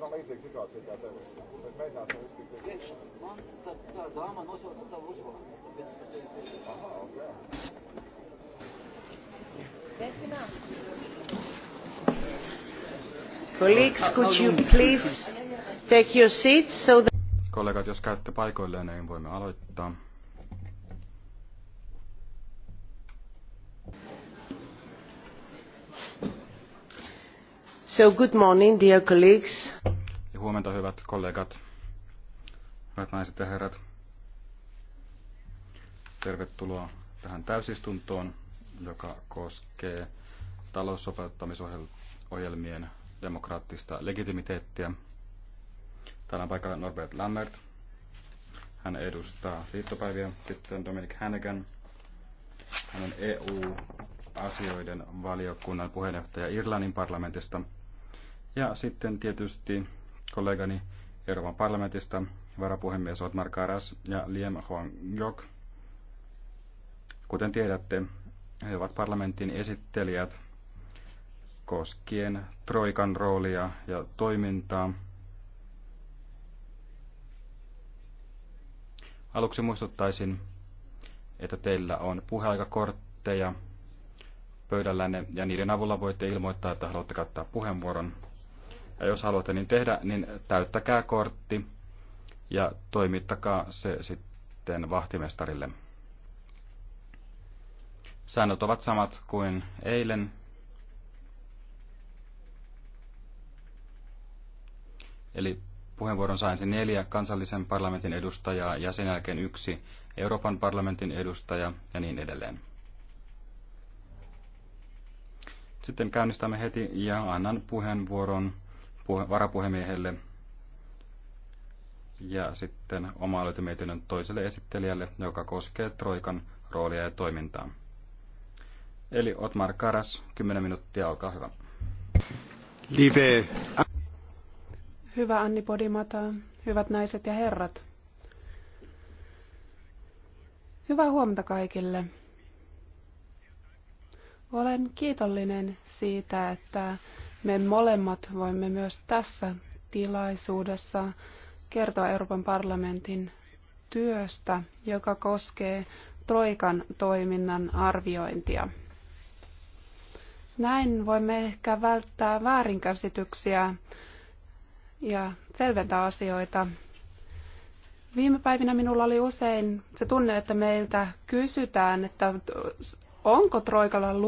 kā tev. Bet mēģināsim visu Man tā, tā dāma nosauca tavu uzvārdu. Aha, ok. Colleagues, could you please take your seats so that... Kollegat, jos käytte paikoilleen, niin voimme aloittaa. So good morning, dear colleagues. Huomenta hyvät kollegat, hyvät naiset ja herrat. Tervetuloa tähän täysistuntoon, joka koskee taloussopeuttamisohjelmien demokraattista legitimiteettiä. Täällä on paikalla Norbert Lammert. Hän edustaa liittopäiviä. Sitten Dominic Hannigan. Hän on EU-asioiden valiokunnan puheenjohtaja Irlannin parlamentista. Ja sitten tietysti kollegani Euroopan parlamentista, varapuhemies Otmar Karas ja Liem Huang Jok. Kuten tiedätte, he ovat parlamentin esittelijät koskien Troikan roolia ja toimintaa. Aluksi muistuttaisin, että teillä on puheaikakortteja pöydällänne ja niiden avulla voitte ilmoittaa, että haluatte kattaa puheenvuoron ja jos haluatte niin tehdä, niin täyttäkää kortti ja toimittakaa se sitten vahtimestarille. Säännöt ovat samat kuin eilen. Eli puheenvuoron sain ensin neljä kansallisen parlamentin edustajaa ja sen jälkeen yksi Euroopan parlamentin edustaja ja niin edelleen. Sitten käynnistämme heti ja annan puheenvuoron varapuhemiehelle ja sitten oma löytymietinnön toiselle esittelijälle, joka koskee Troikan roolia ja toimintaa. Eli Otmar Karas, 10 minuuttia, olkaa hyvä. Live. Hyvä Anni Podimata, hyvät naiset ja herrat. Hyvää huomenta kaikille. Olen kiitollinen siitä, että me molemmat voimme myös tässä tilaisuudessa kertoa Euroopan parlamentin työstä, joka koskee Troikan toiminnan arviointia. Näin voimme ehkä välttää väärinkäsityksiä ja selventää asioita. Viime päivinä minulla oli usein se tunne, että meiltä kysytään, että onko Troikalla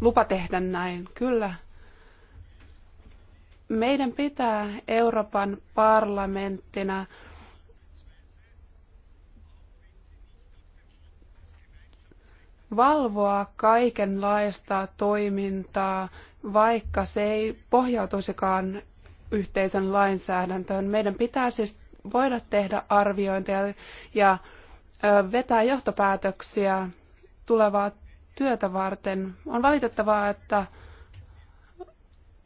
lupa tehdä näin. Kyllä, meidän pitää Euroopan parlamenttina valvoa kaikenlaista toimintaa, vaikka se ei pohjautuisikaan yhteisön lainsäädäntöön. Meidän pitää siis voida tehdä arviointeja ja vetää johtopäätöksiä tulevaa työtä varten. On valitettavaa, että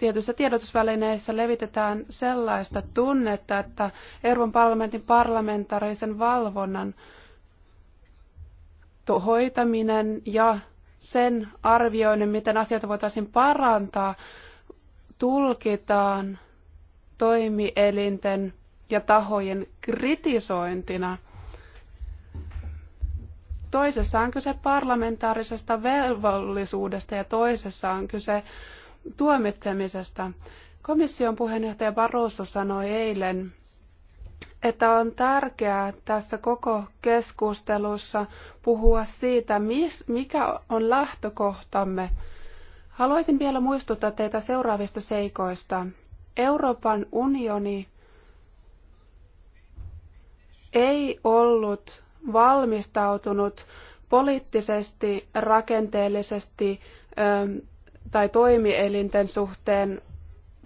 tietyissä tiedotusvälineissä levitetään sellaista tunnetta, että Euroopan parlamentin parlamentaarisen valvonnan hoitaminen ja sen arvioinnin, miten asioita voitaisiin parantaa, tulkitaan toimielinten ja tahojen kritisointina. Toisessa on kyse parlamentaarisesta velvollisuudesta ja toisessa on kyse tuomitsemisesta. Komission puheenjohtaja Barroso sanoi eilen, että on tärkeää tässä koko keskustelussa puhua siitä, mikä on lähtökohtamme. Haluaisin vielä muistuttaa teitä seuraavista seikoista. Euroopan unioni ei ollut valmistautunut poliittisesti, rakenteellisesti tai toimielinten suhteen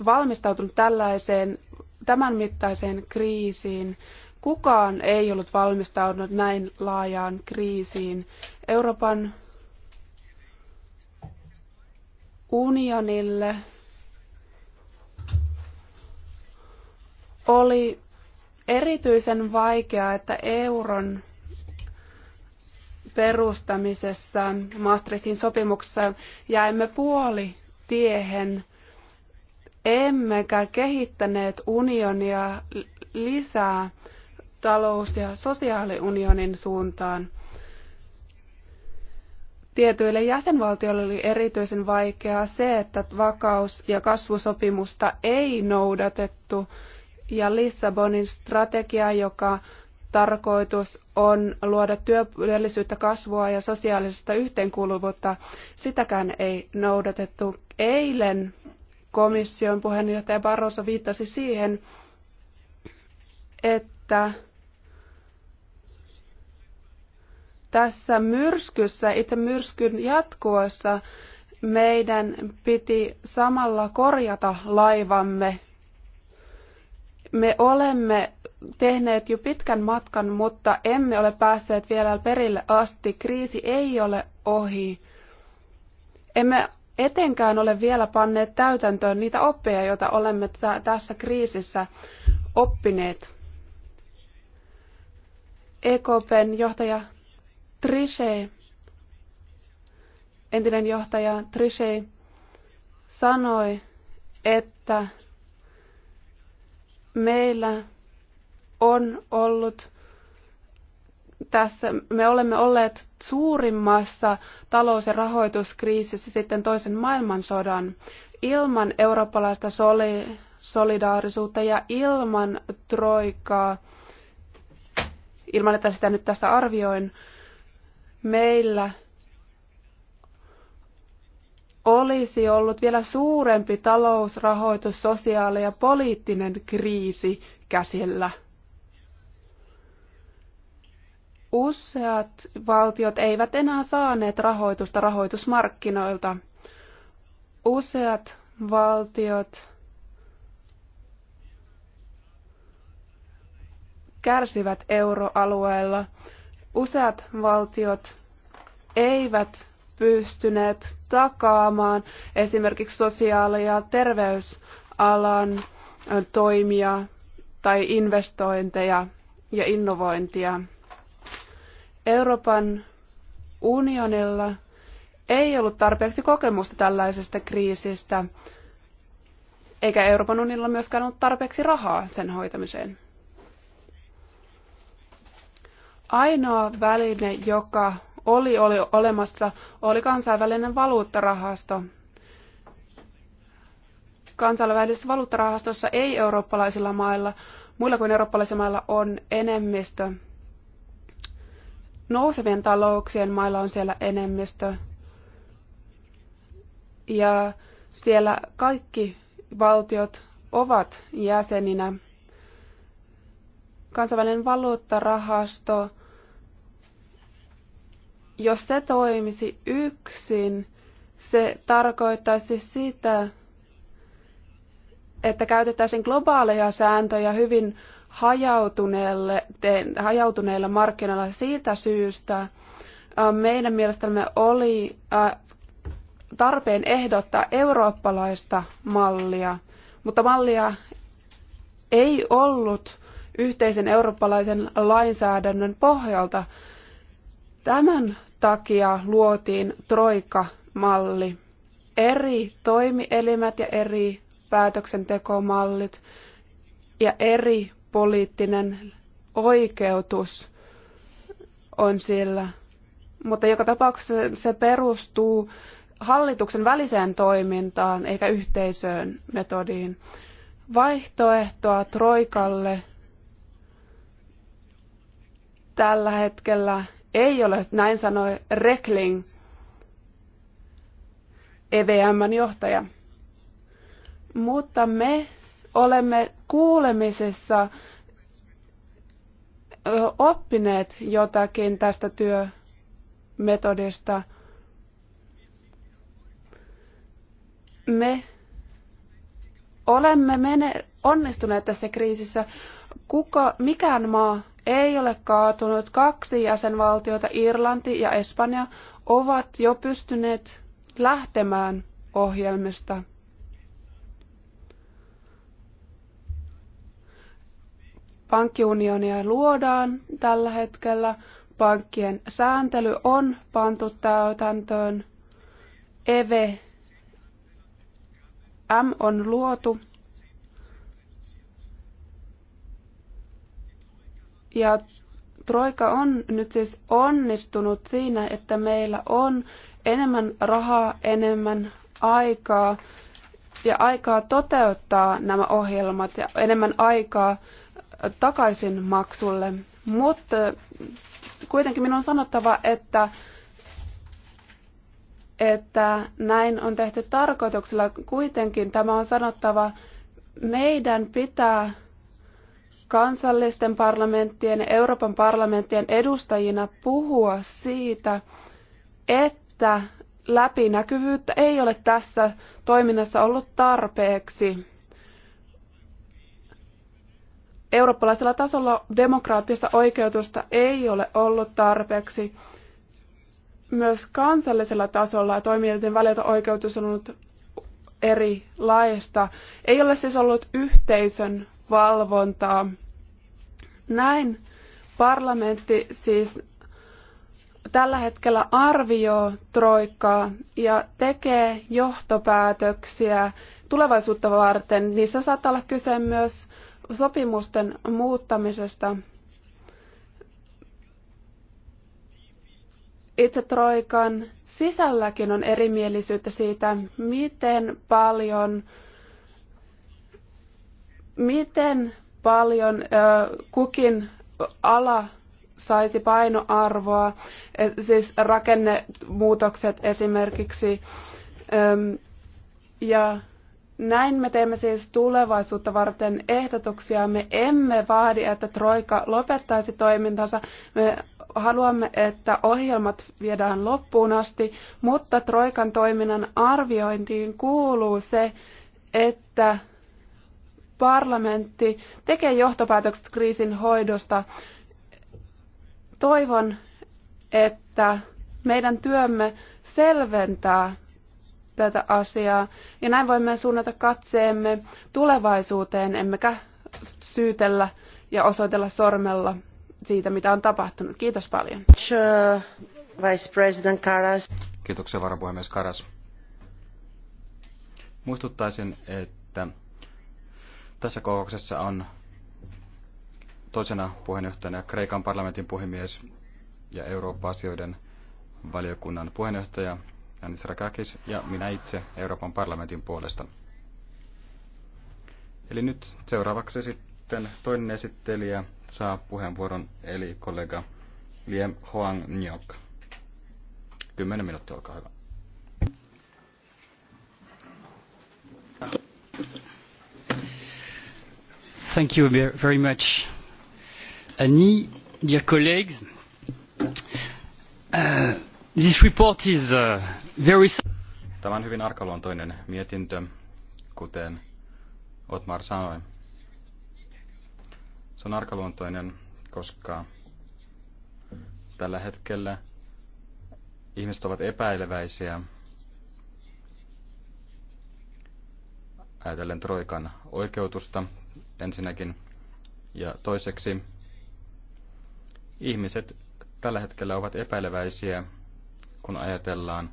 valmistautunut tällaiseen tämän mittaiseen kriisiin. Kukaan ei ollut valmistautunut näin laajaan kriisiin. Euroopan unionille oli erityisen vaikeaa, että euron perustamisessa Maastrichtin sopimuksessa jäimme puoli tiehen, emmekä kehittäneet unionia lisää talous- ja sosiaaliunionin suuntaan. Tietyille jäsenvaltioille oli erityisen vaikeaa se, että vakaus- ja kasvusopimusta ei noudatettu ja Lissabonin strategia, joka tarkoitus on luoda työllisyyttä, kasvua ja sosiaalista yhteenkuuluvuutta. Sitäkään ei noudatettu. Eilen komission puheenjohtaja Barroso viittasi siihen, että tässä myrskyssä, itse myrskyn jatkuessa, meidän piti samalla korjata laivamme. Me olemme tehneet jo pitkän matkan, mutta emme ole päässeet vielä perille asti. Kriisi ei ole ohi. Emme etenkään ole vielä panneet täytäntöön niitä oppeja, joita olemme tässä kriisissä oppineet. EKPn johtaja Trichet, entinen johtaja Trichet, sanoi, että meillä on ollut tässä, me olemme olleet suurimmassa talous- ja rahoituskriisissä sitten toisen maailmansodan ilman eurooppalaista soli, solidaarisuutta ja ilman troikaa, ilman että sitä nyt tässä arvioin, meillä olisi ollut vielä suurempi talous, rahoitus, sosiaali- ja poliittinen kriisi käsillä. Useat valtiot eivät enää saaneet rahoitusta rahoitusmarkkinoilta. Useat valtiot kärsivät euroalueella. Useat valtiot eivät pystyneet takaamaan esimerkiksi sosiaali- ja terveysalan toimia tai investointeja ja innovointia. Euroopan unionilla ei ollut tarpeeksi kokemusta tällaisesta kriisistä, eikä Euroopan unionilla myöskään ollut tarpeeksi rahaa sen hoitamiseen. Ainoa väline, joka oli, oli olemassa, oli kansainvälinen valuuttarahasto. Kansainvälisessä valuuttarahastossa ei eurooppalaisilla mailla, muilla kuin eurooppalaisilla mailla on enemmistö nousevien talouksien mailla on siellä enemmistö. Ja siellä kaikki valtiot ovat jäseninä. Kansainvälinen valuuttarahasto, jos se toimisi yksin, se tarkoittaisi sitä, että käytettäisiin globaaleja sääntöjä hyvin hajautuneelle, te, hajautuneilla markkinoilla siitä syystä äh, meidän mielestämme oli äh, tarpeen ehdottaa eurooppalaista mallia, mutta mallia ei ollut yhteisen eurooppalaisen lainsäädännön pohjalta. Tämän takia luotiin troika-malli. Eri toimielimet ja eri päätöksentekomallit ja eri poliittinen oikeutus on sillä. Mutta joka tapauksessa se perustuu hallituksen väliseen toimintaan eikä yhteisöön metodiin. Vaihtoehtoa Troikalle tällä hetkellä ei ole, näin sanoi Rekling, EVMn johtaja. Mutta me olemme kuulemisessa oppineet jotakin tästä työmetodista. Me olemme mene- onnistuneet tässä kriisissä. Kuka, mikään maa ei ole kaatunut. Kaksi jäsenvaltiota, Irlanti ja Espanja, ovat jo pystyneet lähtemään ohjelmista. pankkiunionia luodaan tällä hetkellä. Pankkien sääntely on pantu täytäntöön. EVE M on luotu. Ja Troika on nyt siis onnistunut siinä, että meillä on enemmän rahaa, enemmän aikaa ja aikaa toteuttaa nämä ohjelmat ja enemmän aikaa takaisin maksulle. Mutta kuitenkin minun on sanottava, että, että näin on tehty tarkoituksella. Kuitenkin tämä on sanottava, meidän pitää kansallisten parlamenttien ja Euroopan parlamenttien edustajina puhua siitä, että läpinäkyvyyttä ei ole tässä toiminnassa ollut tarpeeksi. Eurooppalaisella tasolla demokraattista oikeutusta ei ole ollut tarpeeksi. Myös kansallisella tasolla toimijoiden välillä oikeutus on ollut erilaista. Ei ole siis ollut yhteisön valvontaa. Näin parlamentti siis tällä hetkellä arvioi troikkaa ja tekee johtopäätöksiä tulevaisuutta varten. Niissä saattaa olla kyse myös sopimusten muuttamisesta. Itse Troikan sisälläkin on erimielisyyttä siitä, miten paljon, miten paljon ö, kukin ala saisi painoarvoa, e, siis rakennemuutokset esimerkiksi. Ö, ja näin me teemme siis tulevaisuutta varten ehdotuksia. Me emme vaadi, että Troika lopettaisi toimintansa. Me haluamme, että ohjelmat viedään loppuun asti, mutta Troikan toiminnan arviointiin kuuluu se, että parlamentti tekee johtopäätökset kriisin hoidosta. Toivon, että meidän työmme selventää tätä asiaa. Ja näin voimme suunnata katseemme tulevaisuuteen, emmekä syytellä ja osoitella sormella siitä, mitä on tapahtunut. Kiitos paljon. Vice President Karas. Kiitoksia varapuhemies Karas. Muistuttaisin, että tässä kokouksessa on toisena puheenjohtajana Kreikan parlamentin puhemies ja Eurooppa-asioiden valiokunnan puheenjohtaja Janis Rakakis ja minä itse Euroopan parlamentin puolesta. Eli nyt seuraavaksi sitten toinen esittelijä saa puheenvuoron, eli kollega Liem Hoang Nyok. Kymmenen minuuttia, olkaa hyvä. Thank you very much, Annie, dear colleagues. Uh, Uh, Tämä on hyvin arkaluontoinen mietintö, kuten Otmar sanoi. Se on arkaluontoinen, koska tällä hetkellä ihmiset ovat epäileväisiä ajatellen Troikan oikeutusta ensinnäkin ja toiseksi ihmiset tällä hetkellä ovat epäileväisiä kun ajatellaan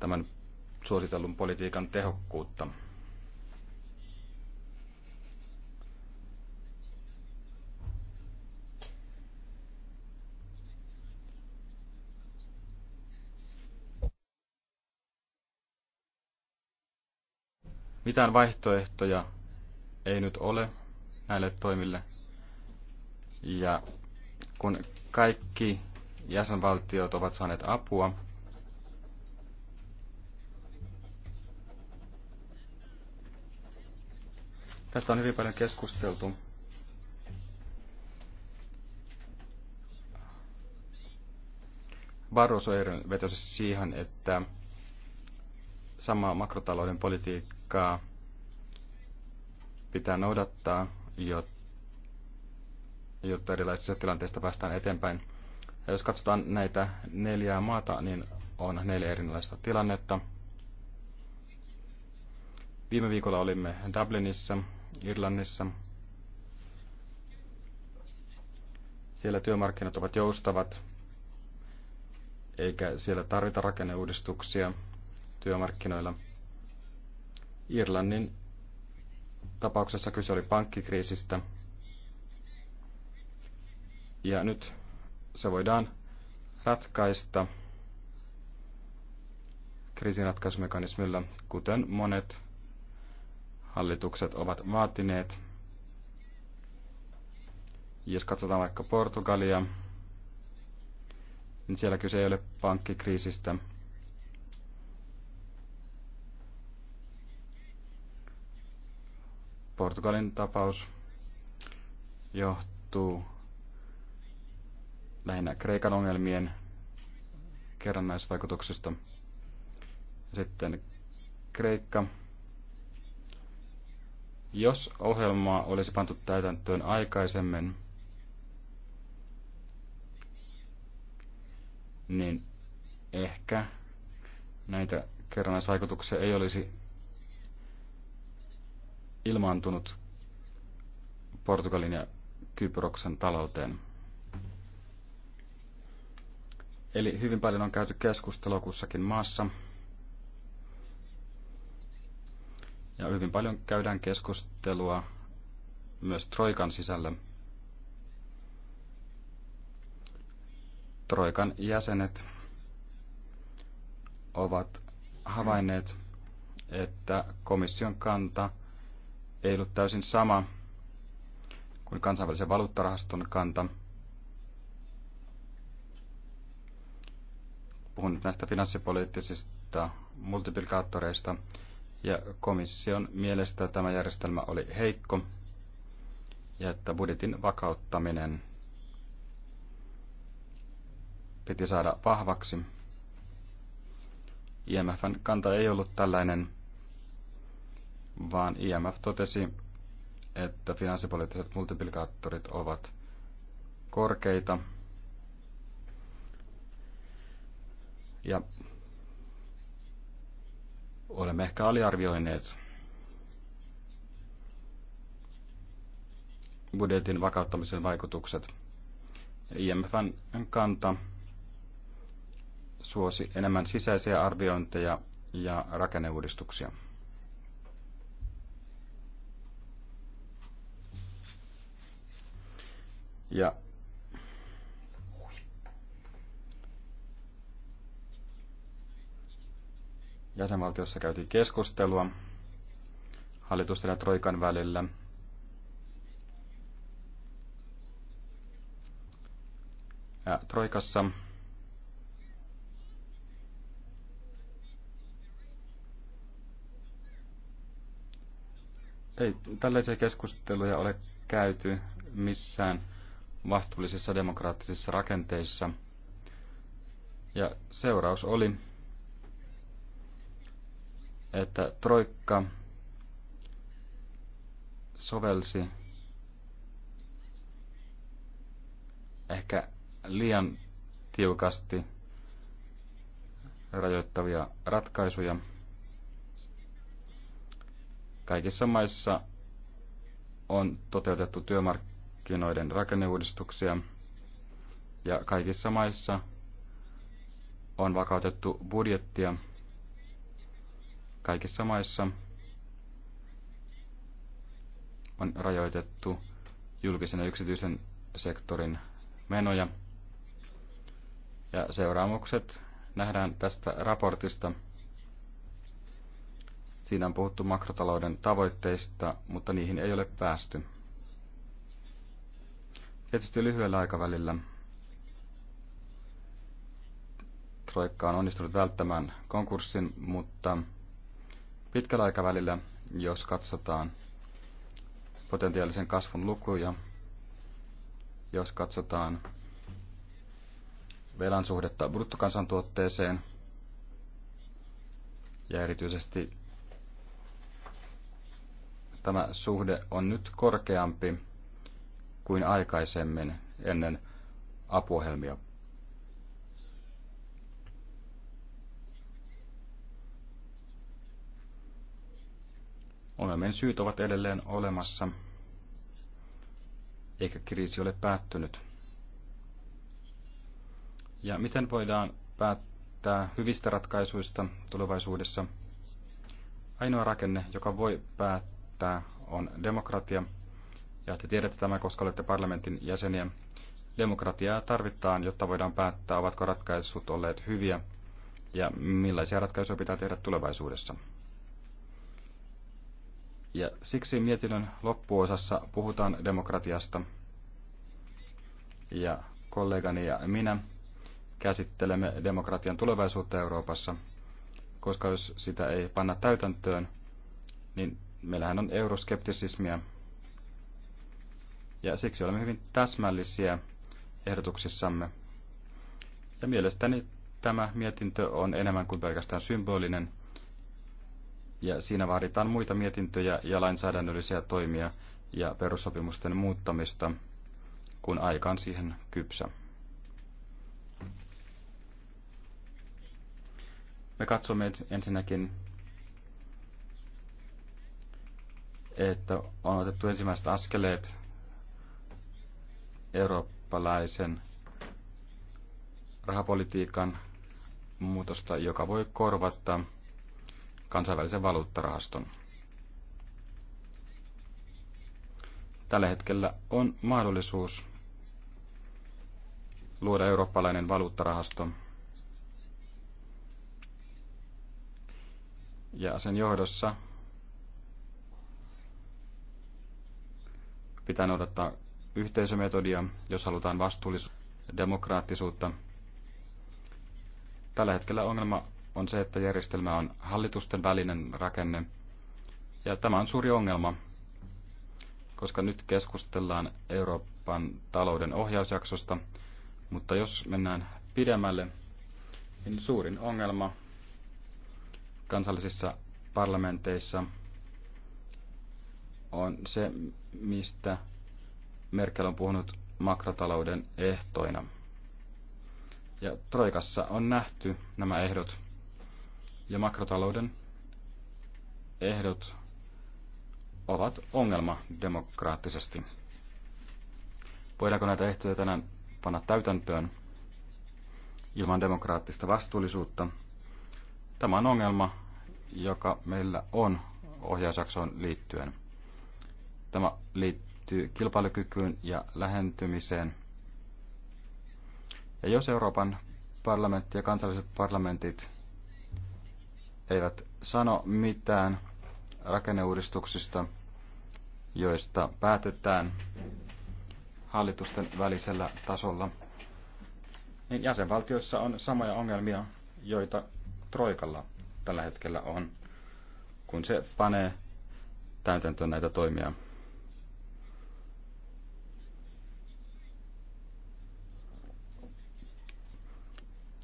tämän suositellun politiikan tehokkuutta. Mitään vaihtoehtoja ei nyt ole näille toimille. Ja kun kaikki jäsenvaltiot ovat saaneet apua. Tästä on hyvin paljon keskusteltu. Barroso vetosi siihen, että samaa makrotalouden politiikkaa pitää noudattaa, jotta erilaisissa tilanteista päästään eteenpäin. Ja jos katsotaan näitä neljää maata, niin on neljä erilaista tilannetta. Viime viikolla olimme Dublinissa, Irlannissa. Siellä työmarkkinat ovat joustavat, eikä siellä tarvita rakenneuudistuksia työmarkkinoilla. Irlannin tapauksessa kyse oli pankkikriisistä. Ja nyt se voidaan ratkaista kriisinratkaisumekanismilla, kuten monet hallitukset ovat vaatineet. Jos katsotaan vaikka Portugalia, niin siellä kyse ei ole pankkikriisistä. Portugalin tapaus johtuu lähinnä Kreikan ongelmien kerrannaisvaikutuksista. Sitten Kreikka. Jos ohjelmaa olisi pantu täytäntöön aikaisemmin, niin ehkä näitä kerrannaisvaikutuksia ei olisi ilmaantunut Portugalin ja Kyproksen talouteen. Eli hyvin paljon on käyty keskustelua kussakin maassa. Ja hyvin paljon käydään keskustelua myös Troikan sisällä. Troikan jäsenet ovat havainneet, että komission kanta ei ollut täysin sama kuin kansainvälisen valuuttarahaston kanta – puhun näistä finanssipoliittisista multiplikaattoreista, ja komission mielestä tämä järjestelmä oli heikko, ja että budjetin vakauttaminen piti saada vahvaksi. IMFn kanta ei ollut tällainen, vaan IMF totesi, että finanssipoliittiset multiplikaattorit ovat korkeita – Ja olemme ehkä aliarvioineet budjetin vakauttamisen vaikutukset. IMFn kanta suosi enemmän sisäisiä arviointeja ja rakenneuudistuksia. Ja jäsenvaltiossa käytiin keskustelua hallitusten ja Troikan välillä. Ja Troikassa ei tällaisia keskusteluja ole käyty missään vastuullisissa demokraattisissa rakenteissa. Ja seuraus oli, että Troikka sovelsi ehkä liian tiukasti rajoittavia ratkaisuja. Kaikissa maissa on toteutettu työmarkkinoiden rakenneuudistuksia ja kaikissa maissa on vakautettu budjettia Kaikissa maissa on rajoitettu julkisen ja yksityisen sektorin menoja. Ja seuraamukset nähdään tästä raportista. Siinä on puhuttu makrotalouden tavoitteista, mutta niihin ei ole päästy. Tietysti lyhyellä aikavälillä Troikka on onnistunut välttämään konkurssin, mutta Pitkällä aikavälillä, jos katsotaan potentiaalisen kasvun lukuja, jos katsotaan velan suhdetta bruttokansantuotteeseen ja erityisesti tämä suhde on nyt korkeampi kuin aikaisemmin ennen apuohjelmia. Ongelmien syyt ovat edelleen olemassa, eikä kriisi ole päättynyt. Ja miten voidaan päättää hyvistä ratkaisuista tulevaisuudessa? Ainoa rakenne, joka voi päättää, on demokratia. Ja te tiedätte tämän, koska olette parlamentin jäseniä. Demokratiaa tarvitaan, jotta voidaan päättää, ovatko ratkaisut olleet hyviä ja millaisia ratkaisuja pitää tehdä tulevaisuudessa. Ja siksi mietinnön loppuosassa puhutaan demokratiasta. Ja kollegani ja minä käsittelemme demokratian tulevaisuutta Euroopassa, koska jos sitä ei panna täytäntöön, niin meillähän on euroskeptisismia. Ja siksi olemme hyvin täsmällisiä ehdotuksissamme. Ja mielestäni tämä mietintö on enemmän kuin pelkästään symbolinen – ja siinä vaaditaan muita mietintöjä ja lainsäädännöllisiä toimia ja perussopimusten muuttamista, kun aika on siihen kypsä. Me katsomme ensinnäkin, että on otettu ensimmäiset askeleet eurooppalaisen rahapolitiikan muutosta, joka voi korvata – kansainvälisen valuuttarahaston. Tällä hetkellä on mahdollisuus luoda eurooppalainen valuuttarahasto. Ja sen johdossa pitää noudattaa yhteisömetodia, jos halutaan vastuullisuutta demokraattisuutta. Tällä hetkellä ongelma on se, että järjestelmä on hallitusten välinen rakenne. Ja tämä on suuri ongelma, koska nyt keskustellaan Euroopan talouden ohjausjaksosta, mutta jos mennään pidemmälle, niin suurin ongelma kansallisissa parlamenteissa on se, mistä Merkel on puhunut makrotalouden ehtoina. Ja Troikassa on nähty nämä ehdot ja makrotalouden ehdot ovat ongelma demokraattisesti. Voidaanko näitä ehtoja tänään panna täytäntöön ilman demokraattista vastuullisuutta? Tämä on ongelma, joka meillä on ohjausjaksoon liittyen. Tämä liittyy kilpailukykyyn ja lähentymiseen. Ja jos Euroopan parlamentti ja kansalliset parlamentit eivät sano mitään rakenneuudistuksista, joista päätetään hallitusten välisellä tasolla, niin jäsenvaltioissa on samoja ongelmia, joita Troikalla tällä hetkellä on, kun se panee täytäntöön näitä toimia.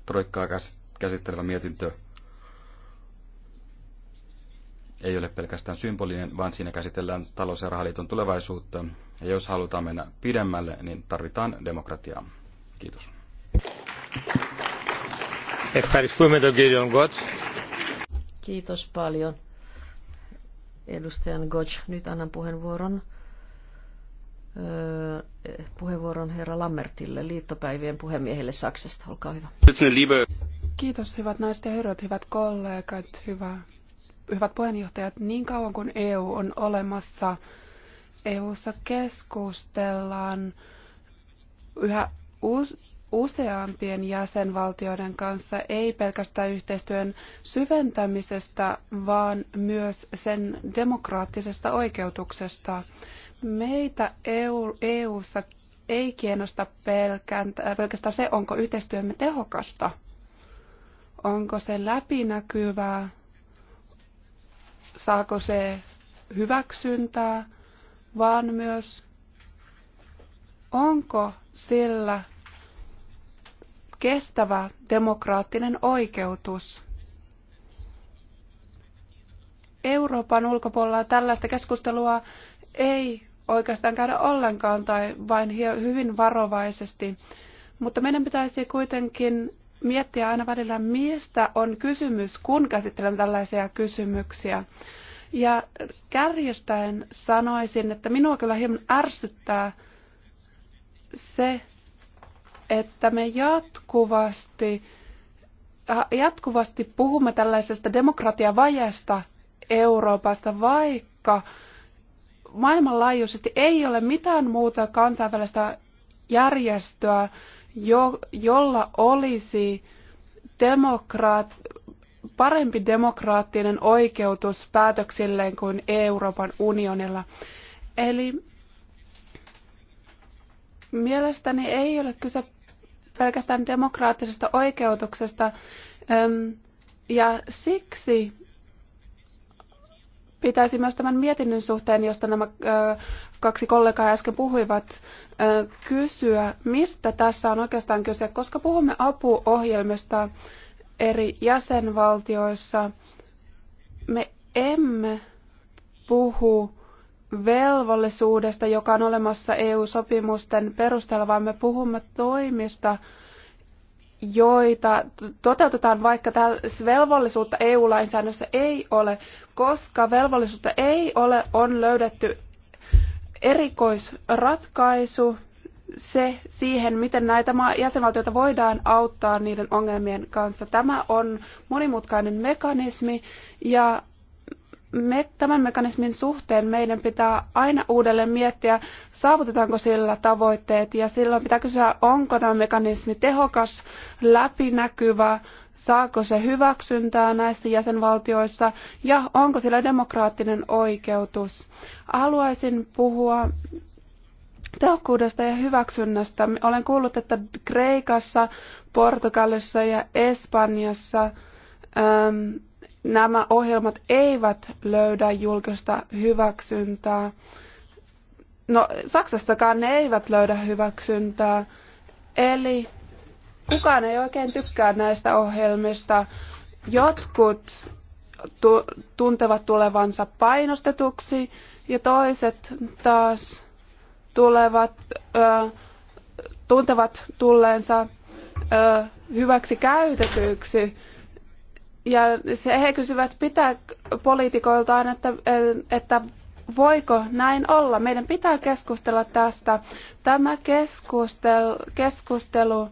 Troikkaa käsittelevä mietintö ei ole pelkästään symbolinen, vaan siinä käsitellään talous- ja rahaliiton tulevaisuutta. Ja jos halutaan mennä pidemmälle, niin tarvitaan demokratiaa. Kiitos. Kiitos paljon. Edustajan Gotch, nyt annan puheenvuoron, puheenvuoron herra Lammertille, liittopäivien puhemiehelle Saksasta. Olkaa hyvä. Kiitos hyvät naiset ja herrat, hyvät kollegat, hyvä hyvät puheenjohtajat, niin kauan kuin EU on olemassa, EUssa keskustellaan yhä useampien jäsenvaltioiden kanssa, ei pelkästään yhteistyön syventämisestä, vaan myös sen demokraattisesta oikeutuksesta. Meitä EU, EUssa ei kiinnosta pelkästään se, onko yhteistyömme tehokasta, onko se läpinäkyvää saako se hyväksyntää, vaan myös onko sillä kestävä demokraattinen oikeutus. Euroopan ulkopuolella tällaista keskustelua ei oikeastaan käydä ollenkaan tai vain hyvin varovaisesti, mutta meidän pitäisi kuitenkin miettiä aina välillä, mistä on kysymys, kun käsittelemme tällaisia kysymyksiä. Ja kärjistäen sanoisin, että minua kyllä hieman ärsyttää se, että me jatkuvasti, äh, jatkuvasti puhumme tällaisesta demokratiavajeesta Euroopasta, vaikka maailmanlaajuisesti ei ole mitään muuta kansainvälistä järjestöä, jo, jolla olisi demokraat, parempi demokraattinen oikeutus päätöksilleen kuin Euroopan unionilla. Eli mielestäni ei ole kyse pelkästään demokraattisesta oikeutuksesta, ja siksi pitäisi myös tämän mietinnön suhteen, josta nämä kaksi kollegaa äsken puhuivat, kysyä, mistä tässä on oikeastaan kyse, koska puhumme apuohjelmista eri jäsenvaltioissa. Me emme puhu velvollisuudesta, joka on olemassa EU-sopimusten perusteella, vaan me puhumme toimista, joita toteutetaan, vaikka velvollisuutta EU-lainsäädännössä ei ole, koska velvollisuutta ei ole, on löydetty erikoisratkaisu se siihen, miten näitä jäsenvaltioita voidaan auttaa niiden ongelmien kanssa. Tämä on monimutkainen mekanismi ja me, tämän mekanismin suhteen meidän pitää aina uudelleen miettiä, saavutetaanko sillä tavoitteet ja silloin pitää kysyä, onko tämä mekanismi tehokas, läpinäkyvä, saako se hyväksyntää näissä jäsenvaltioissa ja onko sillä demokraattinen oikeutus. Haluaisin puhua tehokkuudesta ja hyväksynnästä. Olen kuullut, että Kreikassa, Portugalissa ja Espanjassa ähm, nämä ohjelmat eivät löydä julkista hyväksyntää. No, Saksassakaan ne eivät löydä hyväksyntää. Eli kukaan ei oikein tykkää näistä ohjelmista. Jotkut tu- tuntevat tulevansa painostetuksi ja toiset taas tulevat, ö, tuntevat tulleensa ö, hyväksi käytetyiksi ja he kysyvät pitää poliitikoiltaan, että, että voiko näin olla. Meidän pitää keskustella tästä. Tämä keskustel, keskustelu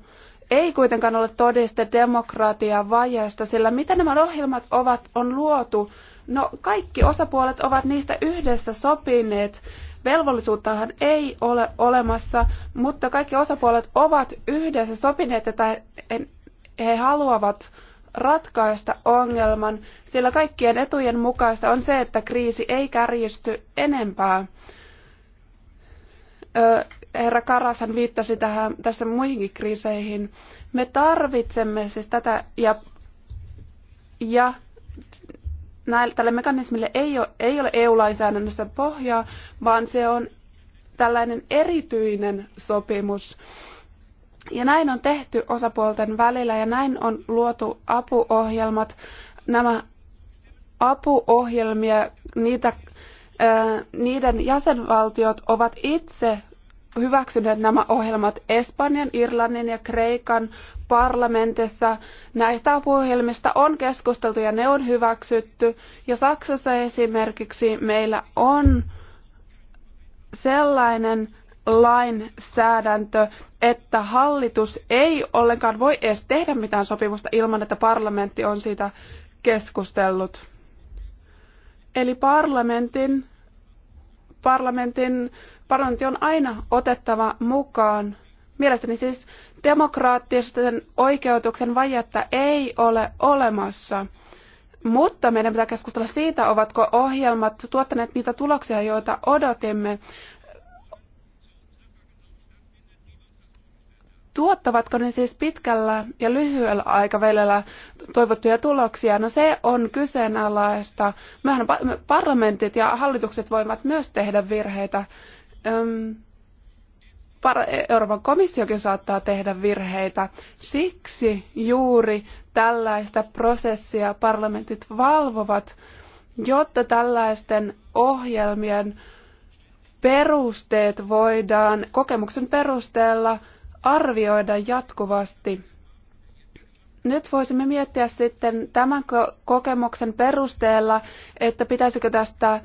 ei kuitenkaan ole todiste demokratian vajeesta, sillä mitä nämä ohjelmat ovat, on luotu. No kaikki osapuolet ovat niistä yhdessä sopineet. Velvollisuuttahan ei ole olemassa, mutta kaikki osapuolet ovat yhdessä sopineet, että he haluavat ratkaista ongelman, sillä kaikkien etujen mukaista on se, että kriisi ei kärjisty enempää. Herra Karasan viittasi tähän, tässä muihinkin kriiseihin. Me tarvitsemme siis tätä ja, ja näille, tälle mekanismille ei ole, ei ole EU-lainsäädännössä pohjaa, vaan se on tällainen erityinen sopimus. Ja näin on tehty osapuolten välillä ja näin on luotu apuohjelmat. Nämä apuohjelmia, niitä, ää, niiden jäsenvaltiot ovat itse hyväksyneet nämä ohjelmat Espanjan, Irlannin ja Kreikan parlamentissa. Näistä apuohjelmista on keskusteltu ja ne on hyväksytty. Ja Saksassa esimerkiksi meillä on sellainen lainsäädäntö, että hallitus ei ollenkaan voi edes tehdä mitään sopimusta ilman, että parlamentti on siitä keskustellut. Eli parlamentin, parlamentin, parlamentti on aina otettava mukaan. Mielestäni siis demokraattisen oikeutuksen vajetta ei ole olemassa. Mutta meidän pitää keskustella siitä, ovatko ohjelmat tuottaneet niitä tuloksia, joita odotimme. tuottavatko ne siis pitkällä ja lyhyellä aikavälillä toivottuja tuloksia? No se on kyseenalaista. Mehän parlamentit ja hallitukset voivat myös tehdä virheitä. Euroopan komissiokin saattaa tehdä virheitä. Siksi juuri tällaista prosessia parlamentit valvovat, jotta tällaisten ohjelmien perusteet voidaan kokemuksen perusteella – arvioida jatkuvasti. Nyt voisimme miettiä sitten tämän kokemuksen perusteella, että pitäisikö tästä ö,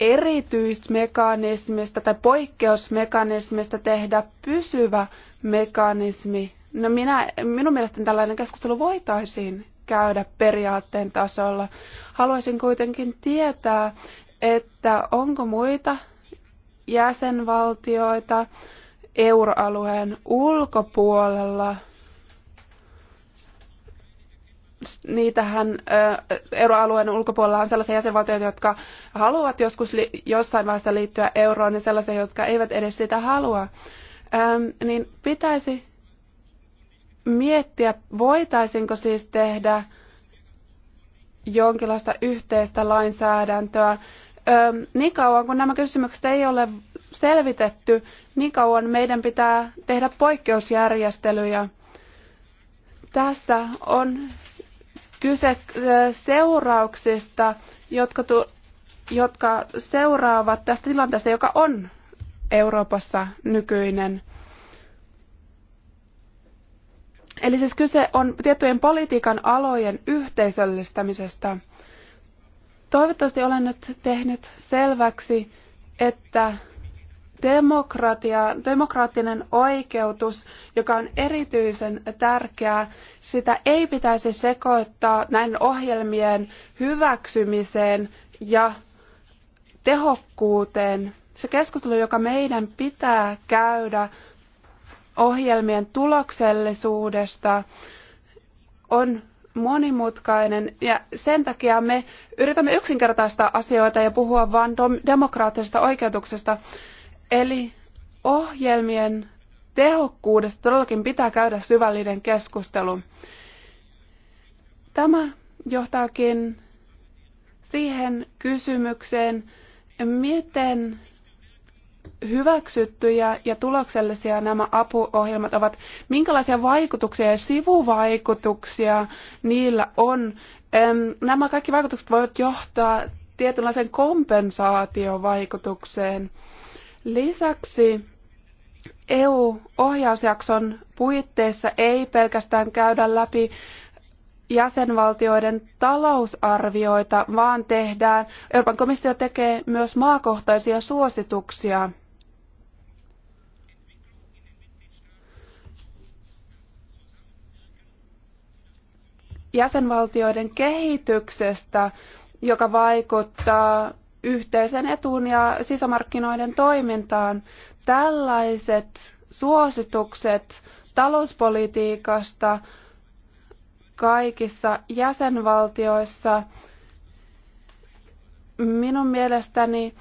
erityismekanismista tai poikkeusmekanismista tehdä pysyvä mekanismi. No minä, minun mielestäni tällainen keskustelu voitaisiin käydä periaatteen tasolla. Haluaisin kuitenkin tietää, että onko muita jäsenvaltioita, euroalueen ulkopuolella. Niitähän euroalueen ulkopuolella on sellaisia jäsenvaltioita, jotka haluavat joskus li- jossain vaiheessa liittyä euroon ja sellaisia, jotka eivät edes sitä halua. niin pitäisi miettiä, voitaisinko siis tehdä jonkinlaista yhteistä lainsäädäntöä. Öö, niin kauan kun nämä kysymykset ei ole selvitetty, niin kauan meidän pitää tehdä poikkeusjärjestelyjä. Tässä on kyse seurauksista, jotka, tu, jotka seuraavat tästä tilanteesta, joka on Euroopassa nykyinen. Eli siis kyse on tiettyjen politiikan alojen yhteisöllistämisestä. Toivottavasti olen nyt tehnyt selväksi, että demokratia, demokraattinen oikeutus, joka on erityisen tärkeää, sitä ei pitäisi sekoittaa näiden ohjelmien hyväksymiseen ja tehokkuuteen. Se keskustelu, joka meidän pitää käydä ohjelmien tuloksellisuudesta, on monimutkainen ja sen takia me yritämme yksinkertaistaa asioita ja puhua vain demokraattisesta oikeutuksesta. Eli ohjelmien tehokkuudesta todellakin pitää käydä syvällinen keskustelu. Tämä johtaakin siihen kysymykseen, miten hyväksyttyjä ja tuloksellisia nämä apuohjelmat ovat, minkälaisia vaikutuksia ja sivuvaikutuksia niillä on. Nämä kaikki vaikutukset voivat johtaa tietynlaiseen kompensaatiovaikutukseen. Lisäksi EU-ohjausjakson puitteissa ei pelkästään käydä läpi jäsenvaltioiden talousarvioita, vaan tehdään, Euroopan komissio tekee myös maakohtaisia suosituksia. jäsenvaltioiden kehityksestä, joka vaikuttaa yhteisen etun ja sisämarkkinoiden toimintaan. Tällaiset suositukset talouspolitiikasta kaikissa jäsenvaltioissa minun mielestäni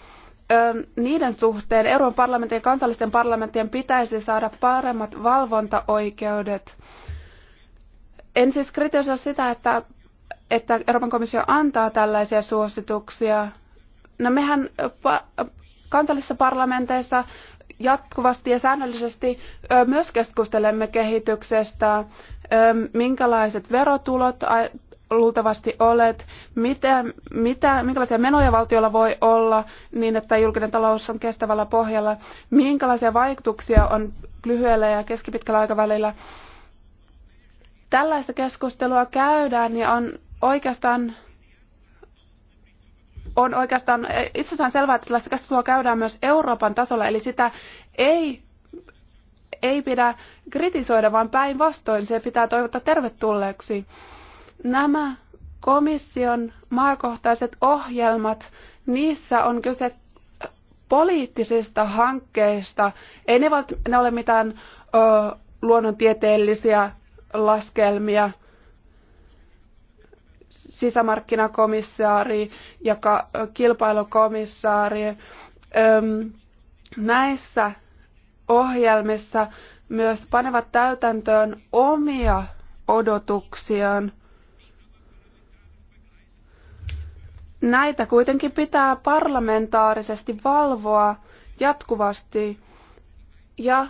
niiden suhteen Euroopan parlamentin ja kansallisten parlamenttien pitäisi saada paremmat valvontaoikeudet. En siis kritisoi sitä, että, että Euroopan komissio antaa tällaisia suosituksia, No mehän kansallisissa parlamenteissa jatkuvasti ja säännöllisesti myös keskustelemme kehityksestä, minkälaiset verotulot luultavasti olet, mitä, mitä, minkälaisia menoja valtiolla voi olla niin, että julkinen talous on kestävällä pohjalla, minkälaisia vaikutuksia on lyhyellä ja keskipitkällä aikavälillä. Tällaista keskustelua käydään ja on oikeastaan on oikeastaan eh, itsestään selvää, että tällaista keskustelua käydään myös Euroopan tasolla, eli sitä ei, ei pidä kritisoida, vaan päinvastoin se pitää toivottaa tervetulleeksi. Nämä komission maakohtaiset ohjelmat, niissä on kyse poliittisista hankkeista. Ei ne, ne ole mitään ö, luonnontieteellisiä laskelmia sisämarkkinakomissaari ja kilpailukomissaari. Näissä ohjelmissa myös panevat täytäntöön omia odotuksiaan. Näitä kuitenkin pitää parlamentaarisesti valvoa jatkuvasti ja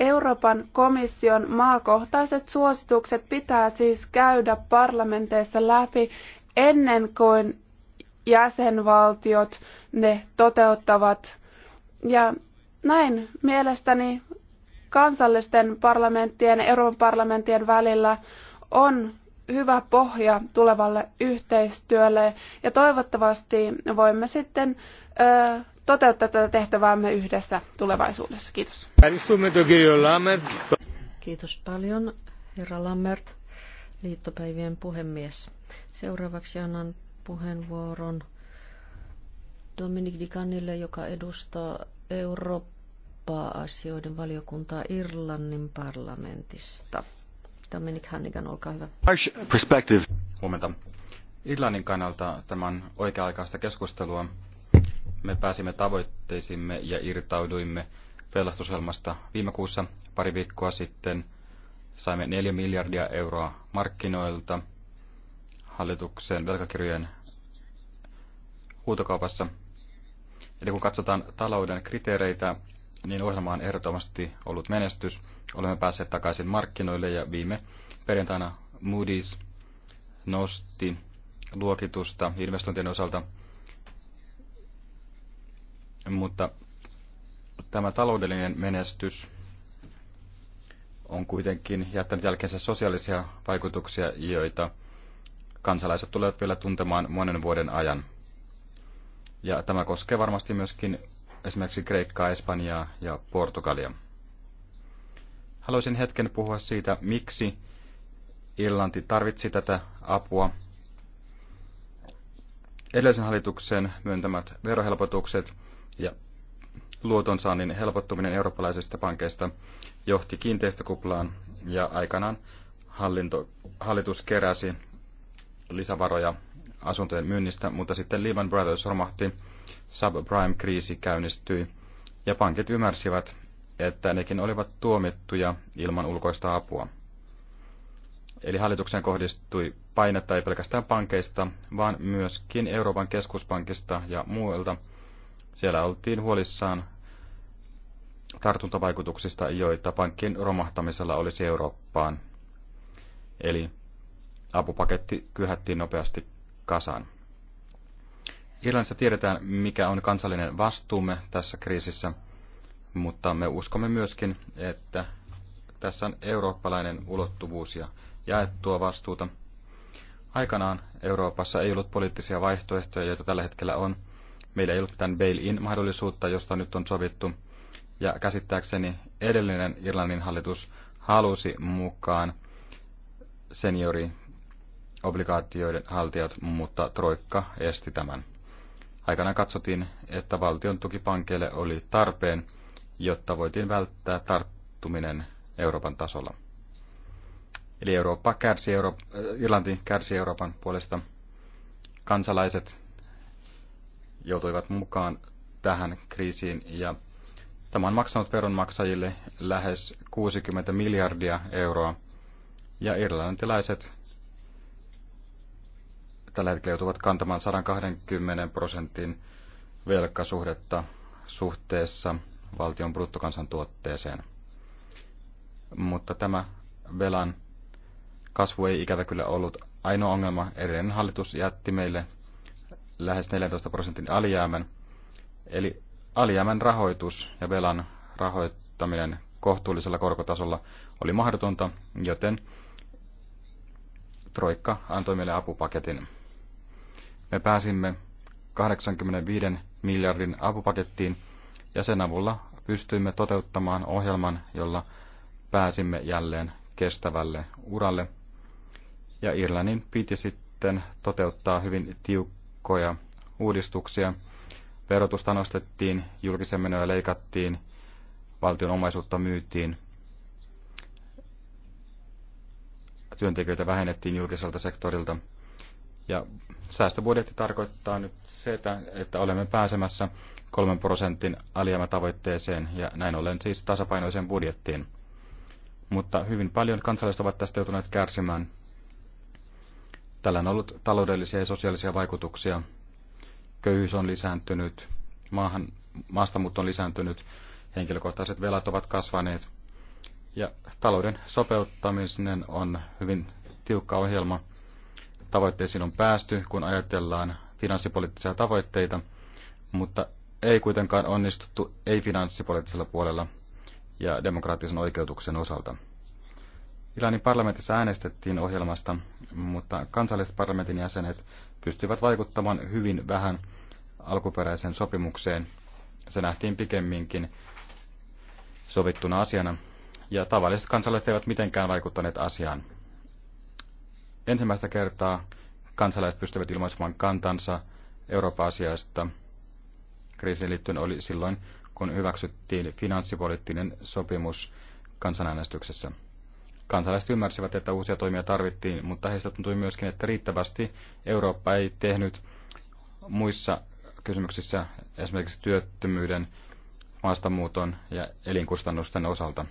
Euroopan komission maakohtaiset suositukset pitää siis käydä parlamenteissa läpi ennen kuin jäsenvaltiot ne toteuttavat. Ja näin mielestäni kansallisten parlamenttien, Euroopan parlamenttien välillä on hyvä pohja tulevalle yhteistyölle ja toivottavasti voimme sitten ö, toteuttaa tätä tehtäväämme yhdessä tulevaisuudessa. Kiitos. Kiitos paljon, herra Lammert, liittopäivien puhemies. Seuraavaksi annan puheenvuoron Dominic Dicanille, joka edustaa Eurooppa-asioiden valiokuntaa Irlannin parlamentista. Dominic Hannigan, olkaa hyvä. Perspective. Huomenta. Irlannin kannalta tämän oikea-aikaista keskustelua me pääsimme tavoitteisimme ja irtauduimme pelastusohjelmasta viime kuussa pari viikkoa sitten. Saimme 4 miljardia euroa markkinoilta hallituksen velkakirjojen huutokaupassa. Eli kun katsotaan talouden kriteereitä, niin ohjelma on ehdottomasti ollut menestys. Olemme päässeet takaisin markkinoille ja viime perjantaina Moody's nosti luokitusta investointien osalta mutta tämä taloudellinen menestys on kuitenkin jättänyt jälkeensä sosiaalisia vaikutuksia, joita kansalaiset tulevat vielä tuntemaan monen vuoden ajan. Ja tämä koskee varmasti myöskin esimerkiksi Kreikkaa, Espanjaa ja Portugalia. Haluaisin hetken puhua siitä, miksi Irlanti tarvitsi tätä apua. Edellisen hallituksen myöntämät verohelpotukset – ja luotonsaannin helpottuminen eurooppalaisista pankeista johti kiinteistökuplaan ja aikanaan hallinto, hallitus keräsi lisävaroja asuntojen myynnistä, mutta sitten Lehman Brothers romahti, subprime-kriisi käynnistyi ja pankit ymmärsivät, että nekin olivat tuomittuja ilman ulkoista apua. Eli hallituksen kohdistui painetta ei pelkästään pankeista, vaan myöskin Euroopan keskuspankista ja muilta – siellä oltiin huolissaan tartuntavaikutuksista, joita pankkien romahtamisella olisi Eurooppaan. Eli apupaketti kyhättiin nopeasti kasaan. Irlannissa tiedetään, mikä on kansallinen vastuumme tässä kriisissä, mutta me uskomme myöskin, että tässä on eurooppalainen ulottuvuus ja jaettua vastuuta. Aikanaan Euroopassa ei ollut poliittisia vaihtoehtoja, joita tällä hetkellä on – Meillä ei ollut mitään bail-in mahdollisuutta, josta nyt on sovittu. Ja käsittääkseni edellinen Irlannin hallitus halusi mukaan seniori obligaatioiden haltijat, mutta Troikka esti tämän. Aikana katsottiin, että valtion tuki pankeille oli tarpeen, jotta voitiin välttää tarttuminen Euroopan tasolla. Eli Eurooppa kärsi Euro- Irlanti kärsi Euroopan puolesta. Kansalaiset joutuivat mukaan tähän kriisiin ja tämä on maksanut veronmaksajille lähes 60 miljardia euroa ja irlantilaiset tällä hetkellä joutuvat kantamaan 120 prosentin velkasuhdetta suhteessa valtion bruttokansantuotteeseen. Mutta tämä velan kasvu ei ikävä kyllä ollut ainoa ongelma. Edellinen hallitus jätti meille lähes 14 prosentin alijäämän. Eli alijäämän rahoitus ja velan rahoittaminen kohtuullisella korkotasolla oli mahdotonta, joten Troikka antoi meille apupaketin. Me pääsimme 85 miljardin apupakettiin ja sen avulla pystyimme toteuttamaan ohjelman, jolla pääsimme jälleen kestävälle uralle. Ja Irlannin piti sitten toteuttaa hyvin tiukka isoja uudistuksia. Verotusta nostettiin, julkisen menoja leikattiin, valtion omaisuutta myytiin, työntekijöitä vähennettiin julkiselta sektorilta. Ja säästöbudjetti tarkoittaa nyt sitä, että olemme pääsemässä kolmen prosentin alijäämätavoitteeseen ja näin ollen siis tasapainoiseen budjettiin. Mutta hyvin paljon kansalaiset ovat tästä joutuneet kärsimään. Tällä on ollut taloudellisia ja sosiaalisia vaikutuksia. Köyhyys on lisääntynyt, maahan, maastamuutto on lisääntynyt, henkilökohtaiset velat ovat kasvaneet. Ja talouden sopeuttaminen on hyvin tiukka ohjelma. Tavoitteisiin on päästy, kun ajatellaan finanssipoliittisia tavoitteita, mutta ei kuitenkaan onnistuttu ei-finanssipoliittisella puolella ja demokraattisen oikeutuksen osalta. Iranin parlamentissa äänestettiin ohjelmasta, mutta kansalliset parlamentin jäsenet pystyivät vaikuttamaan hyvin vähän alkuperäiseen sopimukseen. Se nähtiin pikemminkin sovittuna asiana, ja tavalliset kansalaiset eivät mitenkään vaikuttaneet asiaan. Ensimmäistä kertaa kansalaiset pystyivät ilmaisemaan kantansa Euroopan asiasta. Kriisiin liittyen oli silloin, kun hyväksyttiin finanssipoliittinen sopimus kansanäänestyksessä. Kansalaiset ymmärsivät, että uusia toimia tarvittiin, mutta heistä tuntui myöskin, että riittävästi Eurooppa ei tehnyt muissa kysymyksissä, esimerkiksi työttömyyden, maastamuuton ja elinkustannusten osalta.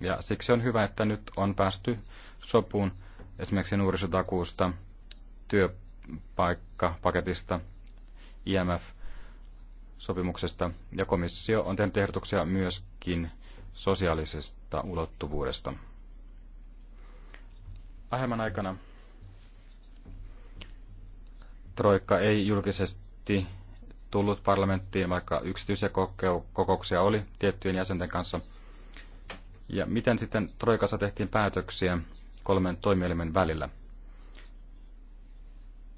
Ja siksi on hyvä, että nyt on päästy sopuun esimerkiksi nuorisotakuusta, työpaikkapaketista, IMF-sopimuksesta ja komissio on tehnyt ehdotuksia myöskin sosiaalisesta ulottuvuudesta vähemmän aikana Troikka ei julkisesti tullut parlamenttiin, vaikka yksityisiä kokouksia oli tiettyjen jäsenten kanssa. Ja miten sitten Troikassa tehtiin päätöksiä kolmen toimielimen välillä?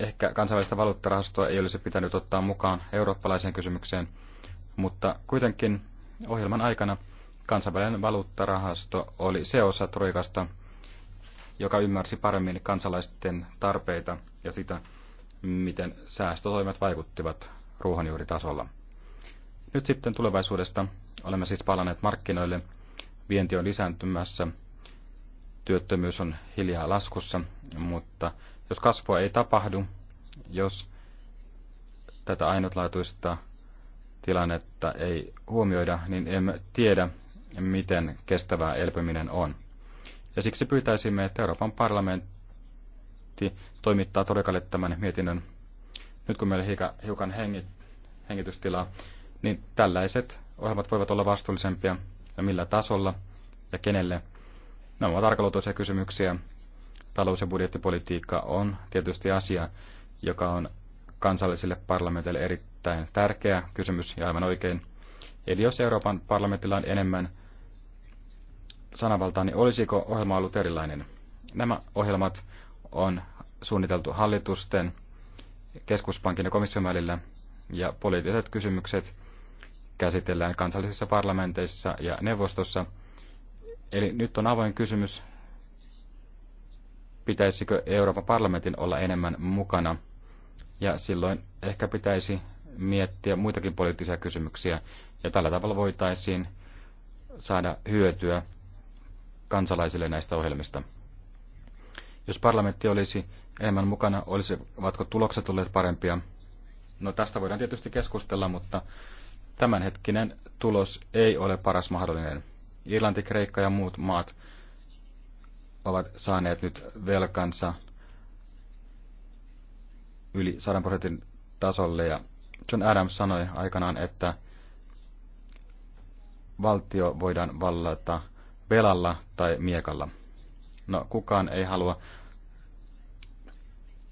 Ehkä kansainvälistä valuuttarahastoa ei olisi pitänyt ottaa mukaan eurooppalaiseen kysymykseen, mutta kuitenkin ohjelman aikana kansainvälinen valuuttarahasto oli se osa Troikasta, joka ymmärsi paremmin kansalaisten tarpeita ja sitä, miten säästötoimet vaikuttivat ruohonjuuritasolla. Nyt sitten tulevaisuudesta olemme siis palanneet markkinoille, vienti on lisääntymässä, työttömyys on hiljaa laskussa, mutta jos kasvua ei tapahdu, jos tätä ainutlaatuista tilannetta ei huomioida, niin emme tiedä, miten kestävää elpyminen on. Ja siksi pyytäisimme, että Euroopan parlamentti toimittaa todekalle tämän mietinnön. Nyt kun meillä hiukan, hiukan hengi, hengitystilaa, niin tällaiset ohjelmat voivat olla vastuullisempia ja millä tasolla ja kenelle. Nämä ovat arkaluotoisia kysymyksiä. Talous- ja budjettipolitiikka on tietysti asia, joka on kansallisille parlamentille erittäin tärkeä kysymys ja aivan oikein. Eli jos Euroopan parlamentilla on enemmän sanavaltaa, niin olisiko ohjelma ollut erilainen? Nämä ohjelmat on suunniteltu hallitusten, keskuspankin ja komission välillä, ja poliittiset kysymykset käsitellään kansallisissa parlamenteissa ja neuvostossa. Eli nyt on avoin kysymys, pitäisikö Euroopan parlamentin olla enemmän mukana, ja silloin ehkä pitäisi miettiä muitakin poliittisia kysymyksiä, ja tällä tavalla voitaisiin saada hyötyä kansalaisille näistä ohjelmista. Jos parlamentti olisi enemmän mukana, olisivatko tulokset olleet parempia? No tästä voidaan tietysti keskustella, mutta tämänhetkinen tulos ei ole paras mahdollinen. Irlanti, Kreikka ja muut maat ovat saaneet nyt velkansa yli 100 prosentin tasolle. Ja John Adams sanoi aikanaan, että valtio voidaan vallata velalla tai miekalla. No kukaan ei halua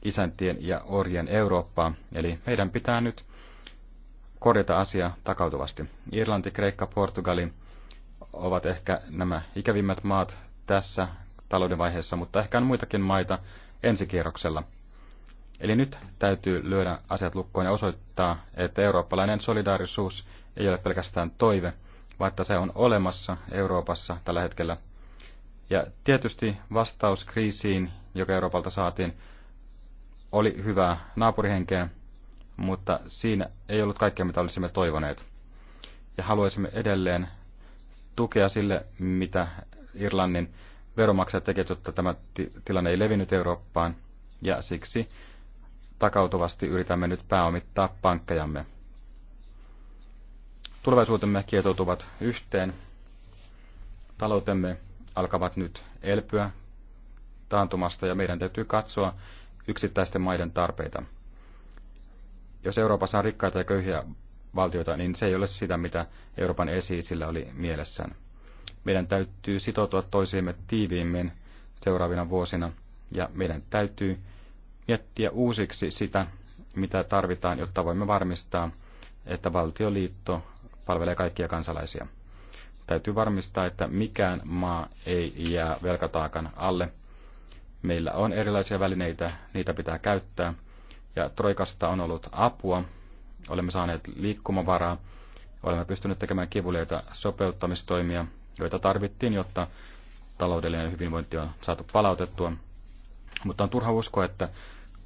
isäntien ja orjien Eurooppaa, eli meidän pitää nyt korjata asia takautuvasti. Irlanti, Kreikka, Portugali ovat ehkä nämä ikävimmät maat tässä talouden vaiheessa, mutta ehkä on muitakin maita ensikierroksella. Eli nyt täytyy lyödä asiat lukkoon ja osoittaa, että eurooppalainen solidaarisuus ei ole pelkästään toive, vaikka se on olemassa Euroopassa tällä hetkellä. Ja tietysti vastaus kriisiin, joka Euroopalta saatiin, oli hyvää naapurihenkeä, mutta siinä ei ollut kaikkea, mitä olisimme toivoneet. Ja haluaisimme edelleen tukea sille, mitä Irlannin veromaksajat tekevät, jotta tämä tilanne ei levinnyt Eurooppaan, ja siksi takautuvasti yritämme nyt pääomittaa pankkejamme. Tulevaisuutemme kietoutuvat yhteen. Taloutemme alkavat nyt elpyä taantumasta ja meidän täytyy katsoa yksittäisten maiden tarpeita. Jos Euroopassa on rikkaita ja köyhiä valtioita, niin se ei ole sitä, mitä Euroopan esiisillä oli mielessään. Meidän täytyy sitoutua toisiimme tiiviimmin seuraavina vuosina ja meidän täytyy miettiä uusiksi sitä, mitä tarvitaan, jotta voimme varmistaa, että valtioliitto palvelee kaikkia kansalaisia. Täytyy varmistaa, että mikään maa ei jää velkataakan alle. Meillä on erilaisia välineitä, niitä pitää käyttää. Ja Troikasta on ollut apua. Olemme saaneet liikkumavaraa. Olemme pystyneet tekemään kivuliaita sopeuttamistoimia, joita tarvittiin, jotta taloudellinen hyvinvointi on saatu palautettua. Mutta on turha uskoa, että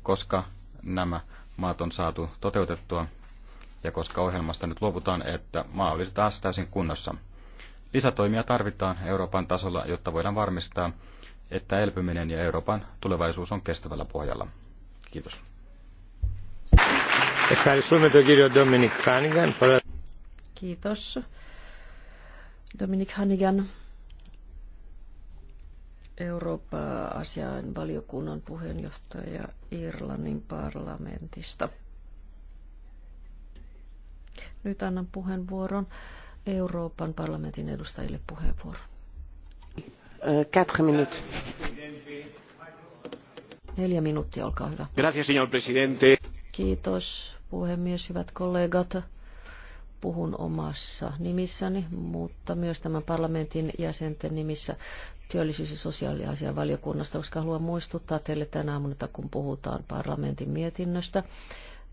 koska nämä maat on saatu toteutettua, ja koska ohjelmasta nyt luovutaan, että maa olisi taas täysin kunnossa. Lisätoimia tarvitaan Euroopan tasolla, jotta voidaan varmistaa, että elpyminen ja Euroopan tulevaisuus on kestävällä pohjalla. Kiitos. Kiitos. dominik Hannigan, eurooppa asian valiokunnan puheenjohtaja Irlannin parlamentista. Nyt annan puheenvuoron Euroopan parlamentin edustajille puheenvuoron. Quatre minutes. Neljä minuuttia, olkaa hyvä. Gracias, señor presidente. Kiitos, puhemies, hyvät kollegat. Puhun omassa nimissäni, mutta myös tämän parlamentin jäsenten nimissä työllisyys- ja sosiaaliasian valiokunnasta, koska haluan muistuttaa teille tänä aamuna, kun puhutaan parlamentin mietinnöstä,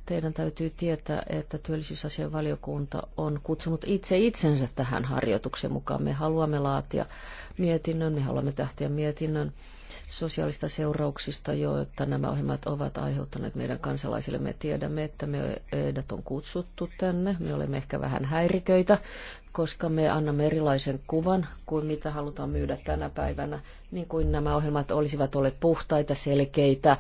Teidän täytyy tietää, että työllisyysasian valiokunta on kutsunut itse itsensä tähän harjoituksen mukaan. Me haluamme laatia mietinnön, me haluamme tähtiä mietinnön sosiaalista seurauksista, joita nämä ohjelmat ovat aiheuttaneet meidän kansalaisille. Me tiedämme, että me meidät on kutsuttu tänne. Me olemme ehkä vähän häiriköitä, koska me annamme erilaisen kuvan kuin mitä halutaan myydä tänä päivänä, niin kuin nämä ohjelmat olisivat olleet puhtaita, selkeitä,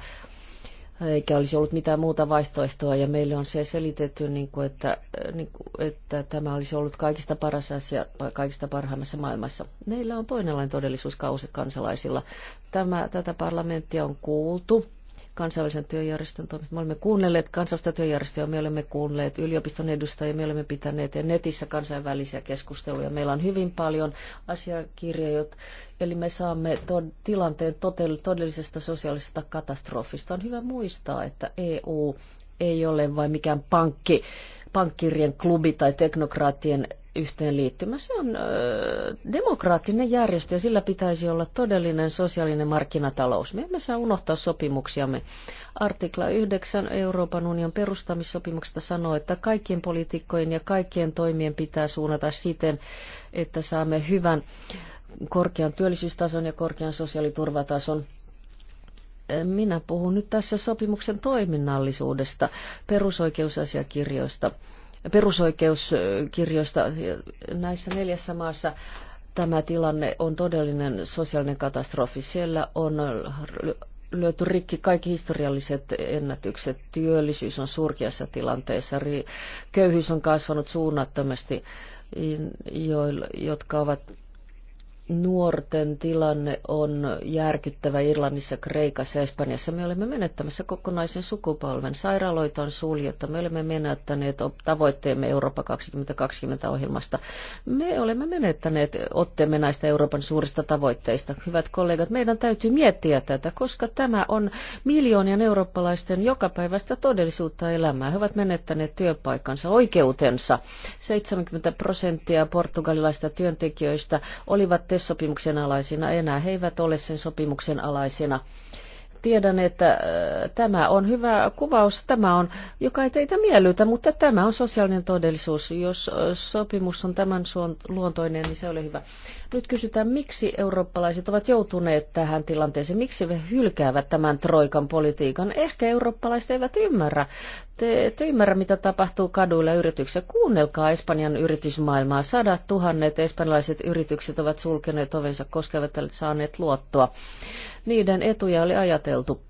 eikä olisi ollut mitään muuta vaihtoehtoa ja meille on se selitetty, niin kuin, että, niin kuin, että tämä olisi ollut kaikista paras asia kaikista parhaimmassa maailmassa. Meillä on toinenlainen todellisuuskausi kansalaisilla. Tämä, tätä parlamenttia on kuultu kansainvälisen työjärjestön toimesta. Me olemme kuunnelleet kansainvälistä työjärjestöä, me olemme kuunnelleet yliopiston edustajia, me olemme pitäneet netissä kansainvälisiä keskusteluja. Meillä on hyvin paljon asiakirjoja, eli me saamme tod- tilanteen todellisesta sosiaalisesta katastrofista. On hyvä muistaa, että EU ei ole vain mikään pankki, pankkirien klubi tai teknokraattien yhteenliittymä. Se on ö, demokraattinen järjestö ja sillä pitäisi olla todellinen sosiaalinen markkinatalous. Me emme saa unohtaa sopimuksiamme. Artikla 9 Euroopan union perustamissopimuksesta sanoo, että kaikkien poliitikkojen ja kaikkien toimien pitää suunnata siten, että saamme hyvän korkean työllisyystason ja korkean sosiaaliturvatason minä puhun nyt tässä sopimuksen toiminnallisuudesta, perusoikeusasiakirjoista perusoikeuskirjoista näissä neljässä maassa tämä tilanne on todellinen sosiaalinen katastrofi. Siellä on löyty rikki kaikki historialliset ennätykset. Työllisyys on surkeassa tilanteessa, köyhyys on kasvanut suunnattomasti, jotka ovat nuorten tilanne on järkyttävä Irlannissa, Kreikassa ja Espanjassa. Me olemme menettämässä kokonaisen sukupolven. Sairaaloita on suljettu. Me olemme menettäneet tavoitteemme Eurooppa 2020-ohjelmasta. Me olemme menettäneet otteemme näistä Euroopan suurista tavoitteista. Hyvät kollegat, meidän täytyy miettiä tätä, koska tämä on miljoonien eurooppalaisten jokapäiväistä todellisuutta elämää. He ovat menettäneet työpaikkansa, oikeutensa. 70 prosenttia portugalilaista työntekijöistä olivat TES-sopimuksen alaisina enää. He eivät ole sen sopimuksen alaisina. Tiedän, että äh, tämä on hyvä kuvaus, tämä on, joka ei teitä miellytä, mutta tämä on sosiaalinen todellisuus. Jos äh, sopimus on tämän luontoinen, niin se ole hyvä. Nyt kysytään, miksi eurooppalaiset ovat joutuneet tähän tilanteeseen, miksi he hylkäävät tämän troikan politiikan. Ehkä eurooppalaiset eivät ymmärrä te ette ymmärrä, mitä tapahtuu kaduilla yrityksissä. Kuunnelkaa Espanjan yritysmaailmaa. Sadat tuhannet espanjalaiset yritykset ovat sulkeneet ovensa, koska eivät saaneet luottoa. Niiden etuja oli ajateltu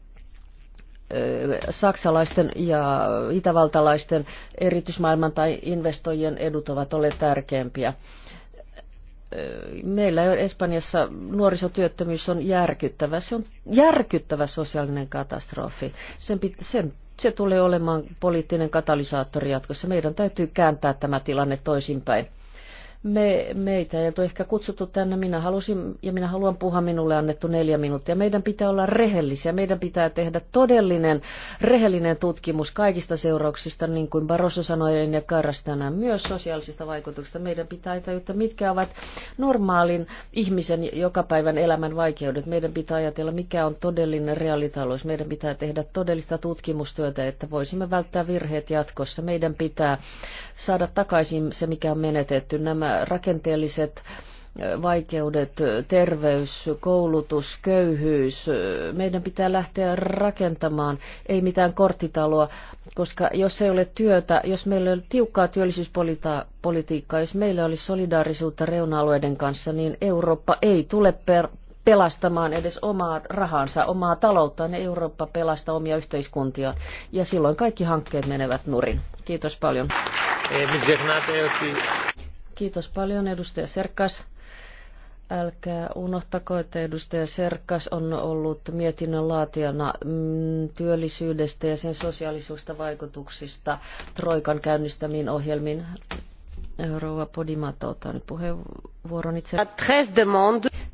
saksalaisten ja itävaltalaisten erityismaailman tai investoijien edut ovat olleet tärkeimpiä. Meillä Espanjassa nuorisotyöttömyys on järkyttävä. Se on järkyttävä sosiaalinen katastrofi. Sen, pit, sen se tulee olemaan poliittinen katalysaattori jatkossa. Meidän täytyy kääntää tämä tilanne toisinpäin. Me, meitä ei ole ehkä kutsuttu tänne. Minä halusin ja minä haluan puhua minulle annettu neljä minuuttia. Meidän pitää olla rehellisiä. Meidän pitää tehdä todellinen, rehellinen tutkimus kaikista seurauksista, niin kuin Barroso sanoi ja Karas tänään, myös sosiaalisista vaikutuksista. Meidän pitää ajatella, mitkä ovat normaalin ihmisen jokapäivän elämän vaikeudet. Meidän pitää ajatella, mikä on todellinen reaalitalous. Meidän pitää tehdä todellista tutkimustyötä, että voisimme välttää virheet jatkossa. Meidän pitää saada takaisin se, mikä on menetetty. Nämä rakenteelliset vaikeudet, terveys, koulutus, köyhyys. Meidän pitää lähteä rakentamaan, ei mitään korttitaloa, koska jos ei ole työtä, jos meillä ei ole tiukkaa työllisyyspolitiikkaa, jos meillä olisi solidaarisuutta reuna-alueiden kanssa, niin Eurooppa ei tule per, pelastamaan edes omaa rahansa, omaa talouttaan, niin Eurooppa pelastaa omia yhteiskuntiaan. Ja silloin kaikki hankkeet menevät nurin. Kiitos paljon. Eh, Kiitos paljon edustaja Serkas. Älkää unohtako, että edustaja Serkas on ollut mietinnön laatijana mm, työllisyydestä ja sen sosiaalisuista vaikutuksista Troikan käynnistämiin ohjelmiin. Rouva Podimata ottaa nyt puheenvuoron itse.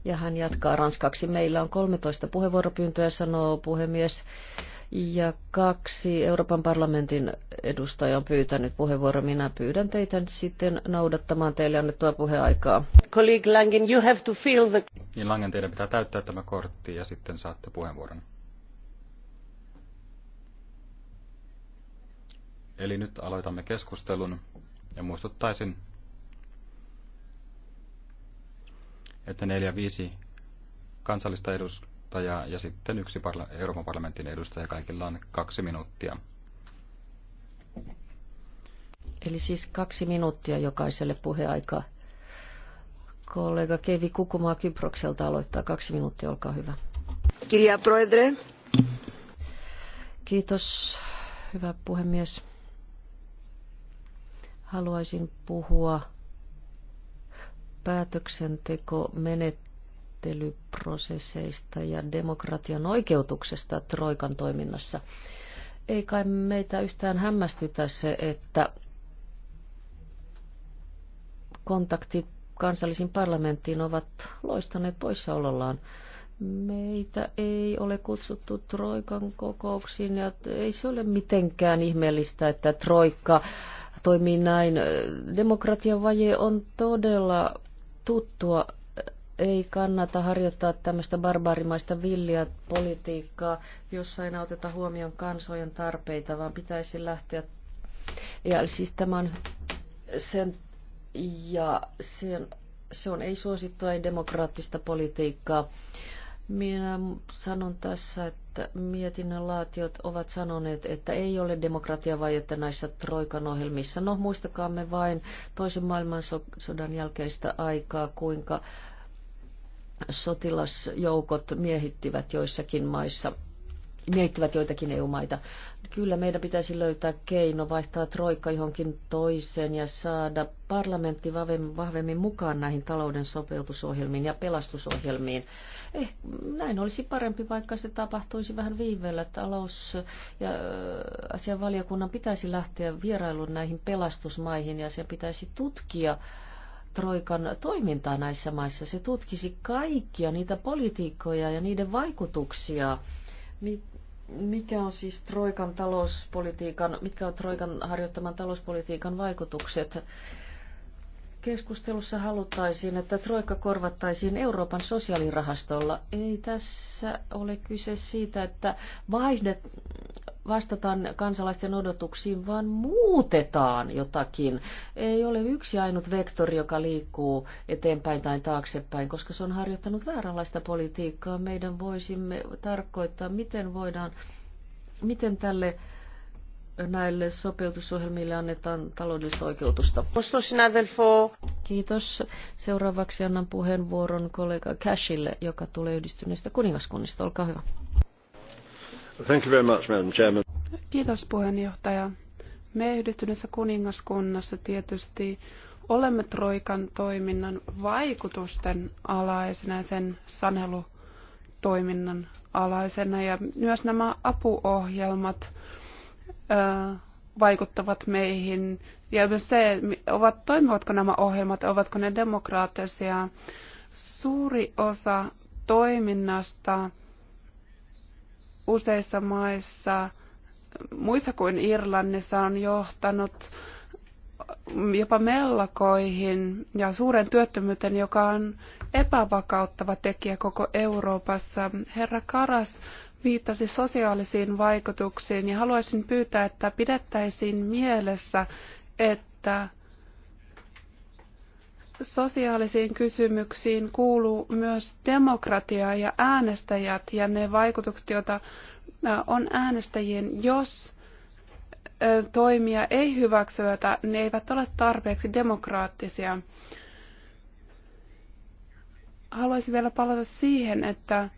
Ja hän jatkaa ranskaksi. Meillä on 13 puheenvuoropyyntöä, sanoo puhemies ja kaksi Euroopan parlamentin edustajaa on pyytänyt puheenvuoron. Minä pyydän teitä sitten noudattamaan teille annettua puheaikaa. Colleague Langen, you have to fill the... Niin Langen, teidän pitää täyttää tämä kortti ja sitten saatte puheenvuoron. Eli nyt aloitamme keskustelun ja muistuttaisin, että neljä viisi kansallista edustajaa edustajaa ja sitten yksi parla- Euroopan parlamentin edustaja. Kaikilla on kaksi minuuttia. Eli siis kaksi minuuttia jokaiselle puheaikaa. Kollega Kevi Kukumaa Kyprokselta aloittaa. Kaksi minuuttia, olkaa hyvä. Kirja Proedre. Kiitos, hyvä puhemies. Haluaisin puhua menet menettelyprosesseista ja demokratian oikeutuksesta Troikan toiminnassa. Ei kai meitä yhtään hämmästytä se, että kontaktit kansallisiin parlamenttiin ovat loistaneet poissaolollaan. Meitä ei ole kutsuttu Troikan kokouksiin ja ei se ole mitenkään ihmeellistä, että Troikka toimii näin. Demokratian vaje on todella tuttua ei kannata harjoittaa tämmöistä barbaarimaista villiä politiikkaa, jossa ei oteta huomioon kansojen tarpeita, vaan pitäisi lähteä. Ja siis tämän sen, ja sen, se on ei suosittua, ei demokraattista politiikkaa. Minä sanon tässä, että mietinnön laatiot ovat sanoneet, että ei ole demokratiavajetta näissä Troikan ohjelmissa. No muistakaamme vain toisen maailmansodan jälkeistä aikaa, kuinka sotilasjoukot miehittivät joissakin maissa, miehittivät joitakin EU-maita. Kyllä meidän pitäisi löytää keino vaihtaa troikka johonkin toiseen ja saada parlamentti vahvemmin mukaan näihin talouden sopeutusohjelmiin ja pelastusohjelmiin. Eh, näin olisi parempi, vaikka se tapahtuisi vähän viiveellä. Talous- ja äh, asianvaliokunnan pitäisi lähteä vierailuun näihin pelastusmaihin ja sen pitäisi tutkia, Troikan toimintaa näissä maissa. Se tutkisi kaikkia niitä politiikkoja ja niiden vaikutuksia. Mikä on siis Troikan talouspolitiikan, mitkä on Troikan harjoittaman talouspolitiikan vaikutukset? Keskustelussa haluttaisiin, että Troikka korvattaisiin Euroopan sosiaalirahastolla. Ei tässä ole kyse siitä, että vaihdet, vastataan kansalaisten odotuksiin, vaan muutetaan jotakin. Ei ole yksi ainut vektori, joka liikkuu eteenpäin tai taaksepäin, koska se on harjoittanut vääränlaista politiikkaa. Meidän voisimme tarkoittaa, miten voidaan, miten tälle näille sopeutusohjelmille annetaan taloudellista oikeutusta. Kiitos. Seuraavaksi annan puheenvuoron kollega Cashille, joka tulee yhdistyneestä kuningaskunnista. Olkaa hyvä. Thank you very much, Madam Chairman. Kiitos puheenjohtaja. Me yhdistyneessä kuningaskunnassa tietysti olemme Troikan toiminnan vaikutusten alaisena ja sen sanelutoiminnan alaisena. Ja myös nämä apuohjelmat vaikuttavat meihin. Ja myös se, ovat, toimivatko nämä ohjelmat, ovatko ne demokraattisia. Suuri osa toiminnasta useissa maissa, muissa kuin Irlannissa, on johtanut jopa mellakoihin ja suuren työttömyyteen, joka on epävakauttava tekijä koko Euroopassa. Herra Karas viittasi sosiaalisiin vaikutuksiin ja haluaisin pyytää, että pidettäisiin mielessä, että sosiaalisiin kysymyksiin kuuluu myös demokratia ja äänestäjät ja ne vaikutukset, joita on äänestäjien, jos toimia ei hyväksytä, ne eivät ole tarpeeksi demokraattisia. Haluaisin vielä palata siihen, että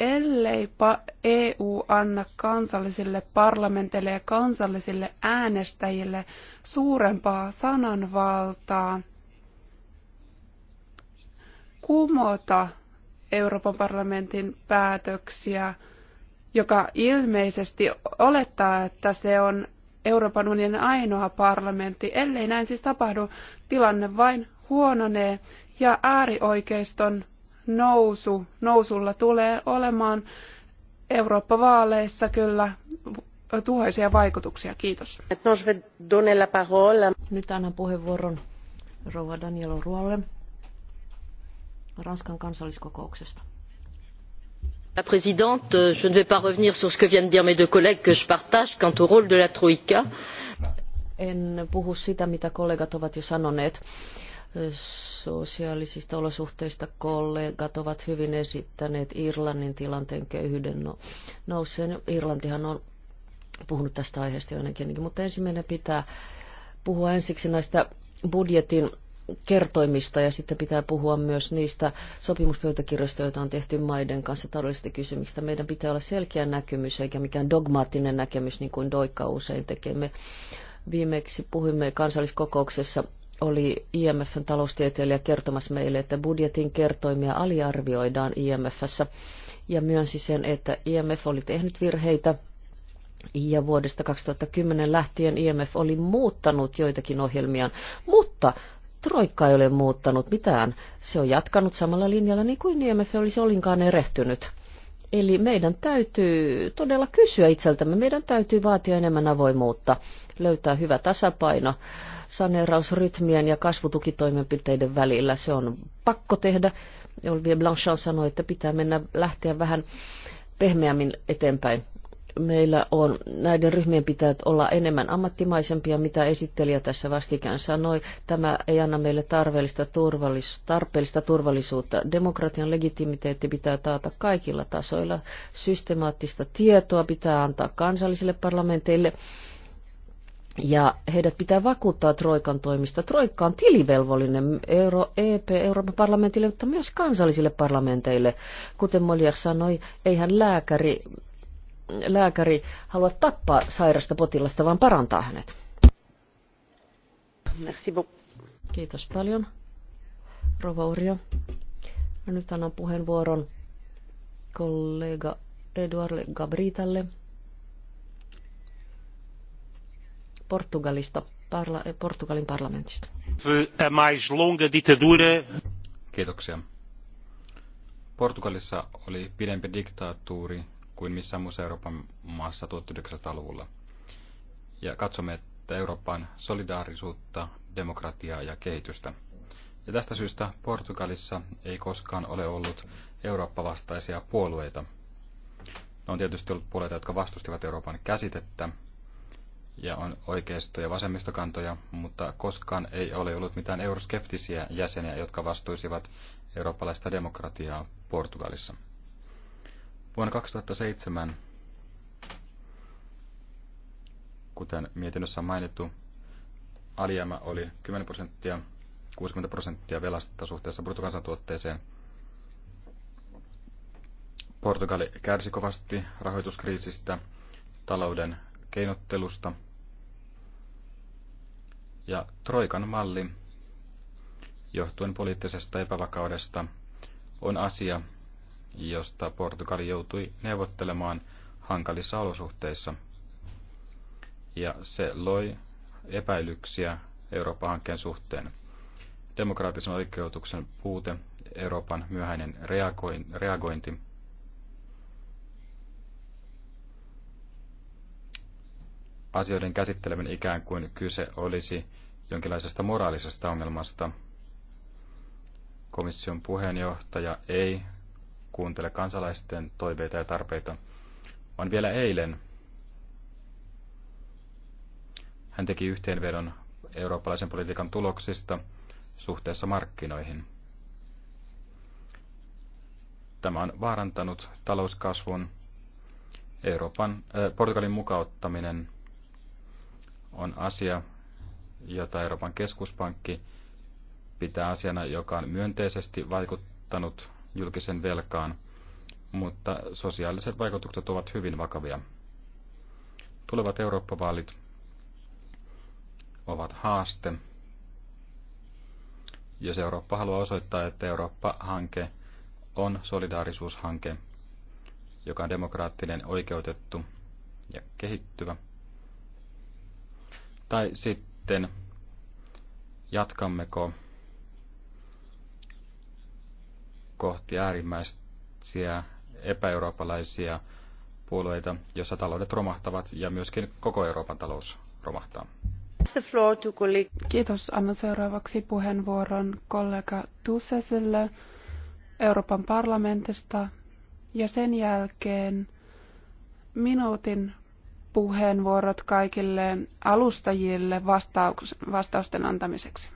ellei EU anna kansallisille parlamenteille ja kansallisille äänestäjille suurempaa sananvaltaa kumota Euroopan parlamentin päätöksiä, joka ilmeisesti olettaa, että se on Euroopan unionin ainoa parlamentti. Ellei näin siis tapahdu, tilanne vain huononee ja äärioikeiston nousu, nousulla tulee olemaan Eurooppa-vaaleissa kyllä tuhoisia vaikutuksia. Kiitos. Nyt annan puheenvuoron rouva Daniela Ruolle Ranskan kansalliskokouksesta. La présidente, je ne vais pas revenir sur ce que viennent dire mes deux collègues que je partage quant au rôle de la Troïka. En puhu sitä, mitä kollegat ovat jo sanoneet sosiaalisista olosuhteista kollegat ovat hyvin esittäneet Irlannin tilanteen köyhyyden no-, nousseen. Irlantihan on puhunut tästä aiheesta jonnekin, mutta ensimmäinen pitää puhua ensiksi näistä budjetin kertoimista ja sitten pitää puhua myös niistä sopimuspöytäkirjoista, joita on tehty maiden kanssa taloudellisista kysymyksistä. Meidän pitää olla selkeä näkemys eikä mikään dogmaattinen näkemys, niin kuin Doikka usein tekee. Me viimeksi puhuimme kansalliskokouksessa oli IMFn taloustieteilijä kertomassa meille, että budjetin kertoimia aliarvioidaan IMFssä ja myönsi sen, että IMF oli tehnyt virheitä ja vuodesta 2010 lähtien IMF oli muuttanut joitakin ohjelmiaan, mutta Troikka ei ole muuttanut mitään. Se on jatkanut samalla linjalla niin kuin IMF olisi olinkaan erehtynyt Eli meidän täytyy todella kysyä itseltämme, meidän täytyy vaatia enemmän avoimuutta, löytää hyvä tasapaino saneerausrytmien ja kasvutukitoimenpiteiden välillä. Se on pakko tehdä. Olivier Blanchard sanoi, että pitää mennä lähteä vähän pehmeämmin eteenpäin meillä on, näiden ryhmien pitää olla enemmän ammattimaisempia, mitä esittelijä tässä vastikään sanoi. Tämä ei anna meille tarpeellista, turvallis, tarpeellista turvallisuutta. Demokratian legitimiteetti pitää taata kaikilla tasoilla. Systemaattista tietoa pitää antaa kansallisille parlamenteille. Ja heidät pitää vakuuttaa Troikan toimista. Troikka on tilivelvollinen Euro, EP, Euroopan parlamentille, mutta myös kansallisille parlamenteille. Kuten Molière sanoi, eihän lääkäri lääkäri halua tappaa sairasta potilasta, vaan parantaa hänet. Merci beaucoup. Kiitos paljon, Rova Urjo. Nyt annan puheenvuoron kollega Eduardo Gabritalle Portugalista, parla, Portugalin parlamentista. Mais longa ditadura. Kiitoksia. Portugalissa oli pidempi diktatuuri kuin missään muussa Euroopan maassa 1900-luvulla. Ja katsomme, että Eurooppa on solidaarisuutta, demokratiaa ja kehitystä. Ja tästä syystä Portugalissa ei koskaan ole ollut Eurooppa-vastaisia puolueita. Ne on tietysti ollut puolueita, jotka vastustivat Euroopan käsitettä, ja on oikeisto- ja vasemmistokantoja, mutta koskaan ei ole ollut mitään euroskeptisiä jäseniä, jotka vastuisivat eurooppalaista demokratiaa Portugalissa. Vuonna 2007, kuten mietinnössä on mainittu, alijäämä oli 10 prosenttia, 60 prosenttia velasta suhteessa bruttokansantuotteeseen. Portugali kärsi kovasti rahoituskriisistä, talouden keinottelusta ja Troikan malli johtuen poliittisesta epävakaudesta on asia, josta Portugali joutui neuvottelemaan hankalissa olosuhteissa. Ja se loi epäilyksiä Euroopan hankkeen suhteen. Demokraattisen oikeutuksen puute, Euroopan myöhäinen reagointi asioiden käsitteleminen ikään kuin kyse olisi jonkinlaisesta moraalisesta ongelmasta. Komission puheenjohtaja ei kuuntele kansalaisten toiveita ja tarpeita, vaan vielä eilen hän teki yhteenvedon eurooppalaisen politiikan tuloksista suhteessa markkinoihin. Tämä on vaarantanut talouskasvun. Euroopan, äh, Portugalin mukauttaminen on asia, jota Euroopan keskuspankki pitää asiana, joka on myönteisesti vaikuttanut julkisen velkaan, mutta sosiaaliset vaikutukset ovat hyvin vakavia. Tulevat Eurooppa-vaalit ovat haaste. Jos Eurooppa haluaa osoittaa, että Eurooppa-hanke on solidaarisuushanke, joka on demokraattinen, oikeutettu ja kehittyvä. Tai sitten jatkammeko kohti äärimmäisiä epäeurooppalaisia puolueita, jossa taloudet romahtavat ja myöskin koko Euroopan talous romahtaa. Kiitos. Annan seuraavaksi puheenvuoron kollega Tussesille Euroopan parlamentista ja sen jälkeen minuutin puheenvuorot kaikille alustajille vastausten antamiseksi.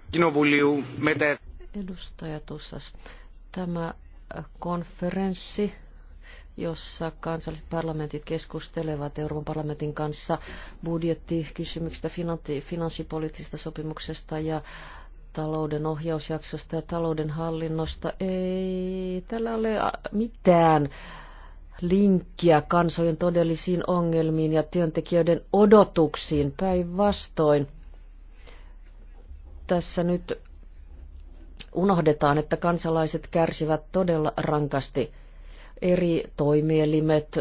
Edustaja Tussas, Tämä konferenssi, jossa kansalliset parlamentit keskustelevat Euroopan parlamentin kanssa budjettikysymyksistä, finanssipoliittisesta sopimuksesta ja talouden ohjausjaksosta ja talouden hallinnosta. Ei tällä ole mitään linkkiä kansojen todellisiin ongelmiin ja työntekijöiden odotuksiin päinvastoin. Tässä nyt unohdetaan, että kansalaiset kärsivät todella rankasti. Eri toimielimet,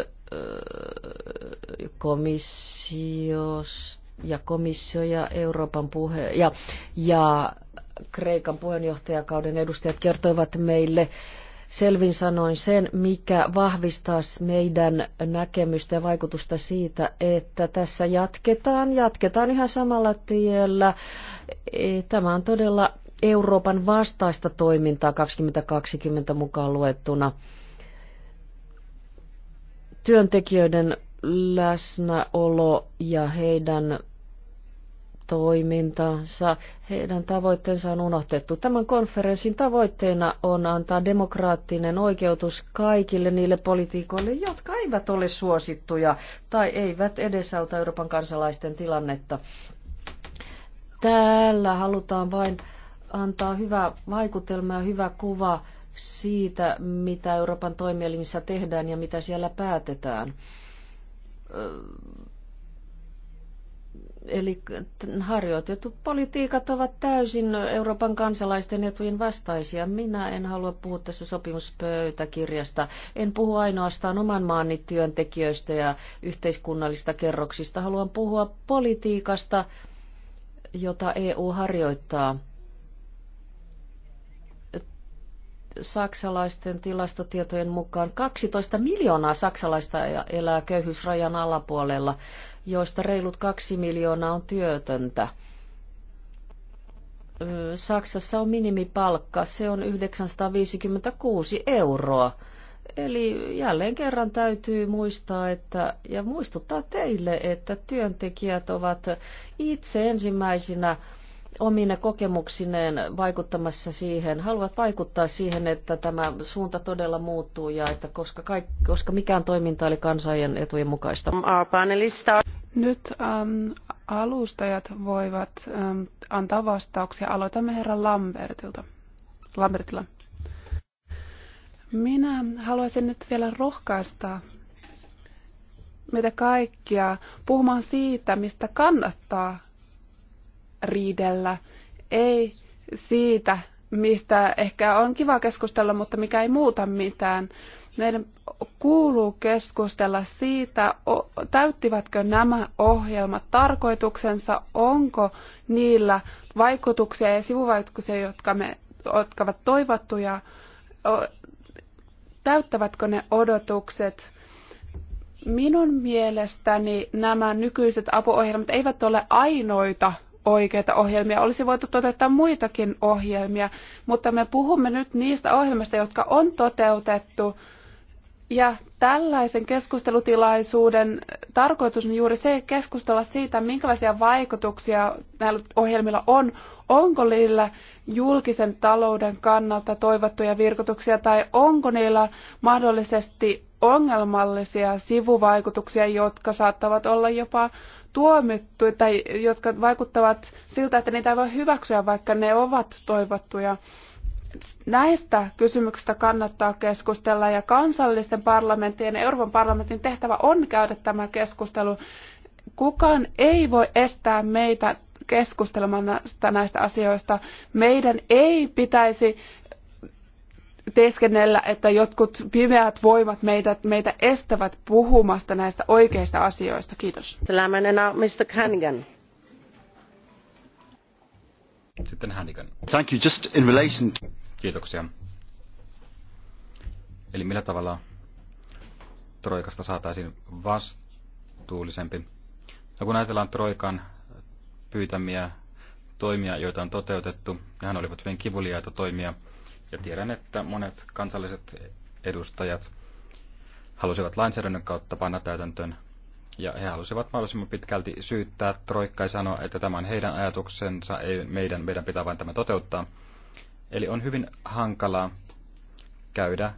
komissios ja komissio ja Euroopan puhe ja, ja Kreikan puheenjohtajakauden edustajat kertoivat meille selvin sanoin sen, mikä vahvistaa meidän näkemystä ja vaikutusta siitä, että tässä jatketaan, jatketaan ihan samalla tiellä. E, tämä on todella Euroopan vastaista toimintaa 2020 mukaan luettuna. Työntekijöiden läsnäolo ja heidän toimintansa, heidän tavoitteensa on unohtettu. Tämän konferenssin tavoitteena on antaa demokraattinen oikeutus kaikille niille politiikoille, jotka eivät ole suosittuja tai eivät edesauta Euroopan kansalaisten tilannetta. Täällä halutaan vain antaa hyvä vaikutelma ja hyvä kuva siitä, mitä Euroopan toimielimissä tehdään ja mitä siellä päätetään. Eli harjoitetut politiikat ovat täysin Euroopan kansalaisten etujen vastaisia. Minä en halua puhua tässä sopimuspöytäkirjasta. En puhu ainoastaan oman maani työntekijöistä ja yhteiskunnallista kerroksista. Haluan puhua politiikasta, jota EU harjoittaa saksalaisten tilastotietojen mukaan 12 miljoonaa saksalaista elää köyhyysrajan alapuolella, joista reilut 2 miljoonaa on työtöntä. Saksassa on minimipalkka, se on 956 euroa. Eli jälleen kerran täytyy muistaa että, ja muistuttaa teille, että työntekijät ovat itse ensimmäisinä omine kokemuksineen vaikuttamassa siihen, haluat vaikuttaa siihen, että tämä suunta todella muuttuu ja että koska, kaik, koska mikään toiminta oli kansain etujen mukaista. Nyt äm, alustajat voivat äm, antaa vastauksia. Aloitamme herra Lambertilta. Lambertilla. Minä haluaisin nyt vielä rohkaista meitä kaikkia puhumaan siitä, mistä kannattaa riidellä, ei siitä, mistä ehkä on kiva keskustella, mutta mikä ei muuta mitään. Meidän kuuluu keskustella siitä, täyttivätkö nämä ohjelmat tarkoituksensa, onko niillä vaikutuksia ja sivuvaikutuksia, jotka, me, jotka ovat toivottuja, täyttävätkö ne odotukset. Minun mielestäni nämä nykyiset apuohjelmat eivät ole ainoita oikeita ohjelmia. Olisi voitu toteuttaa muitakin ohjelmia, mutta me puhumme nyt niistä ohjelmista, jotka on toteutettu. Ja tällaisen keskustelutilaisuuden tarkoitus on juuri se keskustella siitä, minkälaisia vaikutuksia näillä ohjelmilla on. Onko niillä julkisen talouden kannalta toivottuja virkotuksia tai onko niillä mahdollisesti ongelmallisia sivuvaikutuksia, jotka saattavat olla jopa tuomittu tai jotka vaikuttavat siltä, että niitä ei voi hyväksyä, vaikka ne ovat toivottuja. Näistä kysymyksistä kannattaa keskustella ja kansallisten parlamenttien ja Euroopan parlamentin tehtävä on käydä tämä keskustelu. Kukaan ei voi estää meitä keskustelemaan näistä asioista. Meidän ei pitäisi teeskennellä, että jotkut pimeät voimat meitä, meitä estävät puhumasta näistä oikeista asioista. Kiitos. Mr. Hannigan. Sitten Hannigan. Thank you. Just in relation... Kiitoksia. Eli millä tavalla Troikasta saataisiin vastuullisempi? No kun ajatellaan Troikan pyytämiä toimia, joita on toteutettu, nehän olivat hyvin kivuliaita toimia, ja tiedän, että monet kansalliset edustajat halusivat lainsäädännön kautta panna täytäntöön. Ja he halusivat mahdollisimman pitkälti syyttää Troikka ja sanoa, että tämä on heidän ajatuksensa, ei meidän, meidän pitää vain tämä toteuttaa. Eli on hyvin hankalaa käydä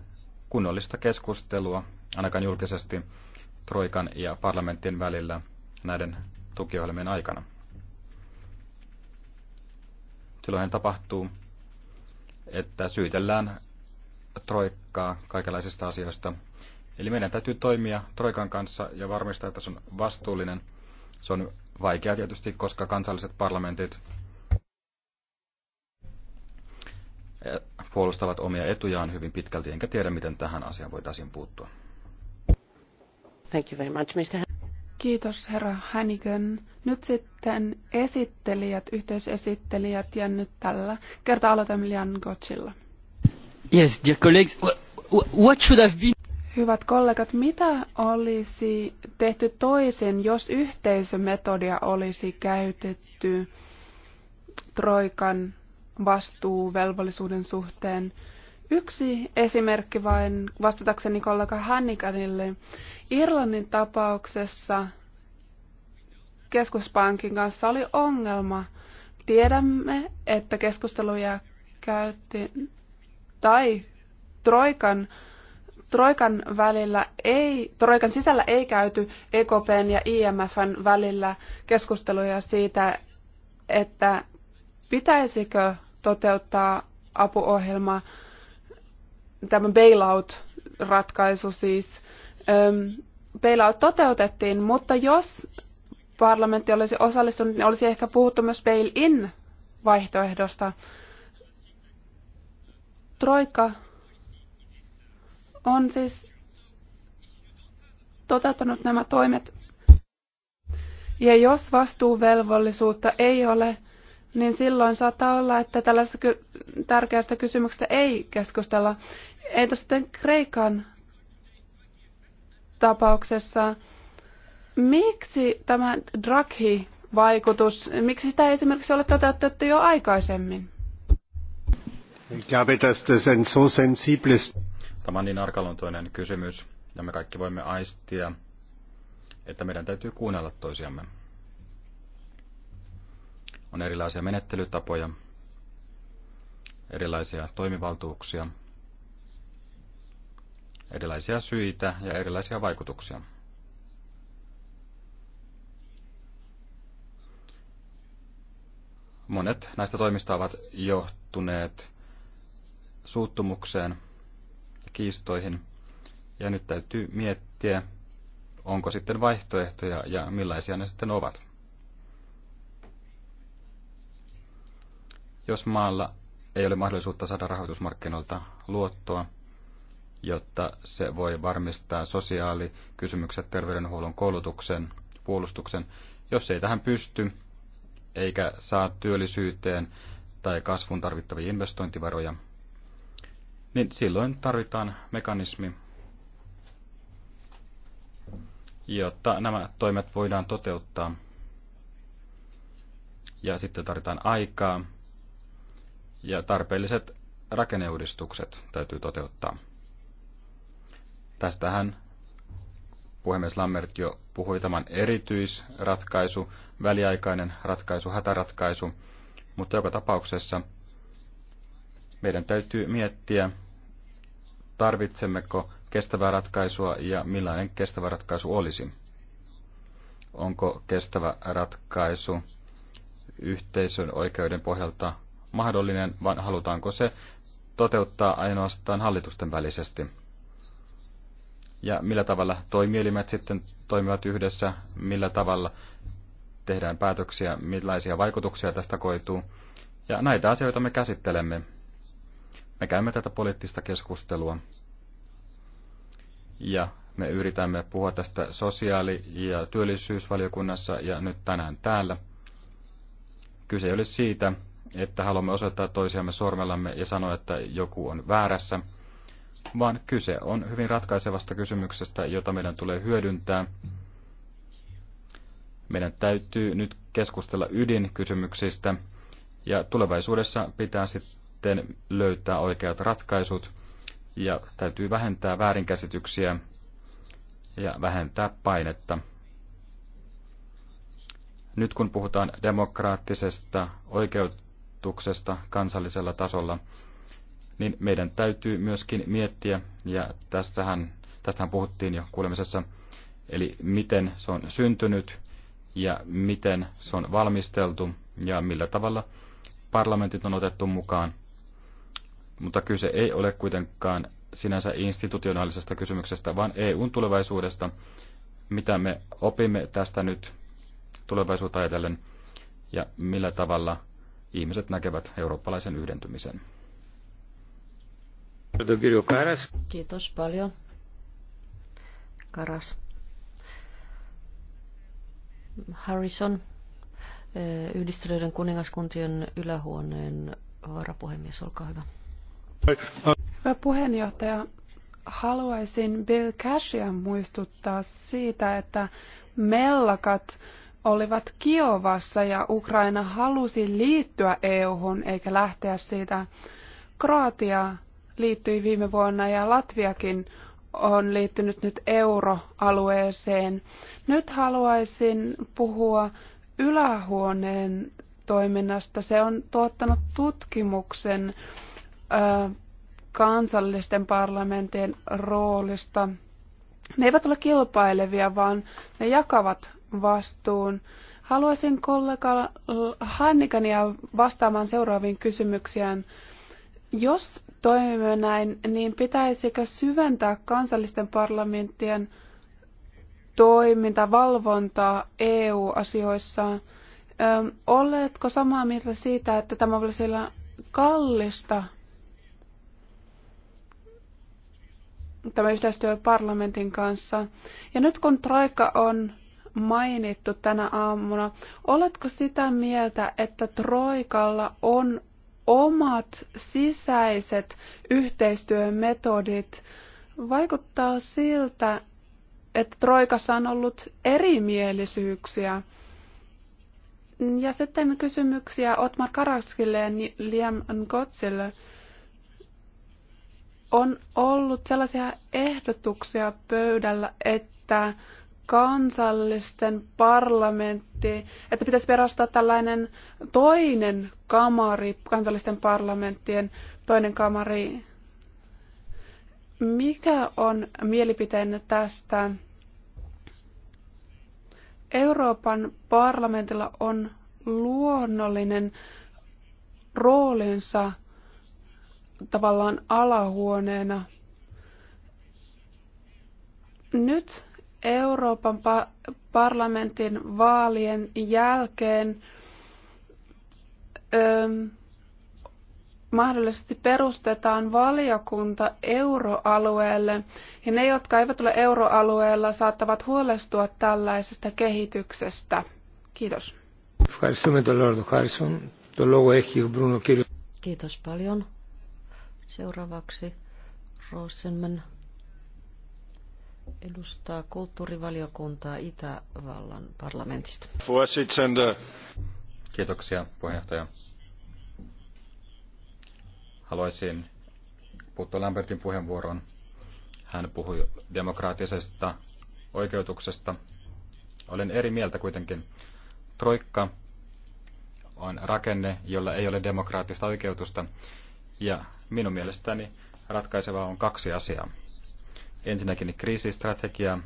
kunnollista keskustelua, ainakaan julkisesti, Troikan ja parlamenttien välillä näiden tukiohjelmien aikana. Silloin tapahtuu että syytellään troikkaa kaikenlaisista asioista. Eli meidän täytyy toimia troikan kanssa ja varmistaa, että se on vastuullinen. Se on vaikea tietysti, koska kansalliset parlamentit eh, puolustavat omia etujaan hyvin pitkälti, enkä tiedä, miten tähän asiaan voitaisiin puuttua. Thank you very much, Mr. Kiitos herra Hänikön. Nyt sitten esittelijät, yhteisesittelijät ja nyt tällä kertaa aloitamme Lian Gotchilla. Yes, dear colleagues, what should have been... Hyvät kollegat, mitä olisi tehty toisin, jos yhteisömetodia olisi käytetty Troikan vastuuvelvollisuuden suhteen? Yksi esimerkki vain vastatakseni kollega Hannikanille. Irlannin tapauksessa keskuspankin kanssa oli ongelma. Tiedämme, että keskusteluja käytiin tai Troikan, Troikan välillä ei, Troikan sisällä ei käyty EKPn ja IMFn välillä keskusteluja siitä, että pitäisikö toteuttaa apuohjelma, tämä bailout-ratkaisu siis – bailout toteutettiin, mutta jos parlamentti olisi osallistunut, niin olisi ehkä puhuttu myös bail-in vaihtoehdosta. Troika on siis toteuttanut nämä toimet. Ja jos vastuuvelvollisuutta ei ole, niin silloin saattaa olla, että tällaista tärkeästä kysymyksestä ei keskustella. Entä sitten Kreikan tapauksessa. Miksi tämä Draghi-vaikutus, miksi sitä ei esimerkiksi ole toteutettu jo aikaisemmin? Er tämä on niin arkaluontoinen kysymys, ja me kaikki voimme aistia, että meidän täytyy kuunnella toisiamme. On erilaisia menettelytapoja, erilaisia toimivaltuuksia – erilaisia syitä ja erilaisia vaikutuksia. Monet näistä toimista ovat johtuneet suuttumukseen ja kiistoihin, ja nyt täytyy miettiä, onko sitten vaihtoehtoja ja millaisia ne sitten ovat. Jos maalla ei ole mahdollisuutta saada rahoitusmarkkinoilta luottoa, jotta se voi varmistaa sosiaalikysymykset, terveydenhuollon koulutuksen, puolustuksen. Jos ei tähän pysty, eikä saa työllisyyteen tai kasvun tarvittavia investointivaroja, niin silloin tarvitaan mekanismi, jotta nämä toimet voidaan toteuttaa. Ja sitten tarvitaan aikaa ja tarpeelliset rakenneuudistukset täytyy toteuttaa. Tästähän puhemies Lammert jo puhui tämän erityisratkaisu, väliaikainen ratkaisu, hätäratkaisu, mutta joka tapauksessa meidän täytyy miettiä, tarvitsemmeko kestävää ratkaisua ja millainen kestävä ratkaisu olisi. Onko kestävä ratkaisu yhteisön oikeuden pohjalta mahdollinen, vaan halutaanko se toteuttaa ainoastaan hallitusten välisesti? ja millä tavalla toimielimet sitten toimivat yhdessä, millä tavalla tehdään päätöksiä, millaisia vaikutuksia tästä koituu. Ja näitä asioita me käsittelemme. Me käymme tätä poliittista keskustelua. Ja me yritämme puhua tästä sosiaali- ja työllisyysvaliokunnassa ja nyt tänään täällä. Kyse ei ole siitä, että haluamme osoittaa toisiamme sormellamme ja sanoa, että joku on väärässä – vaan kyse on hyvin ratkaisevasta kysymyksestä, jota meidän tulee hyödyntää. Meidän täytyy nyt keskustella ydinkysymyksistä ja tulevaisuudessa pitää sitten löytää oikeat ratkaisut ja täytyy vähentää väärinkäsityksiä ja vähentää painetta. Nyt kun puhutaan demokraattisesta oikeutuksesta kansallisella tasolla, niin meidän täytyy myöskin miettiä, ja tästähän, tästähän puhuttiin jo kuulemisessa, eli miten se on syntynyt ja miten se on valmisteltu ja millä tavalla parlamentit on otettu mukaan. Mutta kyse ei ole kuitenkaan sinänsä institutionaalisesta kysymyksestä, vaan EUn tulevaisuudesta, mitä me opimme tästä nyt tulevaisuutta ajatellen ja millä tavalla ihmiset näkevät eurooppalaisen yhdentymisen. Kiitos paljon. Karas. Harrison, eh, yhdistyneiden kuningaskuntien ylähuoneen varapuhemies, olkaa hyvä. Hyvä puheenjohtaja, haluaisin Bill Cashia muistuttaa siitä, että mellakat olivat Kiovassa ja Ukraina halusi liittyä EU-hun eikä lähteä siitä. Kroatia liittyi viime vuonna ja Latviakin on liittynyt nyt euroalueeseen. Nyt haluaisin puhua ylähuoneen toiminnasta. Se on tuottanut tutkimuksen ö, kansallisten parlamenttien roolista. Ne eivät ole kilpailevia, vaan ne jakavat vastuun. Haluaisin kollega ja vastaamaan seuraaviin kysymyksiään. Jos toimimme näin, niin pitäisikö syventää kansallisten parlamenttien toimintavalvontaa EU-asioissa? Oletko samaa mieltä siitä, että tämä olisi kallista tämä yhteistyö parlamentin kanssa. Ja nyt kun Troika on mainittu tänä aamuna, oletko sitä mieltä, että Troikalla on omat sisäiset yhteistyömetodit. Vaikuttaa siltä, että Troikassa on ollut erimielisyyksiä. Ja sitten kysymyksiä Otmar Karatskille ja Liam Gotsille. On ollut sellaisia ehdotuksia pöydällä, että kansallisten parlamentti, että pitäisi perustaa tällainen toinen kamari, kansallisten parlamenttien toinen kamari. Mikä on mielipiteenne tästä? Euroopan parlamentilla on luonnollinen roolinsa tavallaan alahuoneena. Nyt Euroopan parlamentin vaalien jälkeen mahdollisesti perustetaan valiokunta euroalueelle, ja ne, jotka eivät ole euroalueella, saattavat huolestua tällaisesta kehityksestä. Kiitos. Kiitos paljon. Seuraavaksi Rosenman edustaa kulttuurivaliokuntaa Itävallan parlamentista. Kiitoksia puheenjohtaja. Haluaisin puuttua Lambertin puheenvuoroon. Hän puhui demokraattisesta oikeutuksesta. Olen eri mieltä kuitenkin. Troikka on rakenne, jolla ei ole demokraattista oikeutusta. Ja minun mielestäni ratkaisevaa on kaksi asiaa. Ensinnäkin kriisistrategia,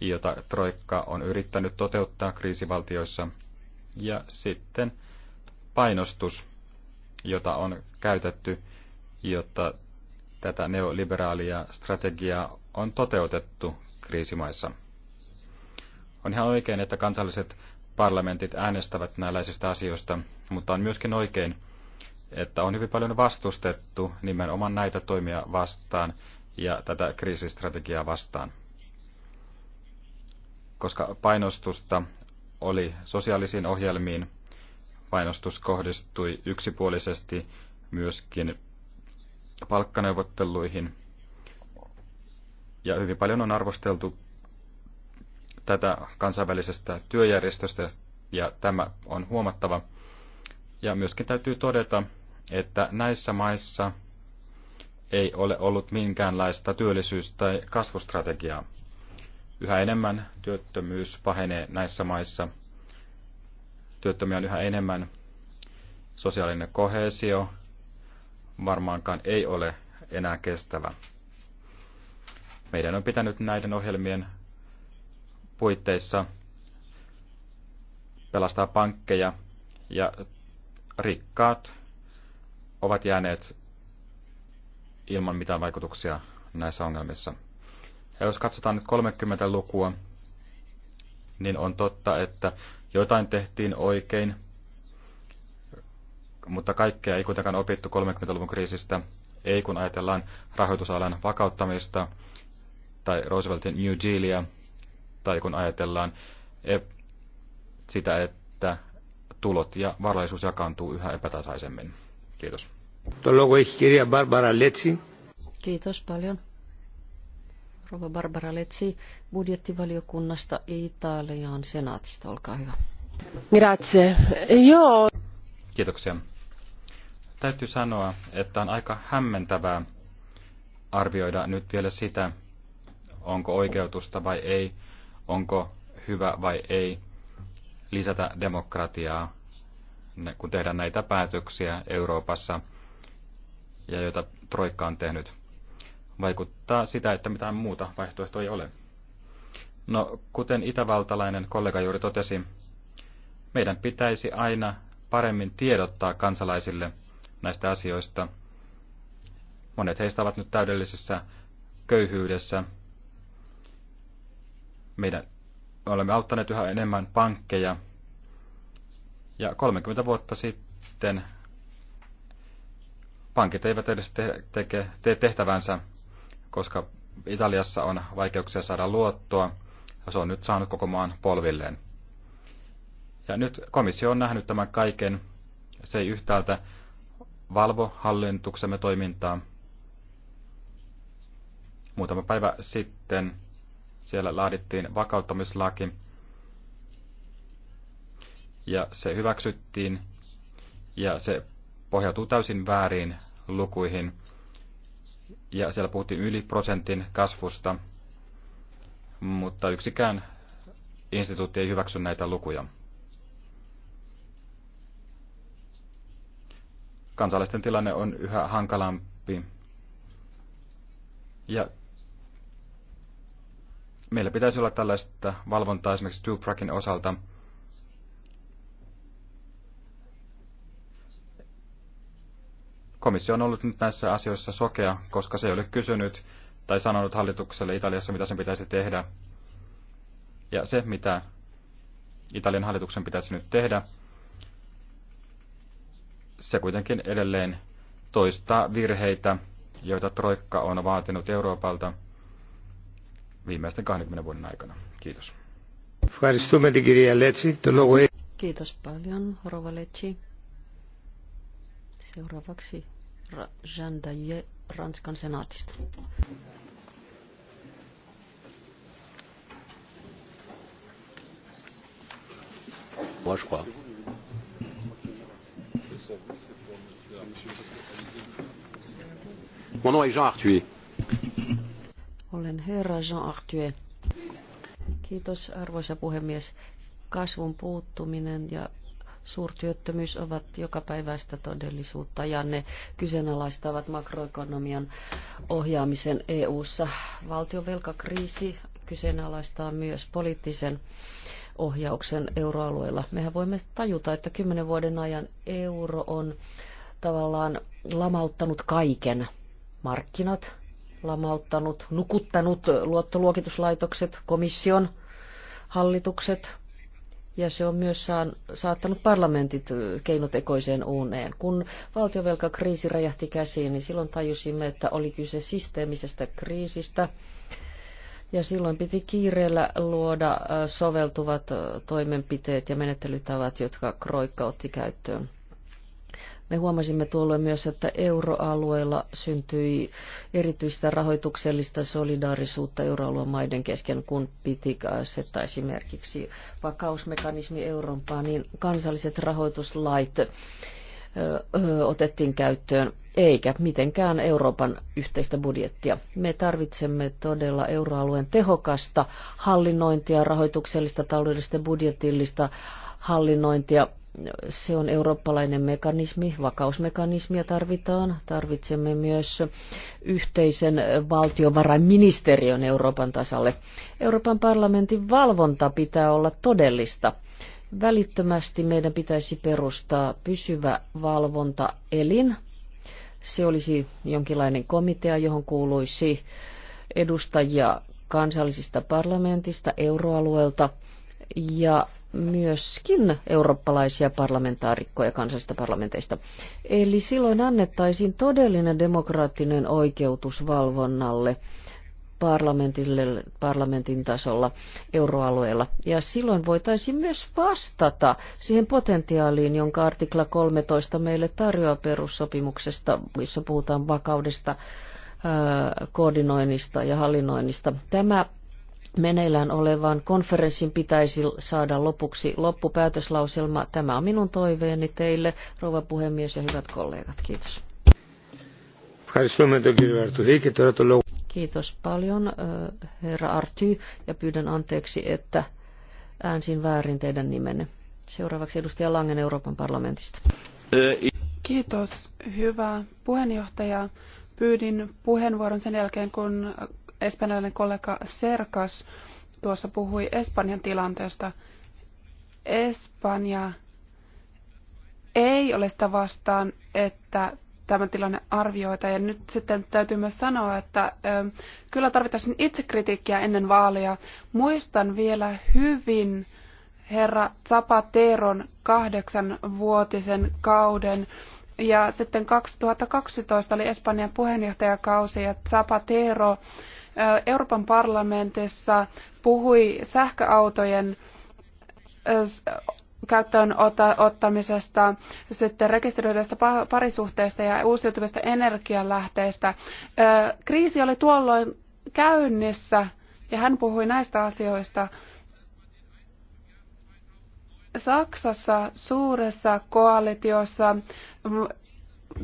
jota Troikka on yrittänyt toteuttaa kriisivaltioissa, ja sitten painostus, jota on käytetty, jotta tätä neoliberaalia strategiaa on toteutettu kriisimaissa. On ihan oikein, että kansalliset parlamentit äänestävät näillaisista asioista, mutta on myöskin oikein, että on hyvin paljon vastustettu nimenomaan näitä toimia vastaan, ja tätä kriisistrategiaa vastaan. Koska painostusta oli sosiaalisiin ohjelmiin, painostus kohdistui yksipuolisesti myöskin palkkaneuvotteluihin. Ja hyvin paljon on arvosteltu tätä kansainvälisestä työjärjestöstä, ja tämä on huomattava. Ja myöskin täytyy todeta, että näissä maissa ei ole ollut minkäänlaista työllisyys- tai kasvustrategiaa. Yhä enemmän työttömyys pahenee näissä maissa. Työttömiä on yhä enemmän. Sosiaalinen kohesio varmaankaan ei ole enää kestävä. Meidän on pitänyt näiden ohjelmien puitteissa pelastaa pankkeja ja rikkaat ovat jääneet ilman mitään vaikutuksia näissä ongelmissa. Ja jos katsotaan nyt 30 lukua, niin on totta, että jotain tehtiin oikein, mutta kaikkea ei kuitenkaan opittu 30-luvun kriisistä, ei kun ajatellaan rahoitusalan vakauttamista tai Rooseveltin New Dealia, tai kun ajatellaan e, sitä, että tulot ja varallisuus jakaantuu yhä epätasaisemmin. Kiitos. Kiitos paljon. Rova Barbara Letsi budjettivaliokunnasta Italian senaatista, olkaa hyvä. Grazie. Joo. Kiitoksia. Täytyy sanoa, että on aika hämmentävää arvioida nyt vielä sitä, onko oikeutusta vai ei, onko hyvä vai ei lisätä demokratiaa, kun tehdään näitä päätöksiä Euroopassa – ja joita Troikka on tehnyt, vaikuttaa sitä, että mitään muuta vaihtoehtoa ei ole. No, kuten itävaltalainen kollega juuri totesi, meidän pitäisi aina paremmin tiedottaa kansalaisille näistä asioista. Monet heistä ovat nyt täydellisessä köyhyydessä. Meidän olemme auttaneet yhä enemmän pankkeja. Ja 30 vuotta sitten pankit eivät edes te- teke, tee tehtävänsä, koska Italiassa on vaikeuksia saada luottoa, ja se on nyt saanut koko maan polvilleen. Ja nyt komissio on nähnyt tämän kaiken. Se ei yhtäältä valvo hallituksemme toimintaa. Muutama päivä sitten siellä laadittiin vakauttamislaki, ja se hyväksyttiin, ja se pohjautuu täysin väärin lukuihin. Ja siellä puhuttiin yli prosentin kasvusta, mutta yksikään instituutti ei hyväksy näitä lukuja. Kansalaisten tilanne on yhä hankalampi. Ja meillä pitäisi olla tällaista valvontaa esimerkiksi Tupracin osalta – Komissio on ollut nyt näissä asioissa sokea, koska se ei ole kysynyt tai sanonut hallitukselle Italiassa, mitä sen pitäisi tehdä. Ja se, mitä Italian hallituksen pitäisi nyt tehdä, se kuitenkin edelleen toistaa virheitä, joita Troikka on vaatinut Euroopalta viimeisten 20 vuoden aikana. Kiitos. Kiitos paljon, Rova Lecci. Seuraavaksi Jean Daillet Ranskan senaatista. Mon nom est Jean Arthuet. Olen herra Jean Arthuet. Kiitos arvoisa puhemies. Kasvun puuttuminen ja suurtyöttömyys ovat jokapäiväistä todellisuutta ja ne kyseenalaistavat makroekonomian ohjaamisen EU-ssa. Valtion velkakriisi kyseenalaistaa myös poliittisen ohjauksen euroalueella. Mehän voimme tajuta, että kymmenen vuoden ajan euro on tavallaan lamauttanut kaiken. Markkinat, lamauttanut, nukuttanut luottoluokituslaitokset, komission, hallitukset, ja se on myös saan, saattanut parlamentit keinotekoiseen uuneen. Kun valtiovelkakriisi räjähti käsiin, niin silloin tajusimme, että oli kyse systeemisestä kriisistä, ja silloin piti kiireellä luoda soveltuvat toimenpiteet ja menettelytavat, jotka Kroikka otti käyttöön. Me huomasimme tuolloin myös, että euroalueella syntyi erityistä rahoituksellista solidaarisuutta euroalueen maiden kesken, kun piti asettaa esimerkiksi vakausmekanismi Eurooppaa, niin kansalliset rahoituslait otettiin käyttöön, eikä mitenkään Euroopan yhteistä budjettia. Me tarvitsemme todella euroalueen tehokasta hallinnointia, rahoituksellista, taloudellista, budjetillista hallinnointia. Se on eurooppalainen mekanismi, vakausmekanismia tarvitaan. Tarvitsemme myös yhteisen valtiovarainministeriön Euroopan tasalle. Euroopan parlamentin valvonta pitää olla todellista. Välittömästi meidän pitäisi perustaa pysyvä valvontaelin. Se olisi jonkinlainen komitea, johon kuuluisi edustajia kansallisista parlamentista, euroalueelta ja myöskin eurooppalaisia parlamentaarikkoja kansallisista parlamenteista. Eli silloin annettaisiin todellinen demokraattinen oikeutus valvonnalle parlamentille, parlamentin tasolla euroalueella. Ja silloin voitaisiin myös vastata siihen potentiaaliin, jonka artikla 13 meille tarjoaa perussopimuksesta, missä puhutaan vakaudesta, koordinoinnista ja hallinnoinnista. Tämä meneillään olevan konferenssin pitäisi saada lopuksi loppupäätöslauselma. Tämä on minun toiveeni teille, rouva puhemies ja hyvät kollegat. Kiitos. Kiitos paljon, herra Arty, ja pyydän anteeksi, että äänsin väärin teidän nimenne. Seuraavaksi edustaja Langen Euroopan parlamentista. Kiitos, hyvä puheenjohtaja. Pyydin puheenvuoron sen jälkeen, kun espanjalainen kollega Serkas tuossa puhui Espanjan tilanteesta. Espanja ei ole sitä vastaan, että tämä tilanne arvioita. Ja nyt sitten täytyy myös sanoa, että ö, kyllä tarvitaan itsekritiikkiä ennen vaaleja. Muistan vielä hyvin herra Zapateron kahdeksanvuotisen kauden. Ja sitten 2012 oli Espanjan puheenjohtajakausi ja Zapatero Euroopan parlamentissa puhui sähköautojen käyttöön ottamisesta, sitten rekisteröidystä parisuhteesta ja uusiutuvista energialähteistä. Kriisi oli tuolloin käynnissä ja hän puhui näistä asioista. Saksassa suuressa koalitiossa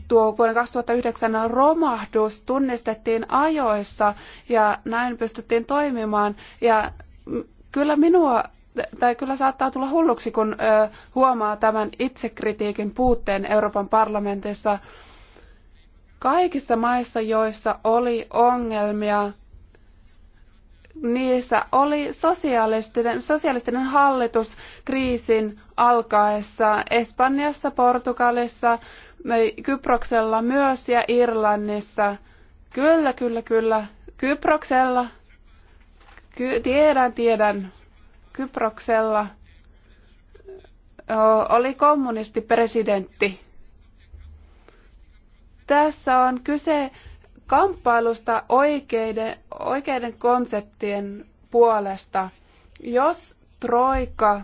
tuo vuoden 2009 romahdus tunnistettiin ajoissa ja näin pystyttiin toimimaan. Ja kyllä minua, tai kyllä saattaa tulla hulluksi, kun ö, huomaa tämän itsekritiikin puutteen Euroopan parlamentissa. Kaikissa maissa, joissa oli ongelmia, niissä oli sosialistinen, sosialistinen hallitus kriisin alkaessa Espanjassa, Portugalissa, Kyproksella myös ja Irlannissa. Kyllä, kyllä, kyllä. Kyproksella. Ky- tiedän, tiedän. Kyproksella oli kommunisti presidentti Tässä on kyse kamppailusta oikeiden, oikeiden konseptien puolesta. Jos troika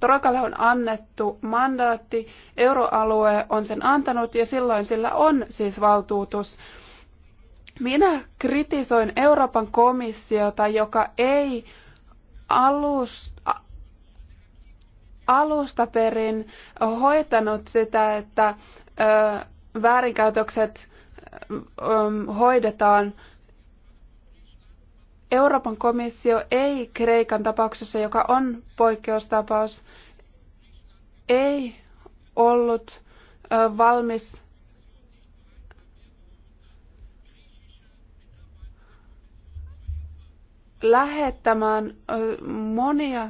Torakalle on annettu mandaatti, euroalue on sen antanut ja silloin sillä on siis valtuutus. Minä kritisoin Euroopan komissiota, joka ei alusta, alusta perin hoitanut sitä, että ö, väärinkäytökset ö, hoidetaan Euroopan komissio ei Kreikan tapauksessa, joka on poikkeustapaus, ei ollut valmis lähettämään monia,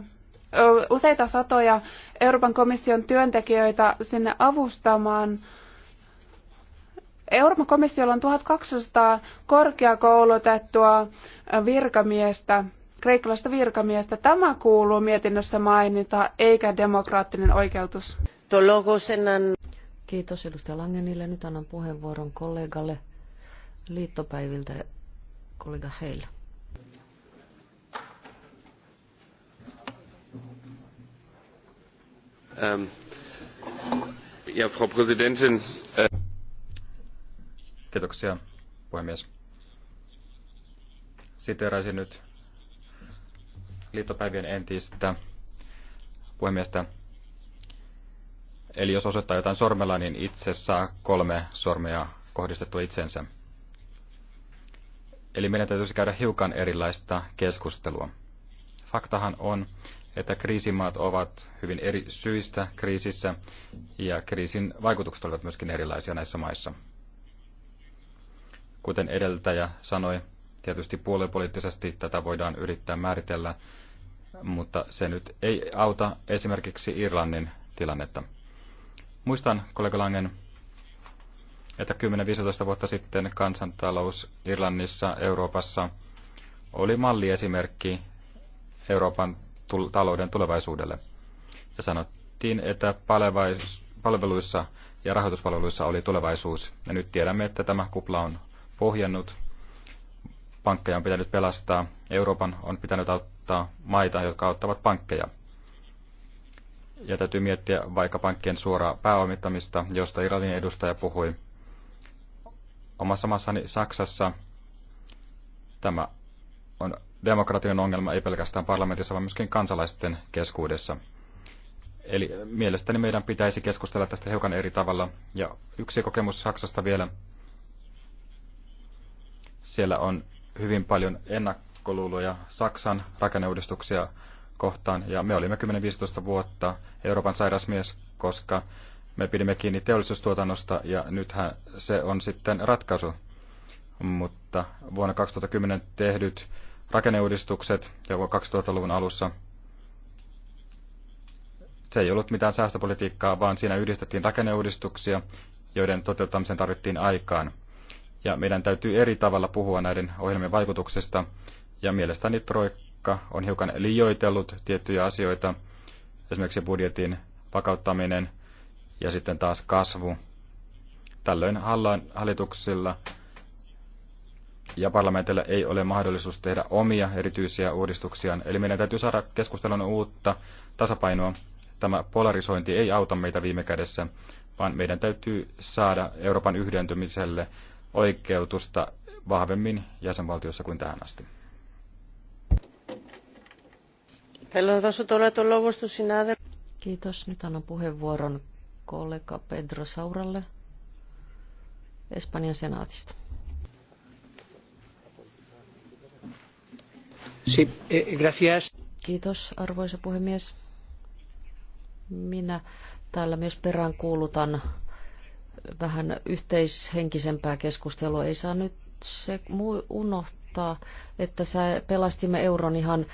useita satoja Euroopan komission työntekijöitä sinne avustamaan Euroopan komissiolla on 1200 korkeakoulutettua virkamiestä, kreikkalaista virkamiestä. Tämä kuuluu mietinnössä mainita, eikä demokraattinen oikeutus. Kiitos edustaja Langenille. Nyt annan puheenvuoron kollegalle liittopäiviltä, kollega Heil. Ähm. Ja, Frau Präsidentin. Äh Kiitoksia, puhemies. Siteeraisin nyt liittopäivien entistä puhemiestä. Eli jos osoittaa jotain sormella, niin itse saa kolme sormea kohdistettua itsensä. Eli meidän täytyisi käydä hiukan erilaista keskustelua. Faktahan on, että kriisimaat ovat hyvin eri syistä kriisissä ja kriisin vaikutukset olivat myöskin erilaisia näissä maissa. Kuten edeltäjä sanoi, tietysti puoluepoliittisesti tätä voidaan yrittää määritellä, mutta se nyt ei auta esimerkiksi Irlannin tilannetta. Muistan, kollega Langen, että 10-15 vuotta sitten kansantalous Irlannissa, Euroopassa oli malliesimerkki Euroopan talouden tulevaisuudelle. Ja sanottiin, että palveluissa ja rahoituspalveluissa oli tulevaisuus. Ja nyt tiedämme, että tämä kupla on pohjannut. Pankkeja on pitänyt pelastaa. Euroopan on pitänyt auttaa maita, jotka auttavat pankkeja. Ja täytyy miettiä vaikka pankkien suoraa pääomittamista, josta Iranin edustaja puhui. Omassa maassani Saksassa tämä on demokratian ongelma ei pelkästään parlamentissa, vaan myöskin kansalaisten keskuudessa. Eli mielestäni meidän pitäisi keskustella tästä hiukan eri tavalla. Ja yksi kokemus Saksasta vielä. Siellä on hyvin paljon ennakkoluuloja Saksan rakenneuudistuksia kohtaan, ja me olimme 10-15 vuotta Euroopan sairasmies, koska me pidimme kiinni teollisuustuotannosta, ja nythän se on sitten ratkaisu. Mutta vuonna 2010 tehdyt rakenneuudistukset ja 2000-luvun alussa se ei ollut mitään säästöpolitiikkaa, vaan siinä yhdistettiin rakenneuudistuksia, joiden toteuttamiseen tarvittiin aikaan ja meidän täytyy eri tavalla puhua näiden ohjelmien vaikutuksesta. Ja mielestäni Troikka on hiukan liioitellut tiettyjä asioita, esimerkiksi budjetin vakauttaminen ja sitten taas kasvu. Tällöin hallituksilla ja parlamentilla ei ole mahdollisuus tehdä omia erityisiä uudistuksia. Eli meidän täytyy saada keskustelun uutta tasapainoa. Tämä polarisointi ei auta meitä viime kädessä, vaan meidän täytyy saada Euroopan yhdentymiselle oikeutusta vahvemmin jäsenvaltiossa kuin tähän asti. Kiitos. Nyt annan puheenvuoron kollega Pedro Sauralle Espanjan senaatista. Eh, Kiitos, arvoisa puhemies. Minä täällä myös peräänkuulutan vähän yhteishenkisempää keskustelua. Ei saa nyt se unohtaa, että sä pelastimme euron ihan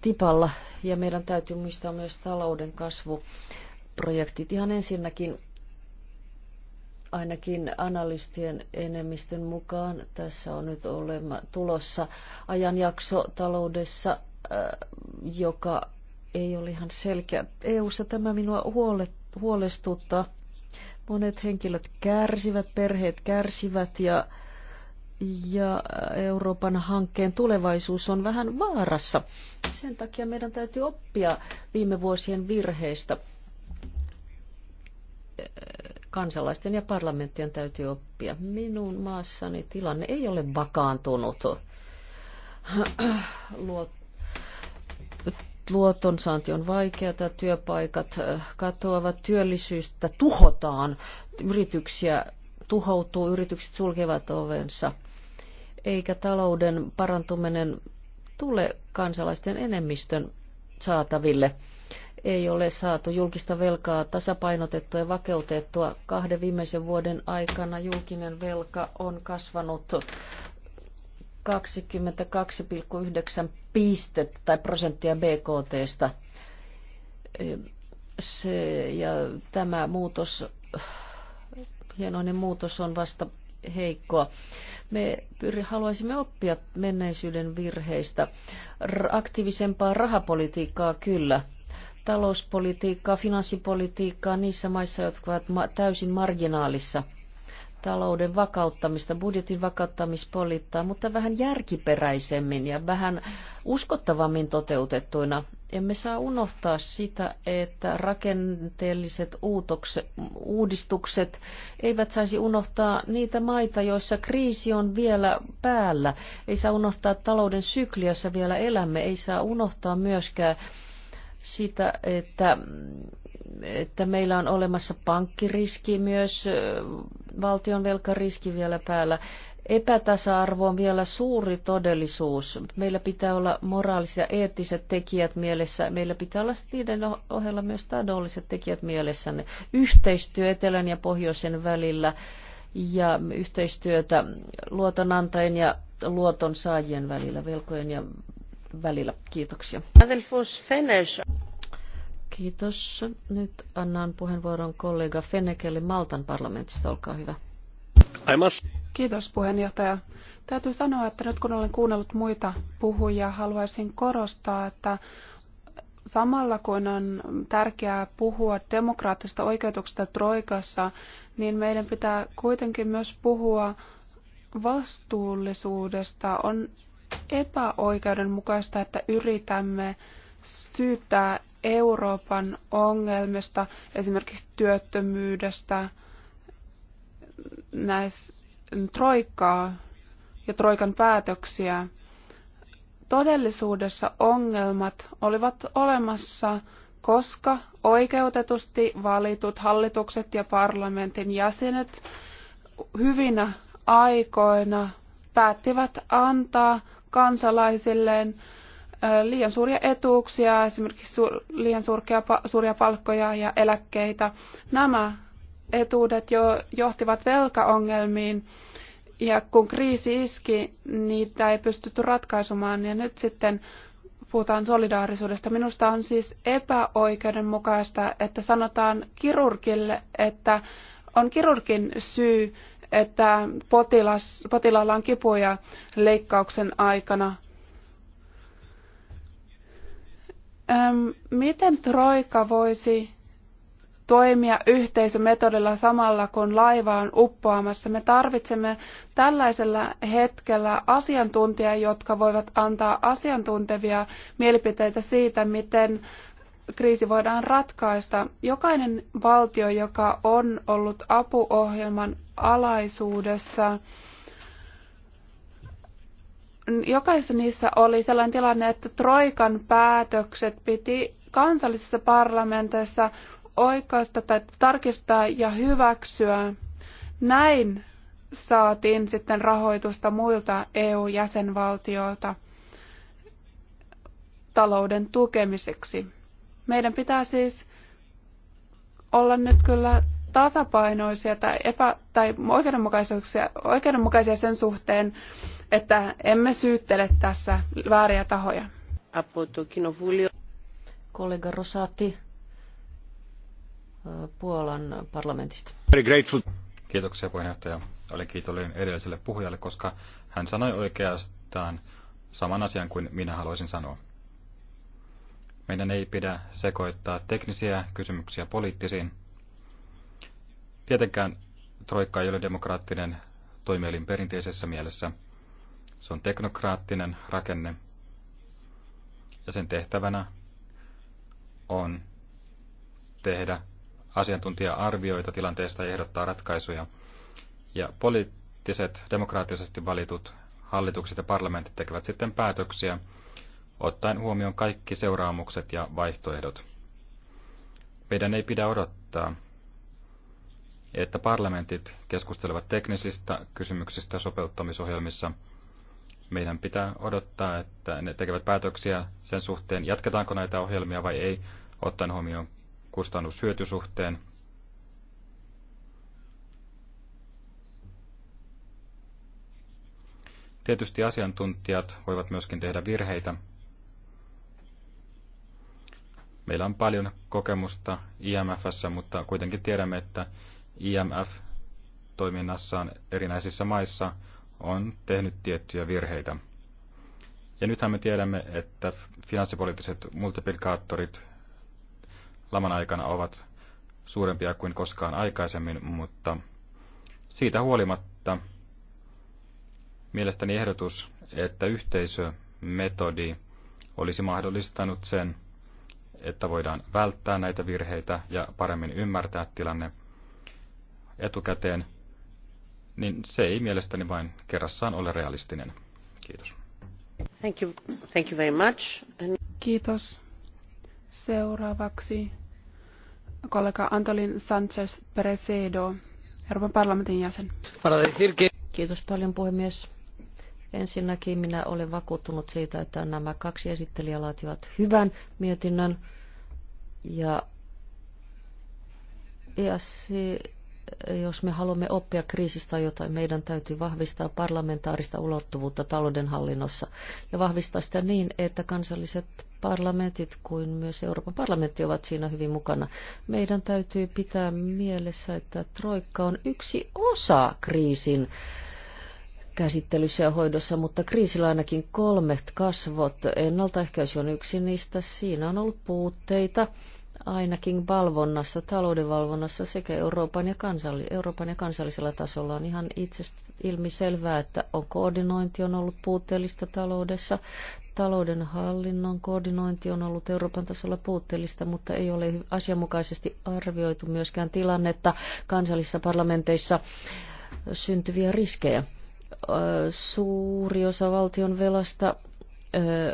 tipalla ja meidän täytyy muistaa myös talouden kasvuprojektit. Ihan ensinnäkin ainakin analystien enemmistön mukaan tässä on nyt olema, tulossa ajanjakso taloudessa, äh, joka ei ole ihan selkeä. EU-ssa tämä minua huolestuttaa Monet henkilöt kärsivät, perheet kärsivät ja, ja Euroopan hankkeen tulevaisuus on vähän vaarassa. Sen takia meidän täytyy oppia viime vuosien virheistä. Kansalaisten ja parlamenttien täytyy oppia. Minun maassani tilanne ei ole vakaantunut. Luot luotonsaanti on vaikeaa, työpaikat katoavat, työllisyyttä tuhotaan, yrityksiä tuhoutuu, yritykset sulkevat ovensa, eikä talouden parantuminen tule kansalaisten enemmistön saataville. Ei ole saatu julkista velkaa tasapainotettua ja vakeutettua. Kahden viimeisen vuoden aikana julkinen velka on kasvanut 22,9 pistettä tai prosenttia BKTstä. Se, ja tämä muutos, hienoinen muutos on vasta heikkoa. Me pyri, haluaisimme oppia menneisyyden virheistä. Aktiivisempaa rahapolitiikkaa kyllä. Talouspolitiikkaa, finanssipolitiikkaa niissä maissa, jotka ovat täysin marginaalissa – talouden vakauttamista, budjetin vakauttamispolittaa, mutta vähän järkiperäisemmin ja vähän uskottavammin toteutettuina. Emme saa unohtaa sitä, että rakenteelliset uudistukset eivät saisi unohtaa niitä maita, joissa kriisi on vielä päällä. Ei saa unohtaa talouden sykliä, jossa vielä elämme. Ei saa unohtaa myöskään sitä, että että meillä on olemassa pankkiriski myös, valtion velkariski vielä päällä. Epätasa-arvo on vielä suuri todellisuus. Meillä pitää olla moraaliset ja eettiset tekijät mielessä. Meillä pitää olla niiden ohella myös taidolliset tekijät mielessänne. Yhteistyö etelän ja pohjoisen välillä ja yhteistyötä luotonantajien ja luoton saajien välillä, velkojen ja välillä. Kiitoksia. Kiitos. Nyt annan puheenvuoron kollega Fennekelle Maltan parlamentista. Olkaa hyvä. Kiitos puheenjohtaja. Täytyy sanoa, että nyt kun olen kuunnellut muita puhujia, haluaisin korostaa, että samalla kun on tärkeää puhua demokraattisesta oikeutuksesta Troikassa, niin meidän pitää kuitenkin myös puhua vastuullisuudesta. On epäoikeudenmukaista, että yritämme syyttää Euroopan ongelmista, esimerkiksi työttömyydestä, näistä troikkaa ja troikan päätöksiä. Todellisuudessa ongelmat olivat olemassa, koska oikeutetusti valitut hallitukset ja parlamentin jäsenet hyvinä aikoina päättivät antaa kansalaisilleen liian suuria etuuksia, esimerkiksi liian surkea, suuria palkkoja ja eläkkeitä. Nämä etuudet jo johtivat velkaongelmiin ja kun kriisi iski, niitä ei pystytty ratkaisemaan ja nyt sitten puhutaan solidaarisuudesta. Minusta on siis epäoikeudenmukaista, että sanotaan kirurgille, että on kirurgin syy, että potilas, potilaalla on kipuja leikkauksen aikana miten Troika voisi toimia yhteisömetodilla samalla, kun laiva on uppoamassa? Me tarvitsemme tällaisella hetkellä asiantuntijaa, jotka voivat antaa asiantuntevia mielipiteitä siitä, miten kriisi voidaan ratkaista. Jokainen valtio, joka on ollut apuohjelman alaisuudessa, jokaisessa niissä oli sellainen tilanne, että Troikan päätökset piti kansallisissa parlamenteissa oikaista tai tarkistaa ja hyväksyä. Näin saatiin sitten rahoitusta muilta EU-jäsenvaltioilta talouden tukemiseksi. Meidän pitää siis olla nyt kyllä tasapainoisia tai, epä, tai oikeudenmukaisia, oikeudenmukaisia sen suhteen, että emme syyttele tässä vääriä tahoja. Kollega Rosati Puolan parlamentista. Kiitoksia puheenjohtaja. Olen kiitollinen edelliselle puhujalle, koska hän sanoi oikeastaan saman asian kuin minä haluaisin sanoa. Meidän ei pidä sekoittaa teknisiä kysymyksiä poliittisiin. Tietenkään Troikka ei ole demokraattinen toimielin perinteisessä mielessä – se on teknokraattinen rakenne ja sen tehtävänä on tehdä asiantuntija-arvioita tilanteesta ja ehdottaa ratkaisuja. Ja poliittiset, demokraattisesti valitut hallitukset ja parlamentit tekevät sitten päätöksiä, ottaen huomioon kaikki seuraamukset ja vaihtoehdot. Meidän ei pidä odottaa, että parlamentit keskustelevat teknisistä kysymyksistä sopeuttamisohjelmissa – meidän pitää odottaa, että ne tekevät päätöksiä sen suhteen, jatketaanko näitä ohjelmia vai ei, ottaen huomioon kustannushyötysuhteen. Tietysti asiantuntijat voivat myöskin tehdä virheitä. Meillä on paljon kokemusta IMFssä, mutta kuitenkin tiedämme, että IMF toiminnassaan erinäisissä maissa – on tehnyt tiettyjä virheitä. Ja nythän me tiedämme, että finanssipoliittiset multiplikaattorit laman aikana ovat suurempia kuin koskaan aikaisemmin, mutta siitä huolimatta mielestäni ehdotus, että yhteisömetodi olisi mahdollistanut sen, että voidaan välttää näitä virheitä ja paremmin ymmärtää tilanne etukäteen, niin se ei mielestäni vain kerrassaan ole realistinen. Kiitos. Thank you, thank you very much. And... Kiitos. Seuraavaksi kollega Antolin Sanchez Peresedo, Euroopan parlamentin jäsen. Kiitos paljon puhemies. Ensinnäkin minä olen vakuuttunut siitä, että nämä kaksi esittelijää laativat hyvän mietinnön ja ESC jos me haluamme oppia kriisistä jotain, meidän täytyy vahvistaa parlamentaarista ulottuvuutta taloudenhallinnossa ja vahvistaa sitä niin, että kansalliset parlamentit kuin myös Euroopan parlamentti ovat siinä hyvin mukana. Meidän täytyy pitää mielessä, että troikka on yksi osa kriisin käsittelyssä ja hoidossa, mutta kriisillä ainakin kolme kasvot. Ennaltaehkäisy on yksi niistä. Siinä on ollut puutteita ainakin valvonnassa, taloudenvalvonnassa sekä Euroopan ja, kansalli, Euroopan ja kansallisella tasolla on ihan itsestä ilmiselvää, että on koordinointi on ollut puutteellista taloudessa, talouden hallinnon koordinointi on ollut Euroopan tasolla puutteellista, mutta ei ole asianmukaisesti arvioitu myöskään tilannetta kansallisissa parlamenteissa syntyviä riskejä. Suuri osa valtion velasta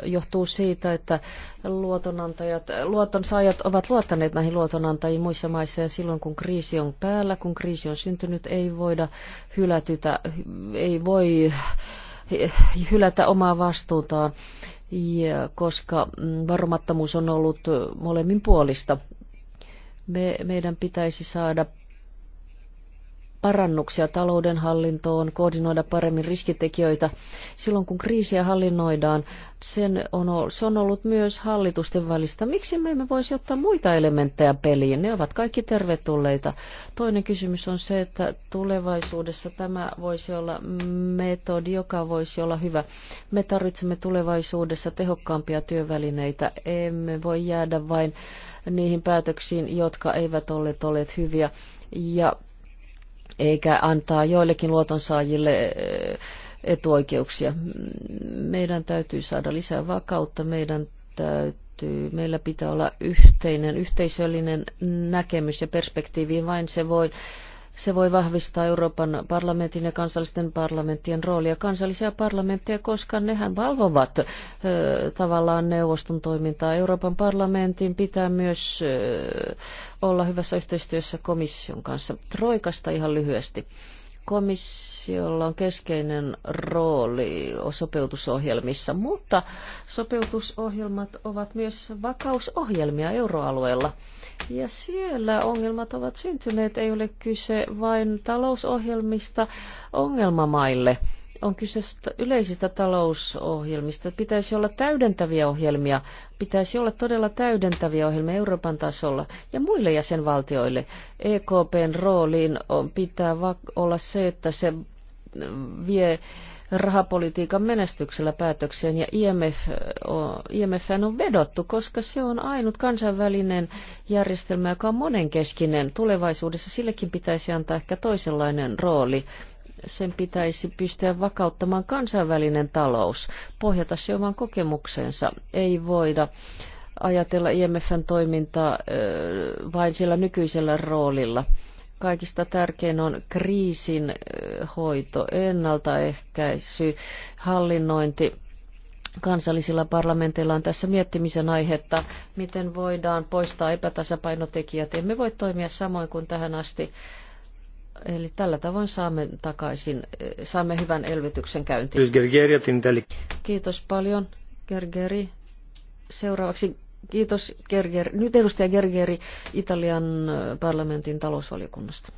johtuu siitä, että luotonantajat, luotonsaajat ovat luottaneet näihin luotonantajiin muissa maissa ja silloin kun kriisi on päällä, kun kriisi on syntynyt, ei voida hylätytä, ei voi hylätä omaa vastuutaan, koska mm, varmattomuus on ollut molemmin puolista. Me, meidän pitäisi saada parannuksia talouden hallintoon, koordinoida paremmin riskitekijöitä. Silloin kun kriisiä hallinnoidaan, sen on, se on ollut myös hallitusten välistä. Miksi me emme voisi ottaa muita elementtejä peliin? Ne ovat kaikki tervetulleita. Toinen kysymys on se, että tulevaisuudessa tämä voisi olla metodi, joka voisi olla hyvä. Me tarvitsemme tulevaisuudessa tehokkaampia työvälineitä. Emme voi jäädä vain niihin päätöksiin, jotka eivät olleet olleet hyviä. Ja eikä antaa joillekin luotonsaajille eh, etuoikeuksia. Meidän täytyy saada lisää vakautta, meidän täytyy, meillä pitää olla yhteinen, yhteisöllinen näkemys ja perspektiivi, vain se voi se voi vahvistaa Euroopan parlamentin ja kansallisten parlamenttien roolia kansallisia parlamentteja, koska nehän valvovat ö, tavallaan neuvoston toimintaa. Euroopan parlamentin pitää myös ö, olla hyvässä yhteistyössä komission kanssa. Troikasta ihan lyhyesti komissiolla on keskeinen rooli sopeutusohjelmissa, mutta sopeutusohjelmat ovat myös vakausohjelmia euroalueella. Ja siellä ongelmat ovat syntyneet, ei ole kyse vain talousohjelmista ongelmamaille. On kyse yleisistä talousohjelmista. Pitäisi olla täydentäviä ohjelmia. Pitäisi olla todella täydentäviä ohjelmia Euroopan tasolla ja muille jäsenvaltioille. EKPn rooliin on, pitää olla se, että se vie rahapolitiikan menestyksellä päätökseen ja IMF, IMF on vedottu, koska se on ainut kansainvälinen järjestelmä, joka on monenkeskinen. Tulevaisuudessa sillekin pitäisi antaa ehkä toisenlainen rooli sen pitäisi pystyä vakauttamaan kansainvälinen talous, pohjata se oman kokemuksensa. Ei voida ajatella IMFn toimintaa vain sillä nykyisellä roolilla kaikista tärkein on kriisin hoito, ennaltaehkäisy, hallinnointi. Kansallisilla parlamenteilla on tässä miettimisen aihetta, miten voidaan poistaa epätasapainotekijät. Emme voi toimia samoin kuin tähän asti. Eli tällä tavoin saamme takaisin, saamme hyvän elvytyksen käyntiin. Kiitos paljon, Gergeri. Seuraavaksi Kiitos Gerger. Nyt edustaja Gergeri Italian parlamentin talousvaliokunnasta.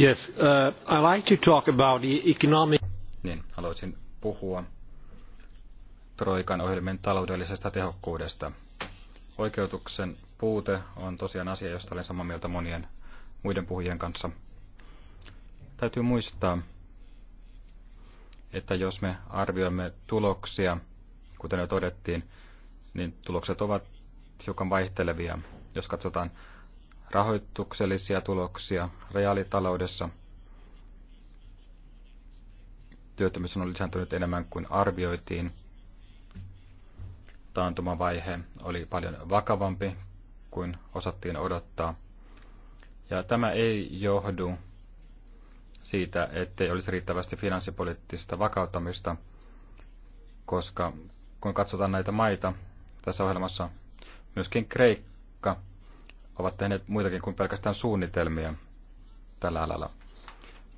Yes, uh, I like to talk about the economic... Niin, haluaisin puhua Troikan ohjelmien taloudellisesta tehokkuudesta. Oikeutuksen puute on tosiaan asia, josta olen samaa mieltä monien muiden puhujien kanssa. Täytyy muistaa, että jos me arvioimme tuloksia, kuten jo todettiin, niin tulokset ovat hiukan vaihtelevia. Jos katsotaan rahoituksellisia tuloksia reaalitaloudessa, työttömyys on lisääntynyt enemmän kuin arvioitiin. Taantumavaihe oli paljon vakavampi kuin osattiin odottaa. Ja tämä ei johdu siitä, ettei olisi riittävästi finanssipoliittista vakauttamista, koska kun katsotaan näitä maita tässä ohjelmassa, myöskin Kreikka ovat tehneet muitakin kuin pelkästään suunnitelmia tällä alalla.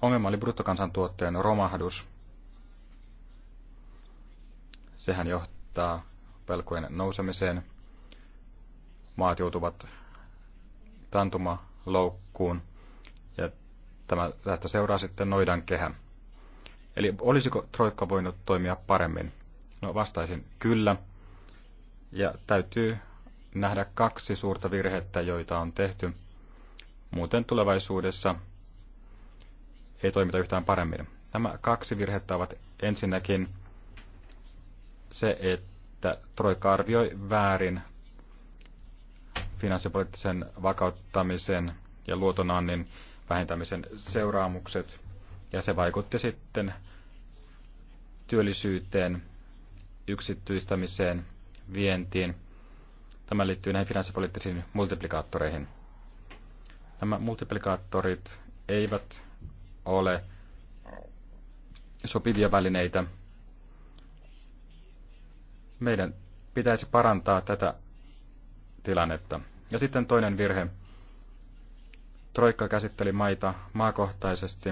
Ongelma oli bruttokansantuotteen romahdus. Sehän johtaa pelkojen nousemiseen. Maat joutuvat tantumaloukkuun. loukkuun Tämä, tästä seuraa sitten noidan kehä. Eli olisiko Troikka voinut toimia paremmin? No vastaisin kyllä. Ja täytyy nähdä kaksi suurta virhettä, joita on tehty. Muuten tulevaisuudessa ei toimita yhtään paremmin. Nämä kaksi virhettä ovat ensinnäkin se, että Troika arvioi väärin finanssipoliittisen vakauttamisen ja luotonannin vähentämisen seuraamukset ja se vaikutti sitten työllisyyteen, yksityistämiseen, vientiin. Tämä liittyy näihin finanssipoliittisiin multiplikaattoreihin. Nämä multiplikaattorit eivät ole sopivia välineitä. Meidän pitäisi parantaa tätä tilannetta. Ja sitten toinen virhe, Troikka käsitteli maita maakohtaisesti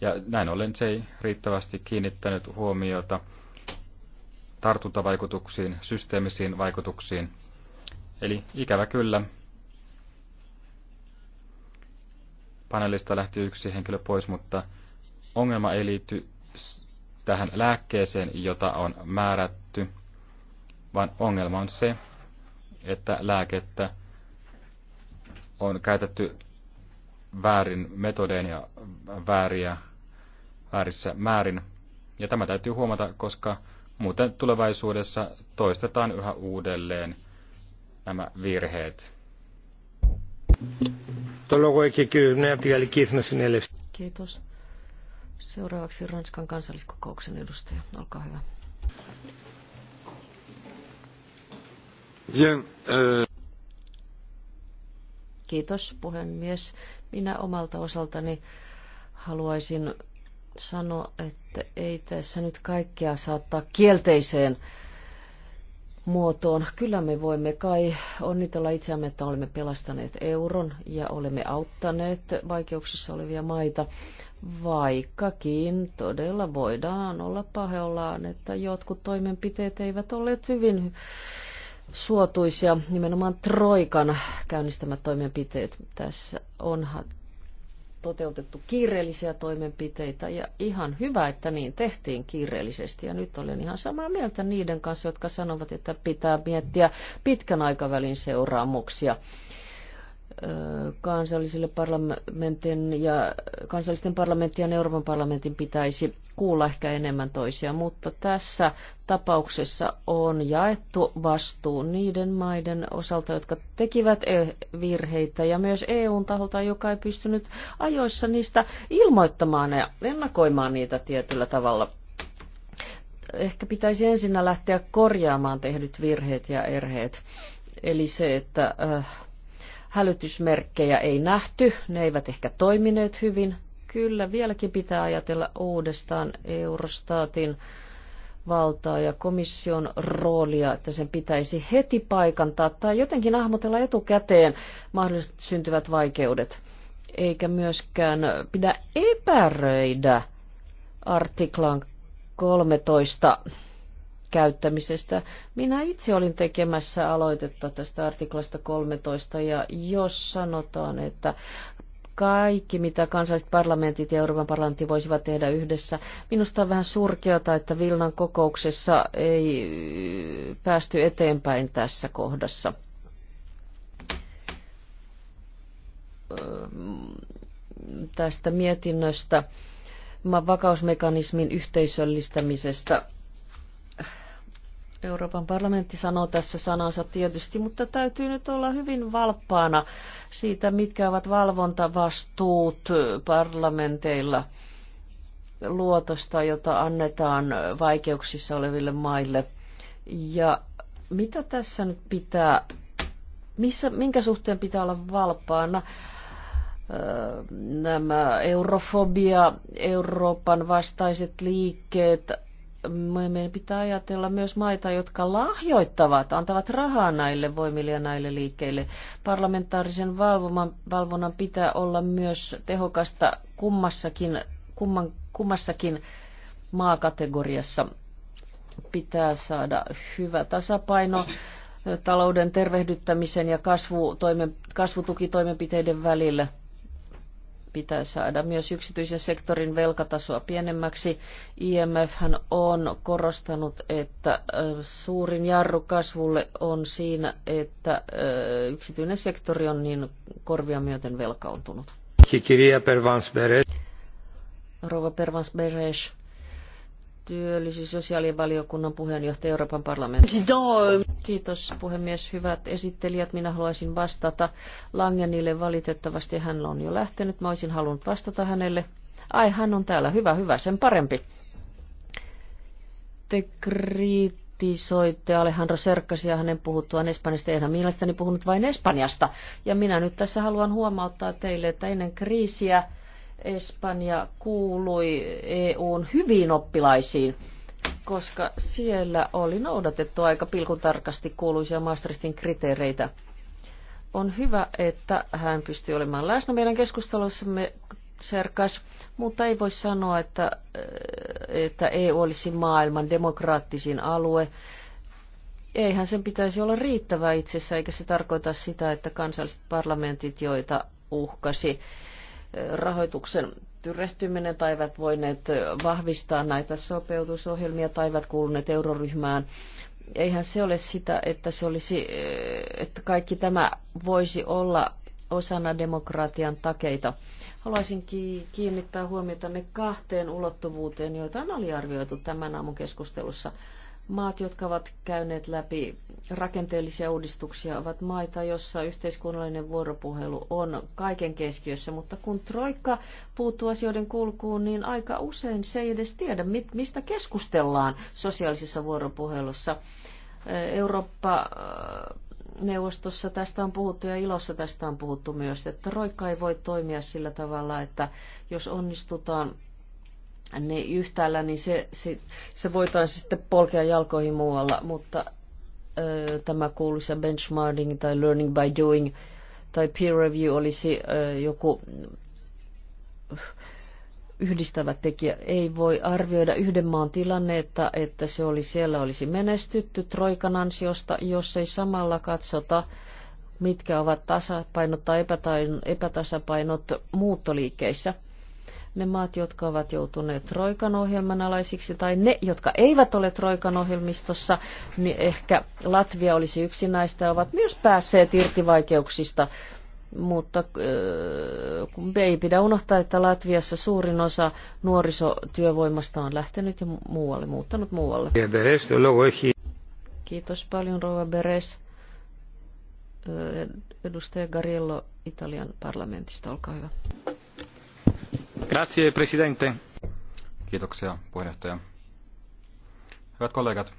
ja näin ollen se ei riittävästi kiinnittänyt huomiota tartuntavaikutuksiin, systeemisiin vaikutuksiin. Eli ikävä kyllä, panelista lähti yksi henkilö pois, mutta ongelma ei liity tähän lääkkeeseen, jota on määrätty, vaan ongelma on se, että lääkettä on käytetty väärin metodeen ja vääriä, väärissä määrin. Ja tämä täytyy huomata, koska muuten tulevaisuudessa toistetaan yhä uudelleen nämä virheet. Kiitos. Seuraavaksi Ranskan kansalliskokouksen edustaja. Olkaa hyvä. Bien, euh... Kiitos puhemies. Minä omalta osaltani haluaisin sanoa, että ei tässä nyt kaikkea saattaa kielteiseen muotoon. Kyllä me voimme kai onnitella itseämme, että olemme pelastaneet euron ja olemme auttaneet vaikeuksissa olevia maita, vaikkakin todella voidaan olla pahellaan, että jotkut toimenpiteet eivät olleet hyvin suotuisia nimenomaan Troikan käynnistämät toimenpiteet. Tässä on toteutettu kiireellisiä toimenpiteitä ja ihan hyvä, että niin tehtiin kiireellisesti. Ja nyt olen ihan samaa mieltä niiden kanssa, jotka sanovat, että pitää miettiä pitkän aikavälin seuraamuksia kansallisille parlamentin ja kansallisten parlamenttien ja Euroopan parlamentin pitäisi kuulla ehkä enemmän toisia, mutta tässä tapauksessa on jaettu vastuu niiden maiden osalta, jotka tekivät e, virheitä ja myös EUn taholta, joka ei pystynyt ajoissa niistä ilmoittamaan ja ennakoimaan niitä tietyllä tavalla ehkä pitäisi ensinnä lähteä korjaamaan tehdyt virheet ja erheet. Eli se, että äh, Hälytysmerkkejä ei nähty, ne eivät ehkä toimineet hyvin. Kyllä, vieläkin pitää ajatella uudestaan Eurostaatin valtaa ja komission roolia, että sen pitäisi heti paikantaa tai jotenkin ahmotella etukäteen mahdolliset syntyvät vaikeudet. Eikä myöskään pidä epäröidä artiklan 13 käyttämisestä. Minä itse olin tekemässä aloitetta tästä artiklasta 13 ja jos sanotaan, että kaikki, mitä kansalliset parlamentit ja Euroopan parlamentti voisivat tehdä yhdessä. Minusta on vähän surkeata, että Vilnan kokouksessa ei päästy eteenpäin tässä kohdassa. Tästä mietinnöstä vakausmekanismin yhteisöllistämisestä Euroopan parlamentti sanoo tässä sanansa tietysti, mutta täytyy nyt olla hyvin valppaana siitä, mitkä ovat valvontavastuut parlamenteilla luotosta, jota annetaan vaikeuksissa oleville maille. Ja mitä tässä nyt pitää, missä, minkä suhteen pitää olla valppaana? nämä eurofobia, Euroopan vastaiset liikkeet, meidän pitää ajatella myös maita, jotka lahjoittavat, antavat rahaa näille voimille ja näille liikkeille. Parlamentaarisen valvonnan, valvonnan pitää olla myös tehokasta kummassakin, kumman, kummassakin maakategoriassa. Pitää saada hyvä tasapaino talouden tervehdyttämisen ja kasvutoimen, kasvutukitoimenpiteiden välillä pitää saada myös yksityisen sektorin velkatasoa pienemmäksi. IMF on korostanut, että suurin jarru kasvulle on siinä, että yksityinen sektori on niin korvia myöten velkaantunut. Rouva Pervans Beres työllisyys- ja sosiaalivaliokunnan puheenjohtaja Euroopan parlamentissa. Kiitos puhemies, hyvät esittelijät. Minä haluaisin vastata Langenille valitettavasti. Hän on jo lähtenyt. Mä olisin halunnut vastata hänelle. Ai, hän on täällä. Hyvä, hyvä, sen parempi. Te kritisoitte Alejandro Serkkasia hänen puhuttuaan Espanjasta. Eihän mielestäni puhunut vain Espanjasta. Ja minä nyt tässä haluan huomauttaa teille, että ennen kriisiä Espanja kuului EUn hyvin oppilaisiin, koska siellä oli noudatettu aika tarkasti kuuluisia Maastrichtin kriteereitä. On hyvä, että hän pystyy olemaan läsnä meidän keskustelussamme, Serkas, mutta ei voi sanoa, että, että EU olisi maailman demokraattisin alue. Eihän sen pitäisi olla riittävä itsessä, eikä se tarkoita sitä, että kansalliset parlamentit, joita uhkasi rahoituksen tyrehtyminen tai eivät voineet vahvistaa näitä sopeutusohjelmia tai eivät kuuluneet euroryhmään. Eihän se ole sitä, että, se olisi, että kaikki tämä voisi olla osana demokratian takeita. Haluaisin kiinnittää huomiota ne kahteen ulottuvuuteen, joita on aliarvioitu tämän aamun keskustelussa – Maat, jotka ovat käyneet läpi rakenteellisia uudistuksia, ovat maita, jossa yhteiskunnallinen vuoropuhelu on kaiken keskiössä, mutta kun troikka puuttuu asioiden kulkuun, niin aika usein se ei edes tiedä, mistä keskustellaan sosiaalisessa vuoropuhelussa. Eurooppa äh, neuvostossa tästä on puhuttu ja ilossa tästä on puhuttu myös, että roikka ei voi toimia sillä tavalla, että jos onnistutaan niin yhtäällä, niin se, se, se voitaisiin sitten polkea jalkoihin muualla, mutta ö, tämä kuuluisa benchmarking tai learning by doing tai peer review olisi ö, joku yhdistävä tekijä. Ei voi arvioida yhden maan tilannetta, että se oli, siellä olisi menestytty troikan ansiosta, jos ei samalla katsota, mitkä ovat tasapainot tai epätasapainot muuttoliikkeissä – ne maat, jotka ovat joutuneet Troikan ohjelman alaisiksi, tai ne, jotka eivät ole Troikan ohjelmistossa, niin ehkä Latvia olisi yksi näistä, ovat myös päässeet irti vaikeuksista. Mutta äh, ei pidä unohtaa, että Latviassa suurin osa nuorisotyövoimasta on lähtenyt ja muualle, muuttanut muualle. Kiitos paljon, Rova Beres. Äh, edustaja Gariello Italian parlamentista, olkaa hyvä. Kiitoksia, puheenjohtaja. Hyvät kollegat,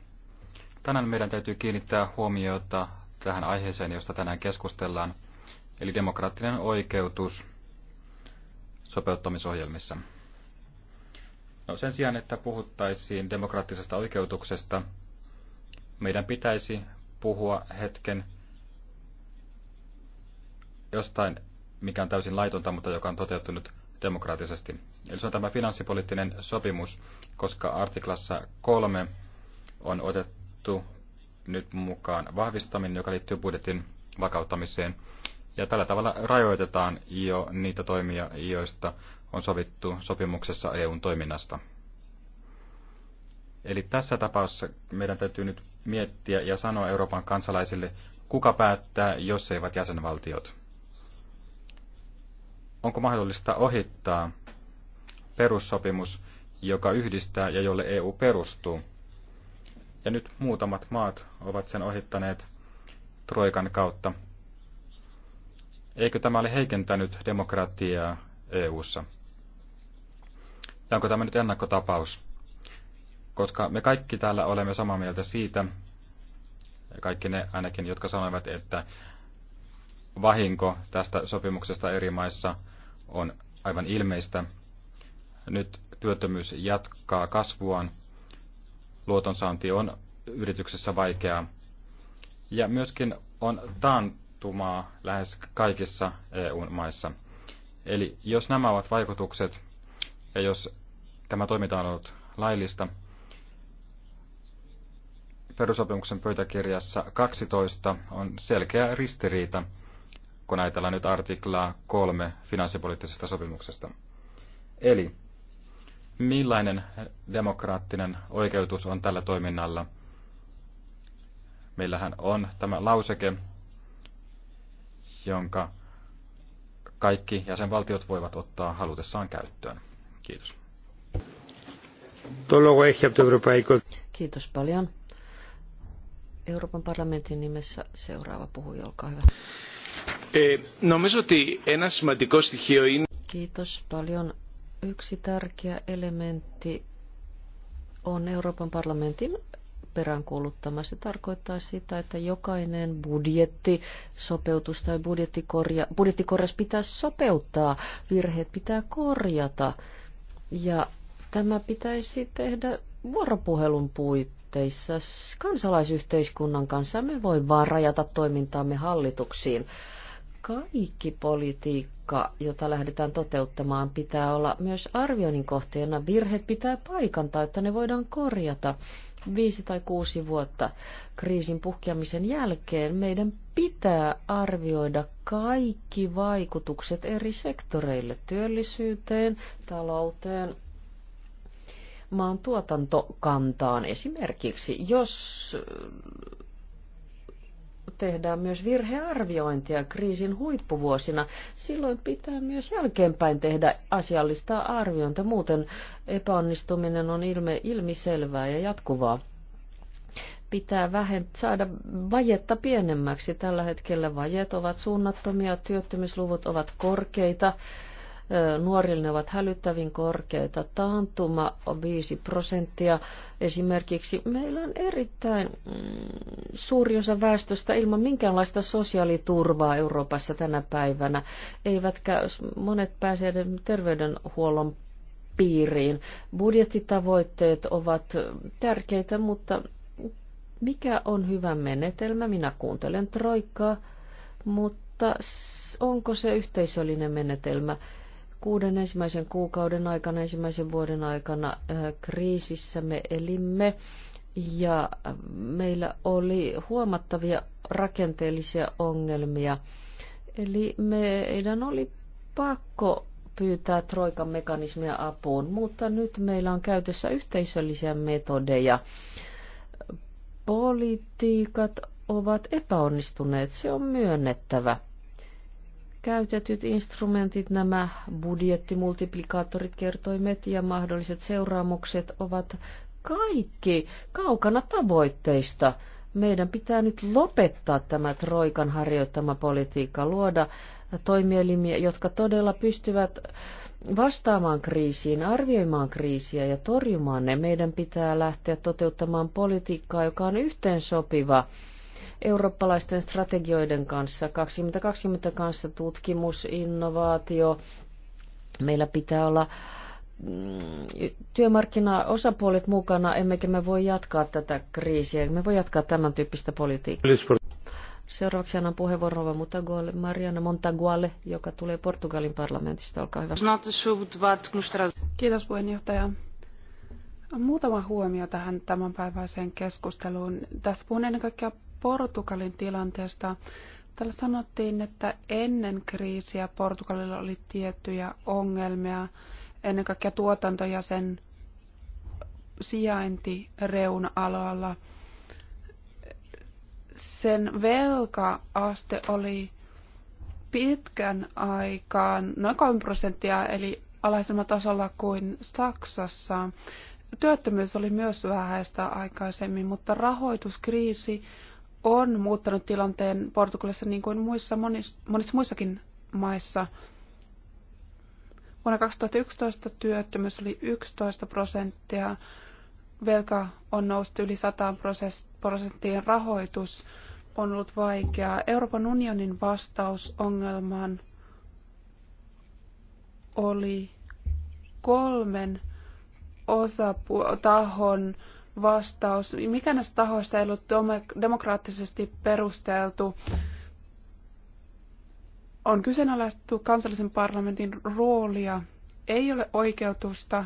tänään meidän täytyy kiinnittää huomiota tähän aiheeseen, josta tänään keskustellaan, eli demokraattinen oikeutus sopeuttamisohjelmissa. No, sen sijaan, että puhuttaisiin demokraattisesta oikeutuksesta, meidän pitäisi puhua hetken jostain, mikä on täysin laitonta, mutta joka on toteutunut demokraattisesti. Eli se on tämä finanssipoliittinen sopimus, koska artiklassa kolme on otettu nyt mukaan vahvistaminen, joka liittyy budjetin vakauttamiseen. Ja tällä tavalla rajoitetaan jo niitä toimia, joista on sovittu sopimuksessa EUn toiminnasta. Eli tässä tapauksessa meidän täytyy nyt miettiä ja sanoa Euroopan kansalaisille, kuka päättää, jos eivät jäsenvaltiot onko mahdollista ohittaa perussopimus, joka yhdistää ja jolle EU perustuu. Ja nyt muutamat maat ovat sen ohittaneet Troikan kautta. Eikö tämä ole heikentänyt demokratiaa EU:ssa? Ja onko tämä nyt ennakkotapaus? Koska me kaikki täällä olemme samaa mieltä siitä, kaikki ne ainakin, jotka sanoivat, että vahinko tästä sopimuksesta eri maissa – on aivan ilmeistä. Nyt työttömyys jatkaa kasvuaan, luotonsaanti on yrityksessä vaikeaa ja myöskin on taantumaa lähes kaikissa EU-maissa. Eli jos nämä ovat vaikutukset ja jos tämä toiminta on ollut laillista, perusopimuksen pöytäkirjassa 12 on selkeä ristiriita – kun ajatellaan nyt artiklaa kolme finanssipoliittisesta sopimuksesta. Eli millainen demokraattinen oikeutus on tällä toiminnalla? Meillähän on tämä lauseke, jonka kaikki jäsenvaltiot voivat ottaa halutessaan käyttöön. Kiitos. Kiitos paljon. Euroopan parlamentin nimessä seuraava puhuja, olkaa hyvä. Ε, νομίζω ότι ένα σημαντικό στοιχείο είναι... Kiitos paljon. Yksi tärkeä elementti on Euroopan parlamentin peräänkuuluttama. Se tarkoittaa sitä, että jokainen budjetti, sopeutus tai budjettikorja, budjettikorjaus pitää sopeuttaa, virheet pitää korjata. Ja tämä pitäisi tehdä vuoropuhelun suhteissa kansalaisyhteiskunnan kanssa. Me voi vaan rajata toimintaamme hallituksiin. Kaikki politiikka, jota lähdetään toteuttamaan, pitää olla myös arvioinnin kohteena. Virheet pitää paikantaa, että ne voidaan korjata. Viisi tai kuusi vuotta kriisin puhkeamisen jälkeen meidän pitää arvioida kaikki vaikutukset eri sektoreille, työllisyyteen, talouteen, maan tuotantokantaan. Esimerkiksi jos äh, tehdään myös virhearviointia kriisin huippuvuosina, silloin pitää myös jälkeenpäin tehdä asiallista arviointia. Muuten epäonnistuminen on ilme, ilmiselvää ja jatkuvaa. Pitää vähent- saada vajetta pienemmäksi. Tällä hetkellä vajet ovat suunnattomia, työttömyysluvut ovat korkeita. Nuorille ne ovat hälyttävin korkeita. Taantuma on 5 prosenttia. Esimerkiksi meillä on erittäin mm, suuri osa väestöstä ilman minkäänlaista sosiaaliturvaa Euroopassa tänä päivänä. Eivätkä monet pääse terveydenhuollon piiriin. Budjettitavoitteet ovat tärkeitä, mutta mikä on hyvä menetelmä? Minä kuuntelen troikkaa, mutta onko se yhteisöllinen menetelmä? kuuden ensimmäisen kuukauden aikana, ensimmäisen vuoden aikana kriisissä me elimme ja meillä oli huomattavia rakenteellisia ongelmia. Eli meidän oli pakko pyytää Troikan mekanismia apuun, mutta nyt meillä on käytössä yhteisöllisiä metodeja. Politiikat ovat epäonnistuneet, se on myönnettävä käytetyt instrumentit, nämä budjettimultiplikaattorit, kertoimet ja mahdolliset seuraamukset ovat kaikki kaukana tavoitteista. Meidän pitää nyt lopettaa tämä Troikan harjoittama politiikka, luoda toimielimiä, jotka todella pystyvät vastaamaan kriisiin, arvioimaan kriisiä ja torjumaan ne. Meidän pitää lähteä toteuttamaan politiikkaa, joka on yhteensopiva sopiva eurooppalaisten strategioiden kanssa, 2020 kanssa tutkimus, innovaatio. Meillä pitää olla mm, työmarkkinaosapuolet mukana, emmekä me voi jatkaa tätä kriisiä, me voi jatkaa tämän tyyppistä politiikkaa. Seuraavaksi annan puheenvuoron Mutagualle, Mariana Montagualle, joka tulee Portugalin parlamentista. Olkaa hyvä. Kiitos puheenjohtaja. Muutama huomio tähän tämänpäiväiseen keskusteluun. Tässä puhun ennen kaikkea Portugalin tilanteesta. Täällä sanottiin, että ennen kriisiä Portugalilla oli tiettyjä ongelmia, ennen kaikkea tuotanto ja sen sijainti reuna-aloilla. Sen velkaaste oli pitkän aikaan noin 3 prosenttia, eli alhaisemmalla tasolla kuin Saksassa. Työttömyys oli myös vähäistä aikaisemmin, mutta rahoituskriisi on muuttanut tilanteen Portugalissa niin kuin muissa, monissa, monissa muissakin maissa. Vuonna 2011 työttömyys oli 11 prosenttia, velka on noussut yli 100 prosenttiin, rahoitus on ollut vaikeaa. Euroopan unionin vastaus ongelmaan oli kolmen osapuu tahon vastaus. Mikä näistä tahoista ei ollut demokraattisesti perusteltu. On kyseenalaistettu kansallisen parlamentin roolia. Ei ole oikeutusta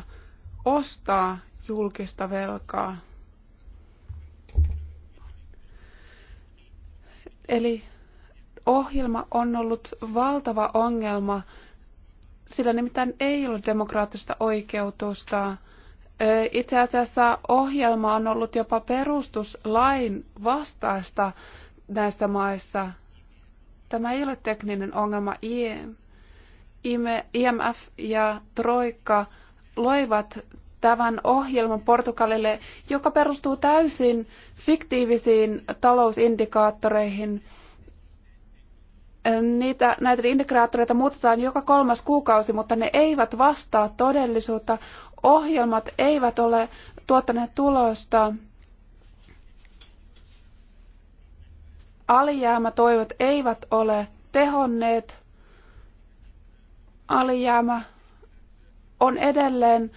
ostaa julkista velkaa. Eli ohjelma on ollut valtava ongelma, sillä nimittäin ei ole demokraattista oikeutusta itse asiassa ohjelma on ollut jopa perustuslain vastaista näissä maissa. Tämä ei ole tekninen ongelma. IMF ja Troika loivat tämän ohjelman Portugalille, joka perustuu täysin fiktiivisiin talousindikaattoreihin. Niitä, näitä indikaattoreita muutetaan joka kolmas kuukausi, mutta ne eivät vastaa todellisuutta ohjelmat eivät ole tuottaneet tulosta. Alijäämätoimet eivät ole tehonneet. Alijäämä on edelleen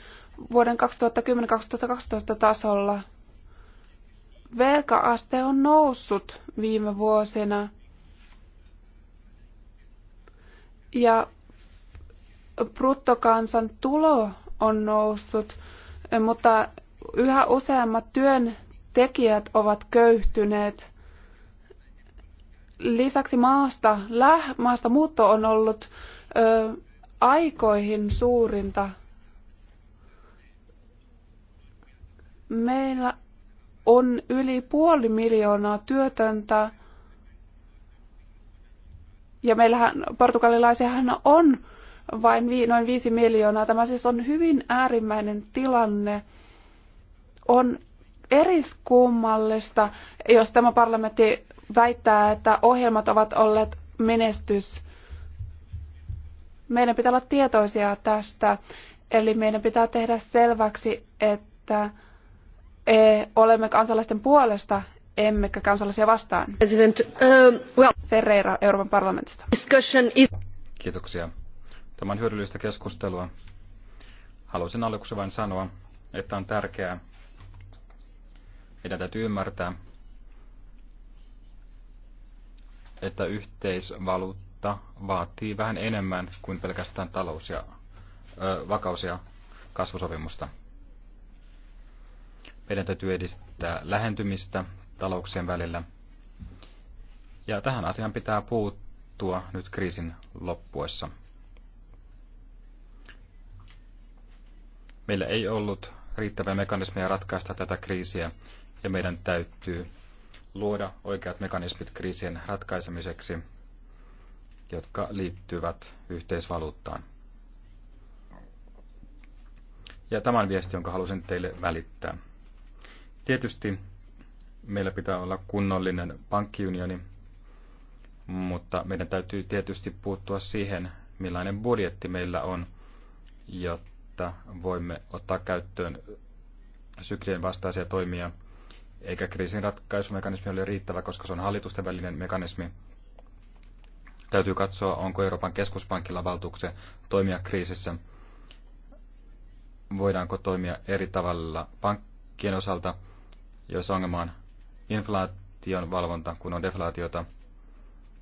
vuoden 2010-2012 tasolla. Velkaaste on noussut viime vuosina. Ja bruttokansan tulo on noussut, mutta yhä useammat työntekijät ovat köyhtyneet. Lisäksi maasta, läh, maasta muutto on ollut ö, aikoihin suurinta. Meillä on yli puoli miljoonaa työtöntä. Ja meillähän portugalilaisiahan on vain noin 5 miljoonaa. Tämä siis on hyvin äärimmäinen tilanne. On eriskummallista, jos tämä parlamentti väittää, että ohjelmat ovat olleet menestys. Meidän pitää olla tietoisia tästä, eli meidän pitää tehdä selväksi, että e, olemme kansalaisten puolesta emmekä kansalaisia vastaan. President, um, Ferreira Euroopan parlamentista. Kiitoksia. Tämän hyödyllistä keskustelua. Haluaisin aluksi vain sanoa, että on tärkeää, meidän täytyy ymmärtää, että yhteisvaluutta vaatii vähän enemmän kuin pelkästään talous- ja ö, vakaus- ja kasvusopimusta. Meidän täytyy edistää lähentymistä talouksien välillä. Ja tähän asiaan pitää puuttua nyt kriisin loppuessa. Meillä ei ollut riittäviä mekanismeja ratkaista tätä kriisiä ja meidän täytyy luoda oikeat mekanismit kriisien ratkaisemiseksi, jotka liittyvät yhteisvaluuttaan. Ja tämän viesti, jonka halusin teille välittää. Tietysti meillä pitää olla kunnollinen pankkiunioni, mutta meidän täytyy tietysti puuttua siihen, millainen budjetti meillä on, jotta että voimme ottaa käyttöön syklien vastaisia toimia, eikä kriisin ratkaisumekanismi ole riittävä, koska se on hallitusten välinen mekanismi. Täytyy katsoa, onko Euroopan keskuspankilla valtuuksia toimia kriisissä. Voidaanko toimia eri tavalla pankkien osalta, jos ongelma on inflaation valvonta, kun on deflaatiota.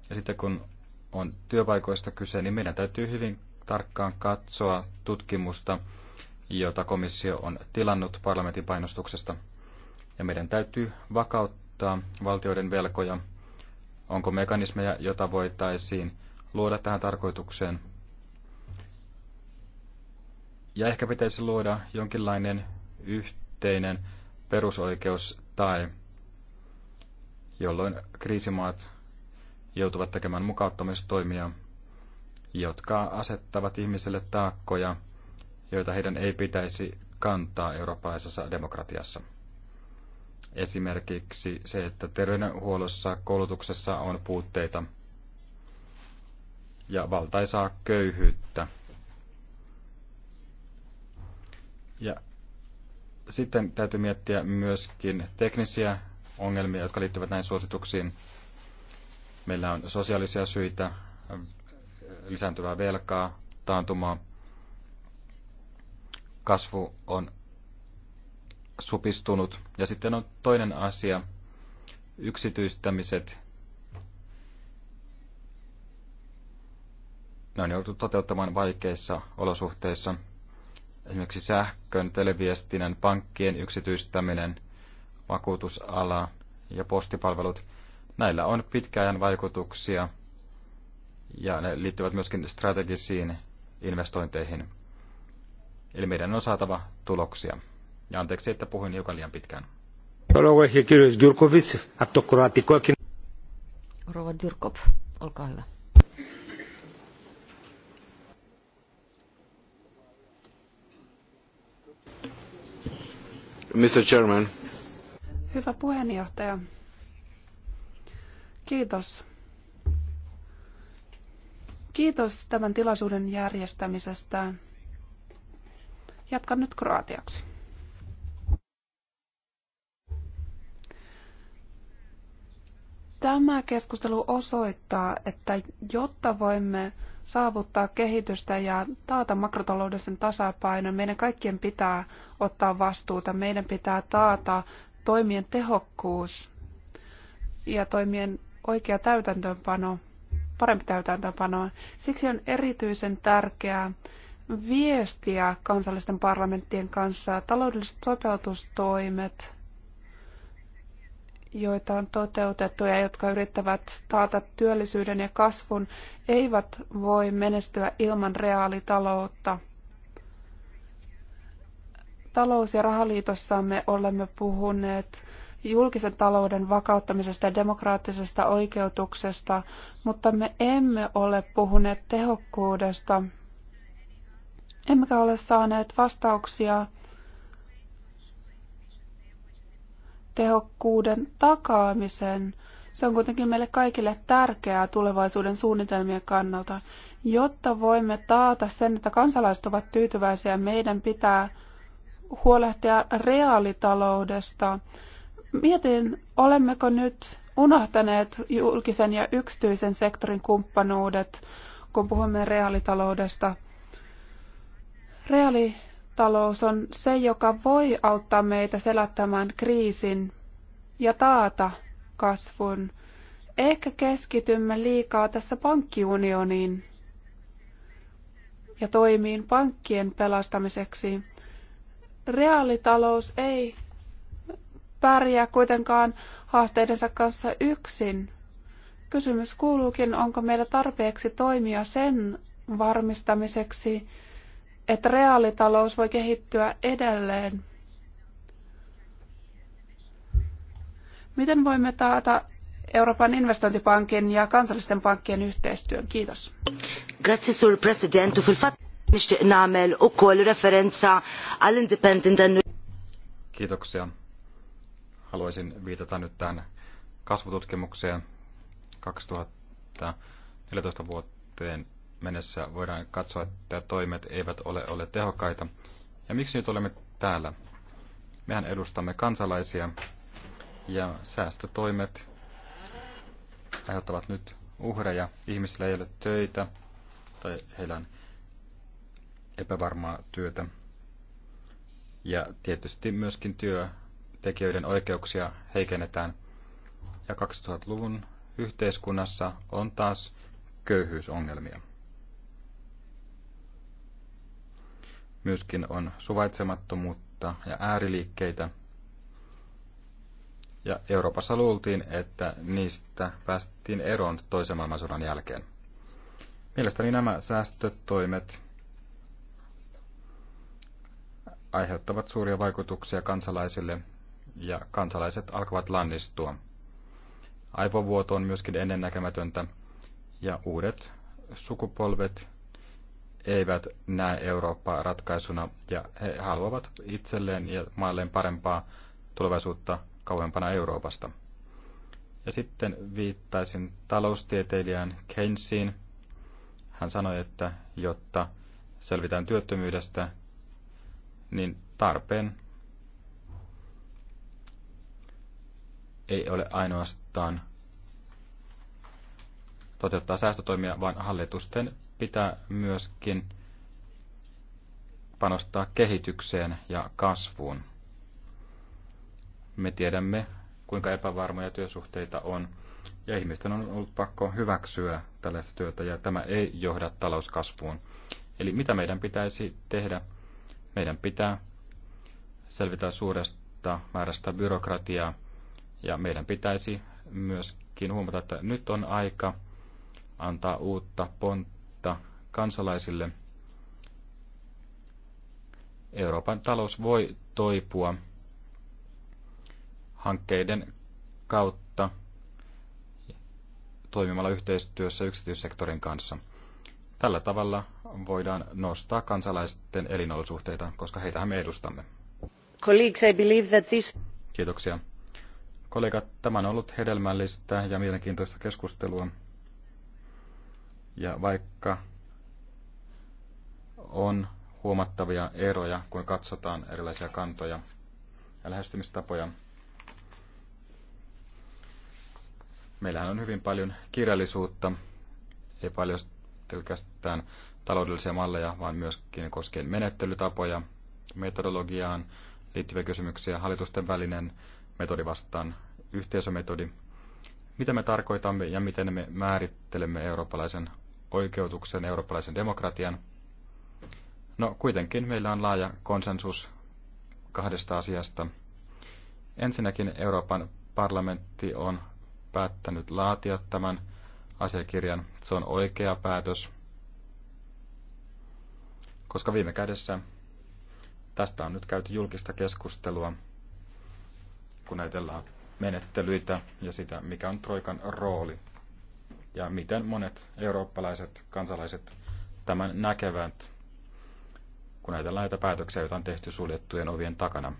Ja sitten kun on työpaikoista kyse, niin meidän täytyy hyvin tarkkaan katsoa tutkimusta, jota komissio on tilannut parlamentin painostuksesta. Ja meidän täytyy vakauttaa valtioiden velkoja. Onko mekanismeja, jota voitaisiin luoda tähän tarkoitukseen? Ja ehkä pitäisi luoda jonkinlainen yhteinen perusoikeus tai jolloin kriisimaat joutuvat tekemään mukauttamistoimia jotka asettavat ihmiselle taakkoja, joita heidän ei pitäisi kantaa eurooppalaisessa demokratiassa. Esimerkiksi se, että terveydenhuollossa, koulutuksessa on puutteita ja valtaisaa köyhyyttä. Ja sitten täytyy miettiä myöskin teknisiä ongelmia, jotka liittyvät näihin suosituksiin. Meillä on sosiaalisia syitä, lisääntyvää velkaa, taantumaa. Kasvu on supistunut. Ja sitten on toinen asia, yksityistämiset. Ne on jouduttu toteuttamaan vaikeissa olosuhteissa. Esimerkiksi sähkön, televiestinnän, pankkien yksityistäminen, vakuutusala ja postipalvelut. Näillä on pitkäajan vaikutuksia – ja ne liittyvät myöskin strategisiin investointeihin. Eli meidän on saatava tuloksia. Ja anteeksi, että puhuin hiukan liian pitkään. Rova Dyrkop, olkaa hyvä. Mr. Chairman. Hyvä puheenjohtaja. Kiitos Kiitos tämän tilaisuuden järjestämisestä. Jatkan nyt kroatiaksi. Tämä keskustelu osoittaa, että jotta voimme saavuttaa kehitystä ja taata makrotaloudellisen tasapainon, meidän kaikkien pitää ottaa vastuuta. Meidän pitää taata toimien tehokkuus ja toimien oikea täytäntöönpano parempi täytäntöönpanoa. Siksi on erityisen tärkeää viestiä kansallisten parlamenttien kanssa taloudelliset sopeutustoimet, joita on toteutettu ja jotka yrittävät taata työllisyyden ja kasvun, eivät voi menestyä ilman reaalitaloutta. Talous- ja rahaliitossamme olemme puhuneet julkisen talouden vakauttamisesta ja demokraattisesta oikeutuksesta, mutta me emme ole puhuneet tehokkuudesta, emmekä ole saaneet vastauksia tehokkuuden takaamisen. Se on kuitenkin meille kaikille tärkeää tulevaisuuden suunnitelmien kannalta. Jotta voimme taata sen, että kansalaiset ovat tyytyväisiä, meidän pitää huolehtia reaalitaloudesta Mietin, olemmeko nyt unohtaneet julkisen ja yksityisen sektorin kumppanuudet, kun puhumme reaalitaloudesta. Reaalitalous on se, joka voi auttaa meitä selättämään kriisin ja taata kasvun. Ehkä keskitymme liikaa tässä pankkiunioniin ja toimiin pankkien pelastamiseksi. Reaalitalous ei pärjää kuitenkaan haasteidensa kanssa yksin. Kysymys kuuluukin, onko meillä tarpeeksi toimia sen varmistamiseksi, että reaalitalous voi kehittyä edelleen. Miten voimme taata Euroopan investointipankin ja kansallisten pankkien yhteistyön? Kiitos. Grazie sul president. Kiitoksia haluaisin viitata nyt tähän kasvututkimukseen 2014 vuoteen mennessä voidaan katsoa, että toimet eivät ole olleet tehokkaita. Ja miksi nyt olemme täällä? Mehän edustamme kansalaisia ja säästötoimet aiheuttavat nyt uhreja. Ihmisillä ei ole töitä tai heillä on epävarmaa työtä. Ja tietysti myöskin työ työntekijöiden oikeuksia heikennetään. Ja 2000-luvun yhteiskunnassa on taas köyhyysongelmia. Myöskin on suvaitsemattomuutta ja ääriliikkeitä. Ja Euroopassa luultiin, että niistä päästiin eroon toisen maailmansodan jälkeen. Mielestäni nämä säästötoimet aiheuttavat suuria vaikutuksia kansalaisille ja kansalaiset alkavat lannistua. Aivovuoto on myöskin ennennäkemätöntä ja uudet sukupolvet eivät näe Eurooppaa ratkaisuna ja he haluavat itselleen ja maalleen parempaa tulevaisuutta kauempana Euroopasta. Ja sitten viittaisin taloustieteilijään Keynesiin. Hän sanoi, että jotta selvitään työttömyydestä, niin tarpeen ei ole ainoastaan toteuttaa säästötoimia, vaan hallitusten pitää myöskin panostaa kehitykseen ja kasvuun. Me tiedämme, kuinka epävarmoja työsuhteita on, ja ihmisten on ollut pakko hyväksyä tällaista työtä, ja tämä ei johda talouskasvuun. Eli mitä meidän pitäisi tehdä? Meidän pitää selvitä suuresta määrästä byrokratiaa, ja meidän pitäisi myöskin huomata, että nyt on aika antaa uutta pontta kansalaisille. Euroopan talous voi toipua hankkeiden kautta toimimalla yhteistyössä yksityissektorin kanssa. Tällä tavalla voidaan nostaa kansalaisten elinolosuhteita, koska heitähän me edustamme. Colleagues, I believe that this... Kiitoksia. Kollegat, tämä on ollut hedelmällistä ja mielenkiintoista keskustelua. Ja vaikka on huomattavia eroja, kun katsotaan erilaisia kantoja ja lähestymistapoja, meillähän on hyvin paljon kirjallisuutta, ei paljon pelkästään taloudellisia malleja, vaan myöskin koskien menettelytapoja, metodologiaan liittyviä kysymyksiä, hallitusten välinen metodi vastaan yhteisömetodi. Mitä me tarkoitamme ja miten me määrittelemme eurooppalaisen oikeutuksen, eurooppalaisen demokratian? No kuitenkin meillä on laaja konsensus kahdesta asiasta. Ensinnäkin Euroopan parlamentti on päättänyt laatia tämän asiakirjan. Se on oikea päätös, koska viime kädessä tästä on nyt käyty julkista keskustelua kun ajatellaan menettelyitä ja sitä, mikä on Troikan rooli ja miten monet eurooppalaiset kansalaiset tämän näkevät, kun ajatellaan näitä päätöksiä, joita on tehty suljettujen ovien takana.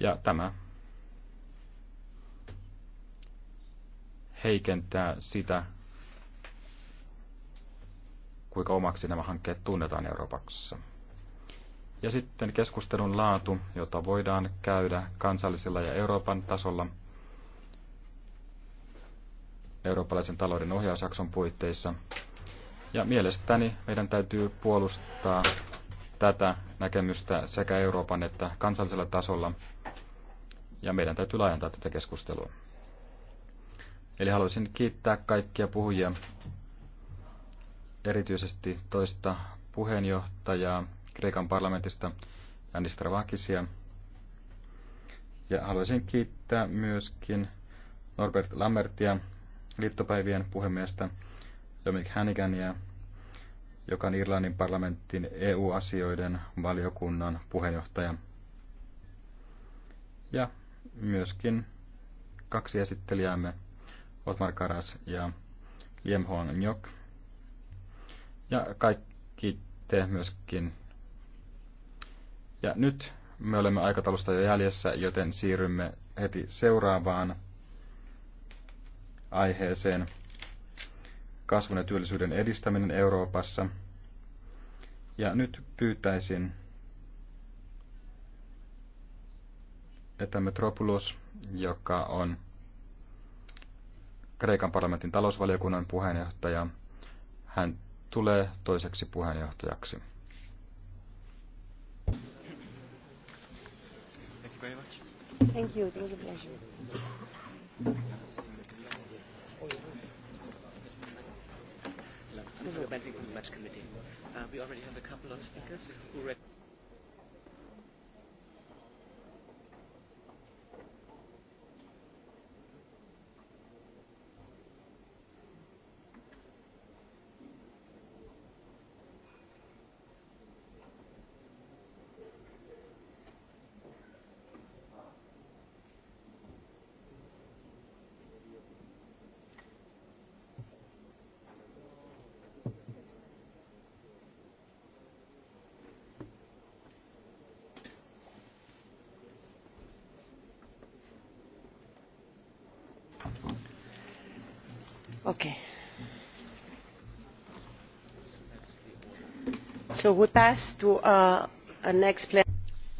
Ja tämä heikentää sitä, kuinka omaksi nämä hankkeet tunnetaan Euroopassa. Ja sitten keskustelun laatu, jota voidaan käydä kansallisella ja Euroopan tasolla eurooppalaisen talouden ohjausjakson puitteissa. Ja mielestäni meidän täytyy puolustaa tätä näkemystä sekä Euroopan että kansallisella tasolla, ja meidän täytyy laajentaa tätä keskustelua. Eli haluaisin kiittää kaikkia puhujia, erityisesti toista puheenjohtajaa, Kreikan parlamentista Janis Travakisia. Ja haluaisin kiittää myöskin Norbert Lambertia, liittopäivien puhemiestä, Dominic Hänikäniä, joka on Irlannin parlamentin EU-asioiden valiokunnan puheenjohtaja. Ja myöskin kaksi esittelijäämme, Otmar Karas ja Liem Hoang Ja kaikki te myöskin ja nyt me olemme aikataulusta jo jäljessä, joten siirrymme heti seuraavaan aiheeseen. Kasvun ja työllisyyden edistäminen Euroopassa. Ja nyt pyytäisin, että Metropolis, joka on Kreikan parlamentin talousvaliokunnan puheenjohtaja, hän tulee toiseksi puheenjohtajaksi. Thank you. It was a pleasure. match committee. Uh, we already have a couple of speakers who. Uh,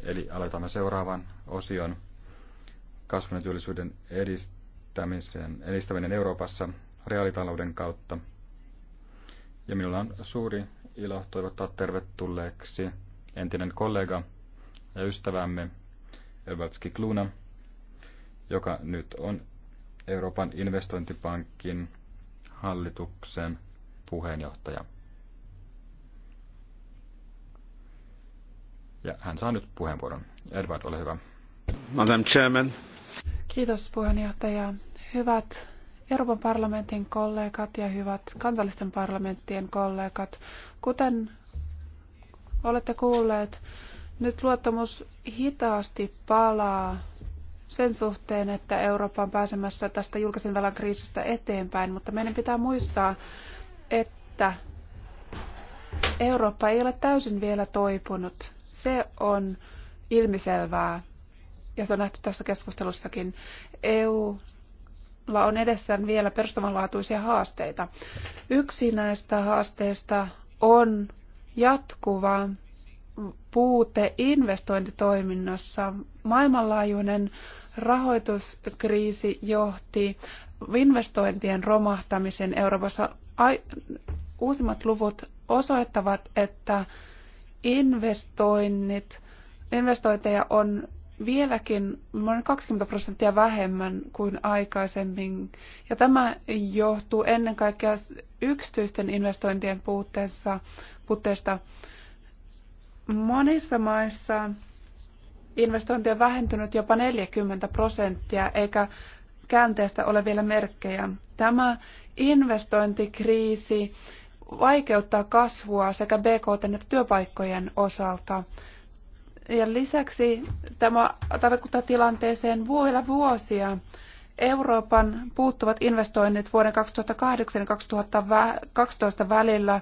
Eli aloitamme seuraavan osion kasvun ja työllisyyden edistämisen, edistäminen Euroopassa reaalitalouden kautta. Ja minulla on suuri ilo toivottaa tervetulleeksi entinen kollega ja ystävämme Elvatski Kluna, joka nyt on Euroopan investointipankin hallituksen puheenjohtaja. Ja hän saa nyt puheenvuoron. Edward, ole hyvä. Madam Chairman. Kiitos puheenjohtaja. Hyvät Euroopan parlamentin kollegat ja hyvät kansallisten parlamenttien kollegat. Kuten olette kuulleet, nyt luottamus hitaasti palaa sen suhteen, että Eurooppa on pääsemässä tästä julkisen velan kriisistä eteenpäin, mutta meidän pitää muistaa, että Eurooppa ei ole täysin vielä toipunut. Se on ilmiselvää, ja se on nähty tässä keskustelussakin. EUlla on edessään vielä perustavanlaatuisia haasteita. Yksi näistä haasteista on jatkuva puute investointitoiminnassa, maailmanlaajuinen rahoituskriisi johti investointien romahtamisen Euroopassa. Uusimmat luvut osoittavat, että investoinnit, investointeja on vieläkin noin 20 prosenttia vähemmän kuin aikaisemmin. Ja tämä johtuu ennen kaikkea yksityisten investointien puutteesta. Monissa maissa investointi on vähentynyt jopa 40 prosenttia, eikä käänteestä ole vielä merkkejä. Tämä investointikriisi vaikeuttaa kasvua sekä BKT että työpaikkojen osalta. Ja lisäksi tämä tarkoittaa tilanteeseen vielä vuosia. Euroopan puuttuvat investoinnit vuoden 2008 ja 2012 välillä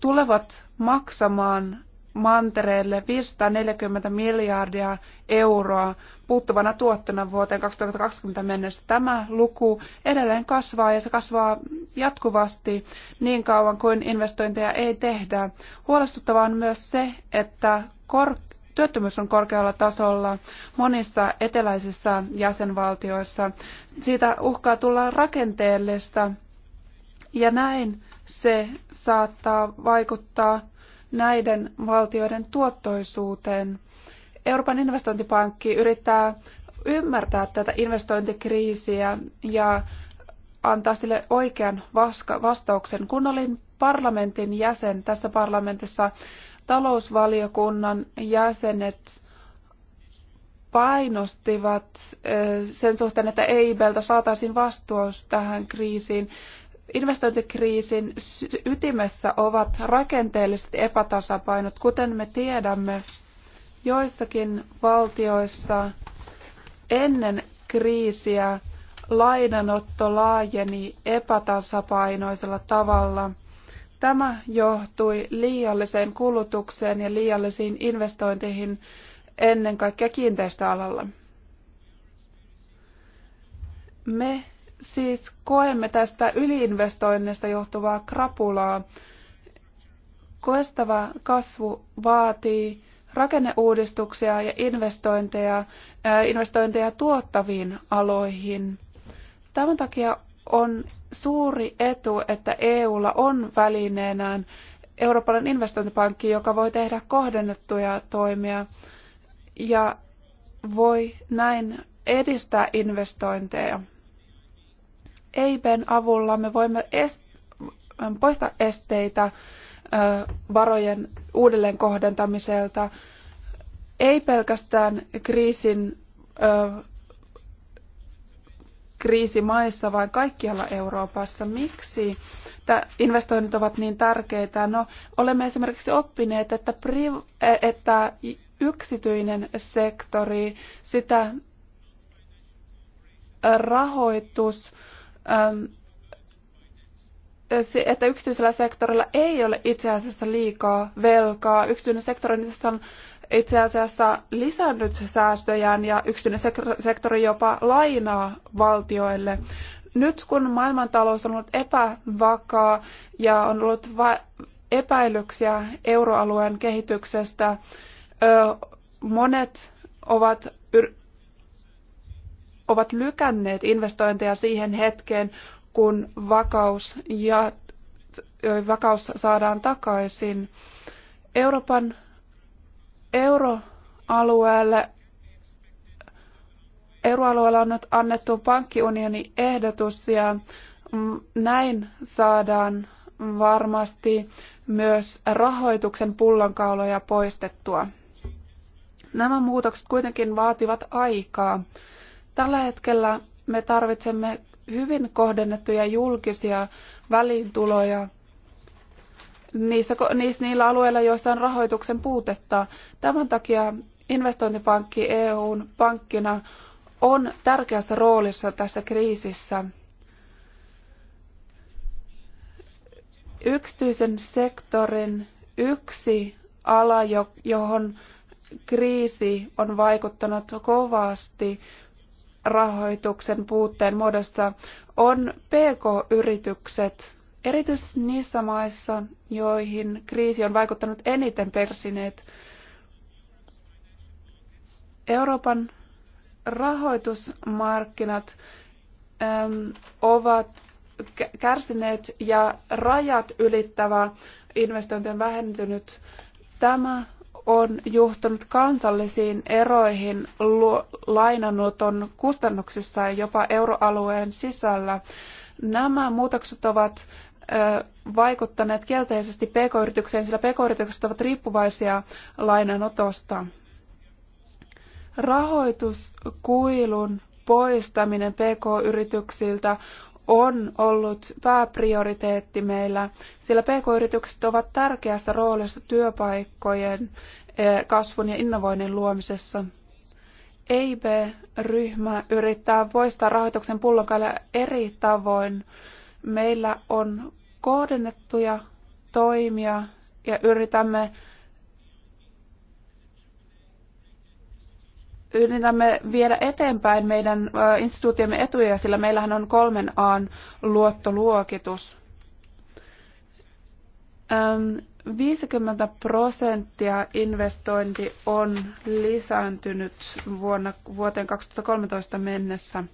tulevat maksamaan mantereelle 540 miljardia euroa puuttuvana tuottona vuoteen 2020 mennessä. Tämä luku edelleen kasvaa ja se kasvaa jatkuvasti niin kauan kuin investointeja ei tehdä. Huolestuttavaa on myös se, että kor- työttömyys on korkealla tasolla monissa eteläisissä jäsenvaltioissa. Siitä uhkaa tulla rakenteellista ja näin se saattaa vaikuttaa näiden valtioiden tuottoisuuteen. Euroopan investointipankki yrittää ymmärtää tätä investointikriisiä ja antaa sille oikean vastauksen. Kun olin parlamentin jäsen tässä parlamentissa, talousvaliokunnan jäsenet painostivat eh, sen suhteen, että EIBltä saataisiin vastuus tähän kriisiin investointikriisin ytimessä ovat rakenteelliset epätasapainot. Kuten me tiedämme, joissakin valtioissa ennen kriisiä lainanotto laajeni epätasapainoisella tavalla. Tämä johtui liialliseen kulutukseen ja liiallisiin investointeihin ennen kaikkea kiinteistöalalla. Me siis koemme tästä yliinvestoinnista johtuvaa krapulaa. Koestava kasvu vaatii rakenneuudistuksia ja investointeja, äh, investointeja tuottaviin aloihin. Tämän takia on suuri etu, että EUlla on välineenään Euroopan investointipankki, joka voi tehdä kohdennettuja toimia ja voi näin edistää investointeja. EIPen avulla me voimme est- poistaa esteitä varojen uudelleenkohdentamiselta, ei pelkästään kriisin, kriisimaissa, vaan kaikkialla Euroopassa. Miksi investoinnit ovat niin tärkeitä? No, olemme esimerkiksi oppineet, että, e, että yksityinen sektori, sitä rahoitus, että yksityisellä sektorilla ei ole itse asiassa liikaa velkaa. Yksityinen sektori on itse asiassa lisännyt säästöjään ja yksityinen sektori jopa lainaa valtioille. Nyt kun maailmantalous on ollut epävakaa ja on ollut epäilyksiä euroalueen kehityksestä, monet ovat ovat lykänneet investointeja siihen hetkeen, kun vakaus, ja, vakaus saadaan takaisin. Euroopan euroalueelle Euroalueella on nyt annettu pankkiunioni ehdotus ja näin saadaan varmasti myös rahoituksen pullonkauloja poistettua. Nämä muutokset kuitenkin vaativat aikaa. Tällä hetkellä me tarvitsemme hyvin kohdennettuja julkisia välintuloja niissä, niissä, niillä alueilla, joissa on rahoituksen puutetta. Tämän takia investointipankki EUn pankkina on tärkeässä roolissa tässä kriisissä. Yksityisen sektorin yksi ala, johon kriisi on vaikuttanut kovasti, rahoituksen puutteen muodossa on PK-yritykset, erityisesti niissä maissa, joihin kriisi on vaikuttanut eniten persineet. Euroopan rahoitusmarkkinat äm, ovat kärsineet ja rajat ylittävä investointi on vähentynyt. Tämä on johtanut kansallisiin eroihin lainanoton kustannuksissa ja jopa euroalueen sisällä. Nämä muutokset ovat vaikuttaneet kielteisesti pk-yritykseen, sillä pk-yritykset ovat riippuvaisia lainanotosta. Rahoituskuilun poistaminen pk-yrityksiltä on ollut pääprioriteetti meillä, sillä pk-yritykset ovat tärkeässä roolissa työpaikkojen eh, kasvun ja innovoinnin luomisessa. EIB-ryhmä yrittää poistaa rahoituksen pullonkailla eri tavoin. Meillä on kohdennettuja toimia ja yritämme yritämme viedä eteenpäin meidän instituutiomme etuja, sillä meillähän on kolmen A:n luottoluokitus. 50 prosenttia investointi on lisääntynyt vuonna, vuoteen 2013 mennessä.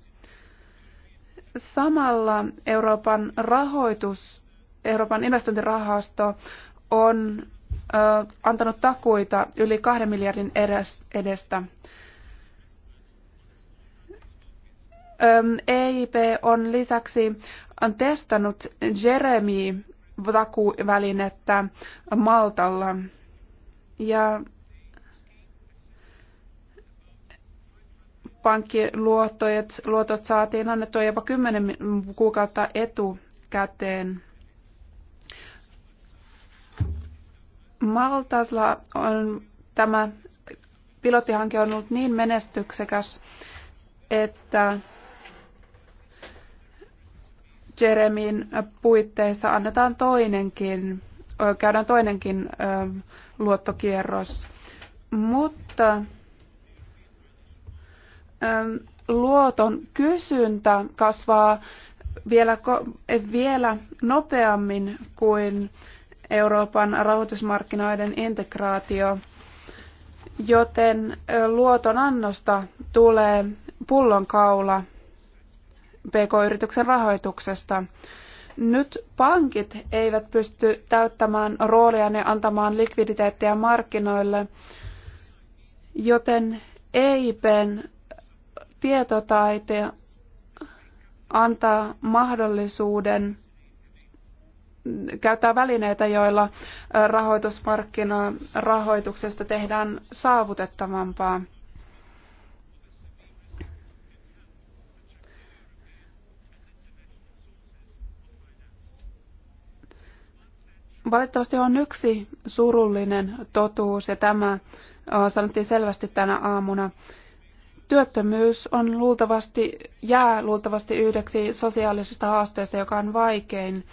Samalla Euroopan rahoitus, Euroopan investointirahasto on ö, antanut takuita yli 2 miljardin edestä EIP on lisäksi testannut jeremy vakuvälinettä Maltalla. Ja pankkiluotot luotot saatiin annettua jopa 10 kuukautta etukäteen. Maltasla on tämä pilottihanke on ollut niin menestyksekäs, että Jeremin puitteissa annetaan toinenkin, käydään toinenkin luottokierros. Mutta luoton kysyntä kasvaa vielä, vielä nopeammin kuin Euroopan rahoitusmarkkinoiden integraatio, joten luoton annosta tulee pullonkaula PK-yrityksen rahoituksesta. Nyt pankit eivät pysty täyttämään roolia ja antamaan likviditeettiä markkinoille, joten EIPn tietotaite antaa mahdollisuuden käyttää välineitä, joilla rahoitusmarkkina rahoituksesta tehdään saavutettavampaa. Valitettavasti on yksi surullinen totuus, ja tämä äh, sanottiin selvästi tänä aamuna. Työttömyys on luultavasti, jää luultavasti yhdeksi sosiaalisista haasteista, joka on vaikein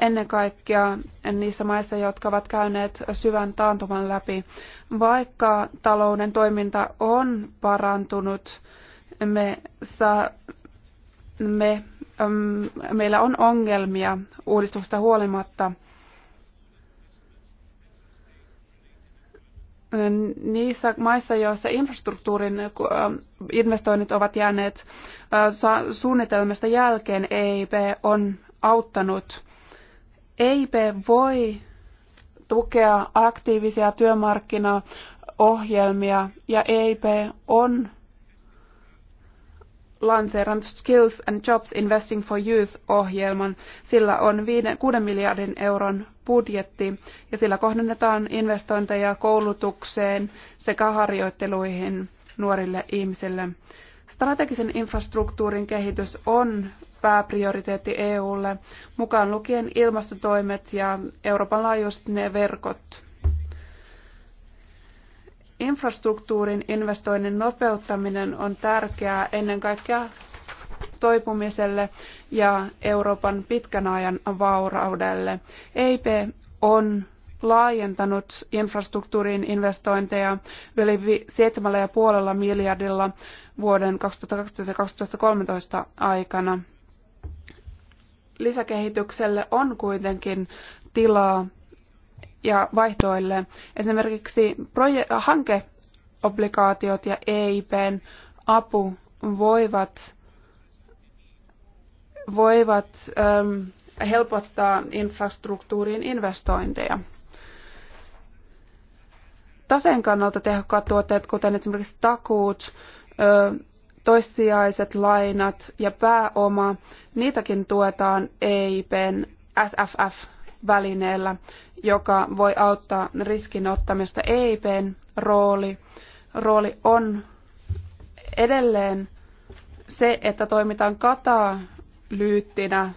ennen kaikkea niissä maissa, jotka ovat käyneet syvän taantuman läpi. Vaikka talouden toiminta on parantunut, me, saa, me, meillä on ongelmia uudistusta huolimatta – niissä maissa, joissa infrastruktuurin investoinnit ovat jääneet suunnitelmasta jälkeen, EIP on auttanut. EIP voi tukea aktiivisia työmarkkinaohjelmia ja EIP on lanseerannut Skills and Jobs Investing for Youth-ohjelman. Sillä on 6 miljardin euron budjetti ja sillä kohdennetaan investointeja koulutukseen sekä harjoitteluihin nuorille ihmisille. Strategisen infrastruktuurin kehitys on pääprioriteetti EUlle, mukaan lukien ilmastotoimet ja Euroopan laajuiset ne verkot. Infrastruktuurin investoinnin nopeuttaminen on tärkeää ennen kaikkea toipumiselle ja Euroopan pitkän ajan vauraudelle. EIP on laajentanut infrastruktuuriin investointeja yli 7,5 miljardilla vuoden 2012-2013 aikana. Lisäkehitykselle on kuitenkin tilaa ja vaihtoille. Esimerkiksi proje- hankeobligaatiot ja EIPn apu voivat, voivat ähm, helpottaa infrastruktuurin investointeja. Taseen kannalta tehokkaat tuotteet, kuten esimerkiksi takuut, ö, toissijaiset lainat ja pääoma, niitäkin tuetaan EIPn SFF välineellä, joka voi auttaa riskin ottamista. EIPn rooli, rooli on edelleen se, että toimitaan katalyyttinä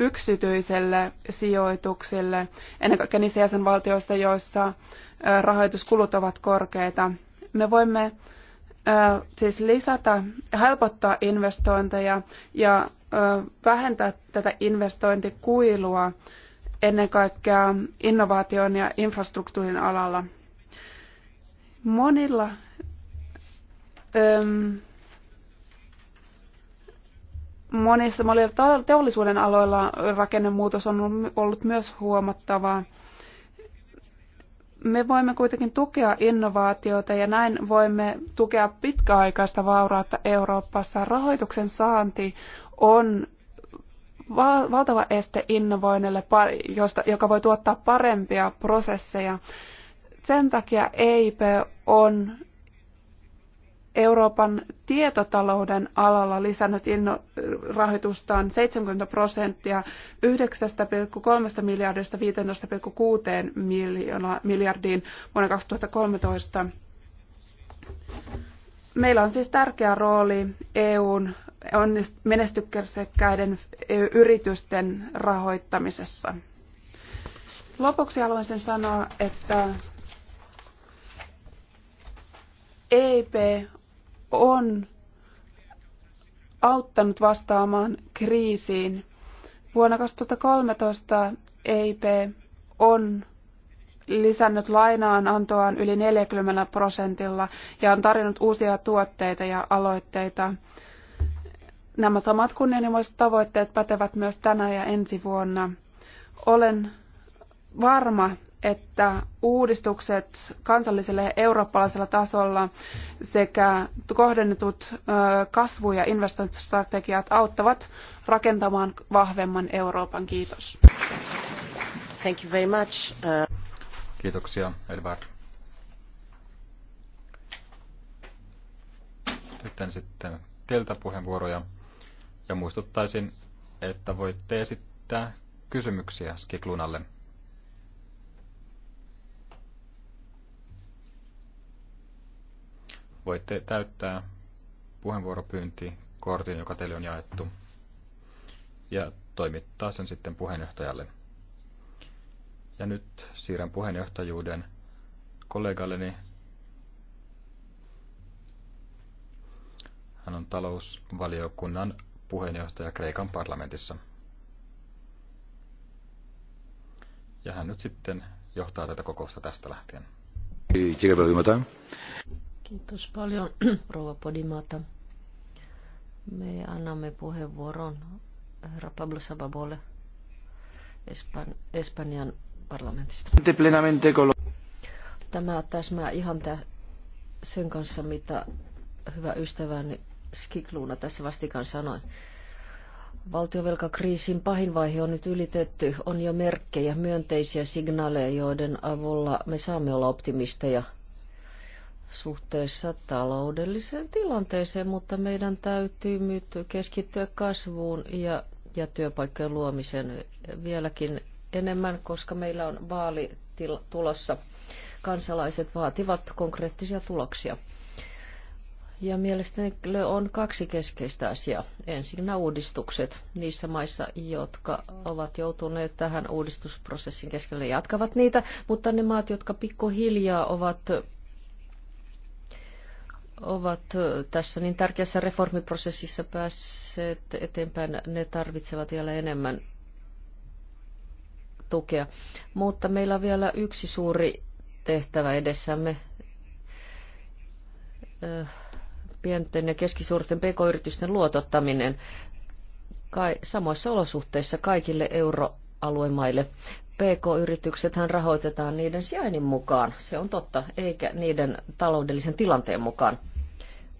yksityiselle sijoituksille, ennen kaikkea niissä jäsenvaltioissa, joissa rahoituskulut ovat korkeita. Me voimme siis lisätä, helpottaa investointeja ja vähentää tätä investointikuilua ennen kaikkea innovaation ja infrastruktuurin alalla. Monilla monissa monilla teollisuuden aloilla rakennemuutos on ollut myös huomattavaa. Me voimme kuitenkin tukea innovaatioita ja näin voimme tukea pitkäaikaista vaurautta Euroopassa. Rahoituksen saanti on valtava este innovoinnille, josta, joka voi tuottaa parempia prosesseja. Sen takia EIP on Euroopan tietotalouden alalla lisännyt inno- rahoitustaan 70 prosenttia 9,3 miljardista 15,6 miljardiin vuonna 2013. Meillä on siis tärkeä rooli EUn menestyksekkäiden yritysten rahoittamisessa. Lopuksi haluaisin sanoa, että EIP on auttanut vastaamaan kriisiin. Vuonna 2013 EIP on lisännyt lainaan antoaan yli 40 prosentilla ja on tarjonnut uusia tuotteita ja aloitteita Nämä samat kunnianhimoiset tavoitteet pätevät myös tänä ja ensi vuonna. Olen varma, että uudistukset kansallisella ja eurooppalaisella tasolla sekä kohdennetut kasvu- ja investointistrategiat auttavat rakentamaan vahvemman Euroopan. Kiitos. Thank you very much. Uh, Kiitoksia, Edward. Sitten sitten teiltä puheenvuoroja ja muistuttaisin, että voitte esittää kysymyksiä Skiklunalle. Voitte täyttää kortin, joka teille on jaettu, ja toimittaa sen sitten puheenjohtajalle. Ja nyt siirrän puheenjohtajuuden kollegalleni. Hän on talousvaliokunnan puheenjohtaja Kreikan parlamentissa. Ja hän nyt sitten johtaa tätä kokousta tästä lähtien. Kiitos paljon, rouva Podimata. Me annamme puheenvuoron herra Pablo Sababolle Espan- Espanjan parlamentista. Tämä täsmää ihan tä- sen kanssa, mitä hyvä ystäväni Skikluuna tässä vastikaan sanoi. Valtiovelkakriisin pahin vaihe on nyt ylitetty. On jo merkkejä, myönteisiä signaaleja, joiden avulla me saamme olla optimisteja suhteessa taloudelliseen tilanteeseen, mutta meidän täytyy nyt keskittyä kasvuun ja, ja työpaikkojen luomiseen vieläkin enemmän, koska meillä on vaali Kansalaiset vaativat konkreettisia tuloksia. Ja mielestäni on kaksi keskeistä asiaa. Ensinnä uudistukset niissä maissa, jotka ovat joutuneet tähän uudistusprosessin keskelle, jatkavat niitä, mutta ne maat, jotka pikkuhiljaa ovat ovat tässä niin tärkeässä reformiprosessissa päässeet eteenpäin, ne tarvitsevat vielä enemmän tukea. Mutta meillä on vielä yksi suuri tehtävä edessämme pienten ja keskisuurten pk-yritysten luotottaminen kai, samoissa olosuhteissa kaikille euroaluemaille. PK-yrityksethän rahoitetaan niiden sijainnin mukaan, se on totta, eikä niiden taloudellisen tilanteen mukaan.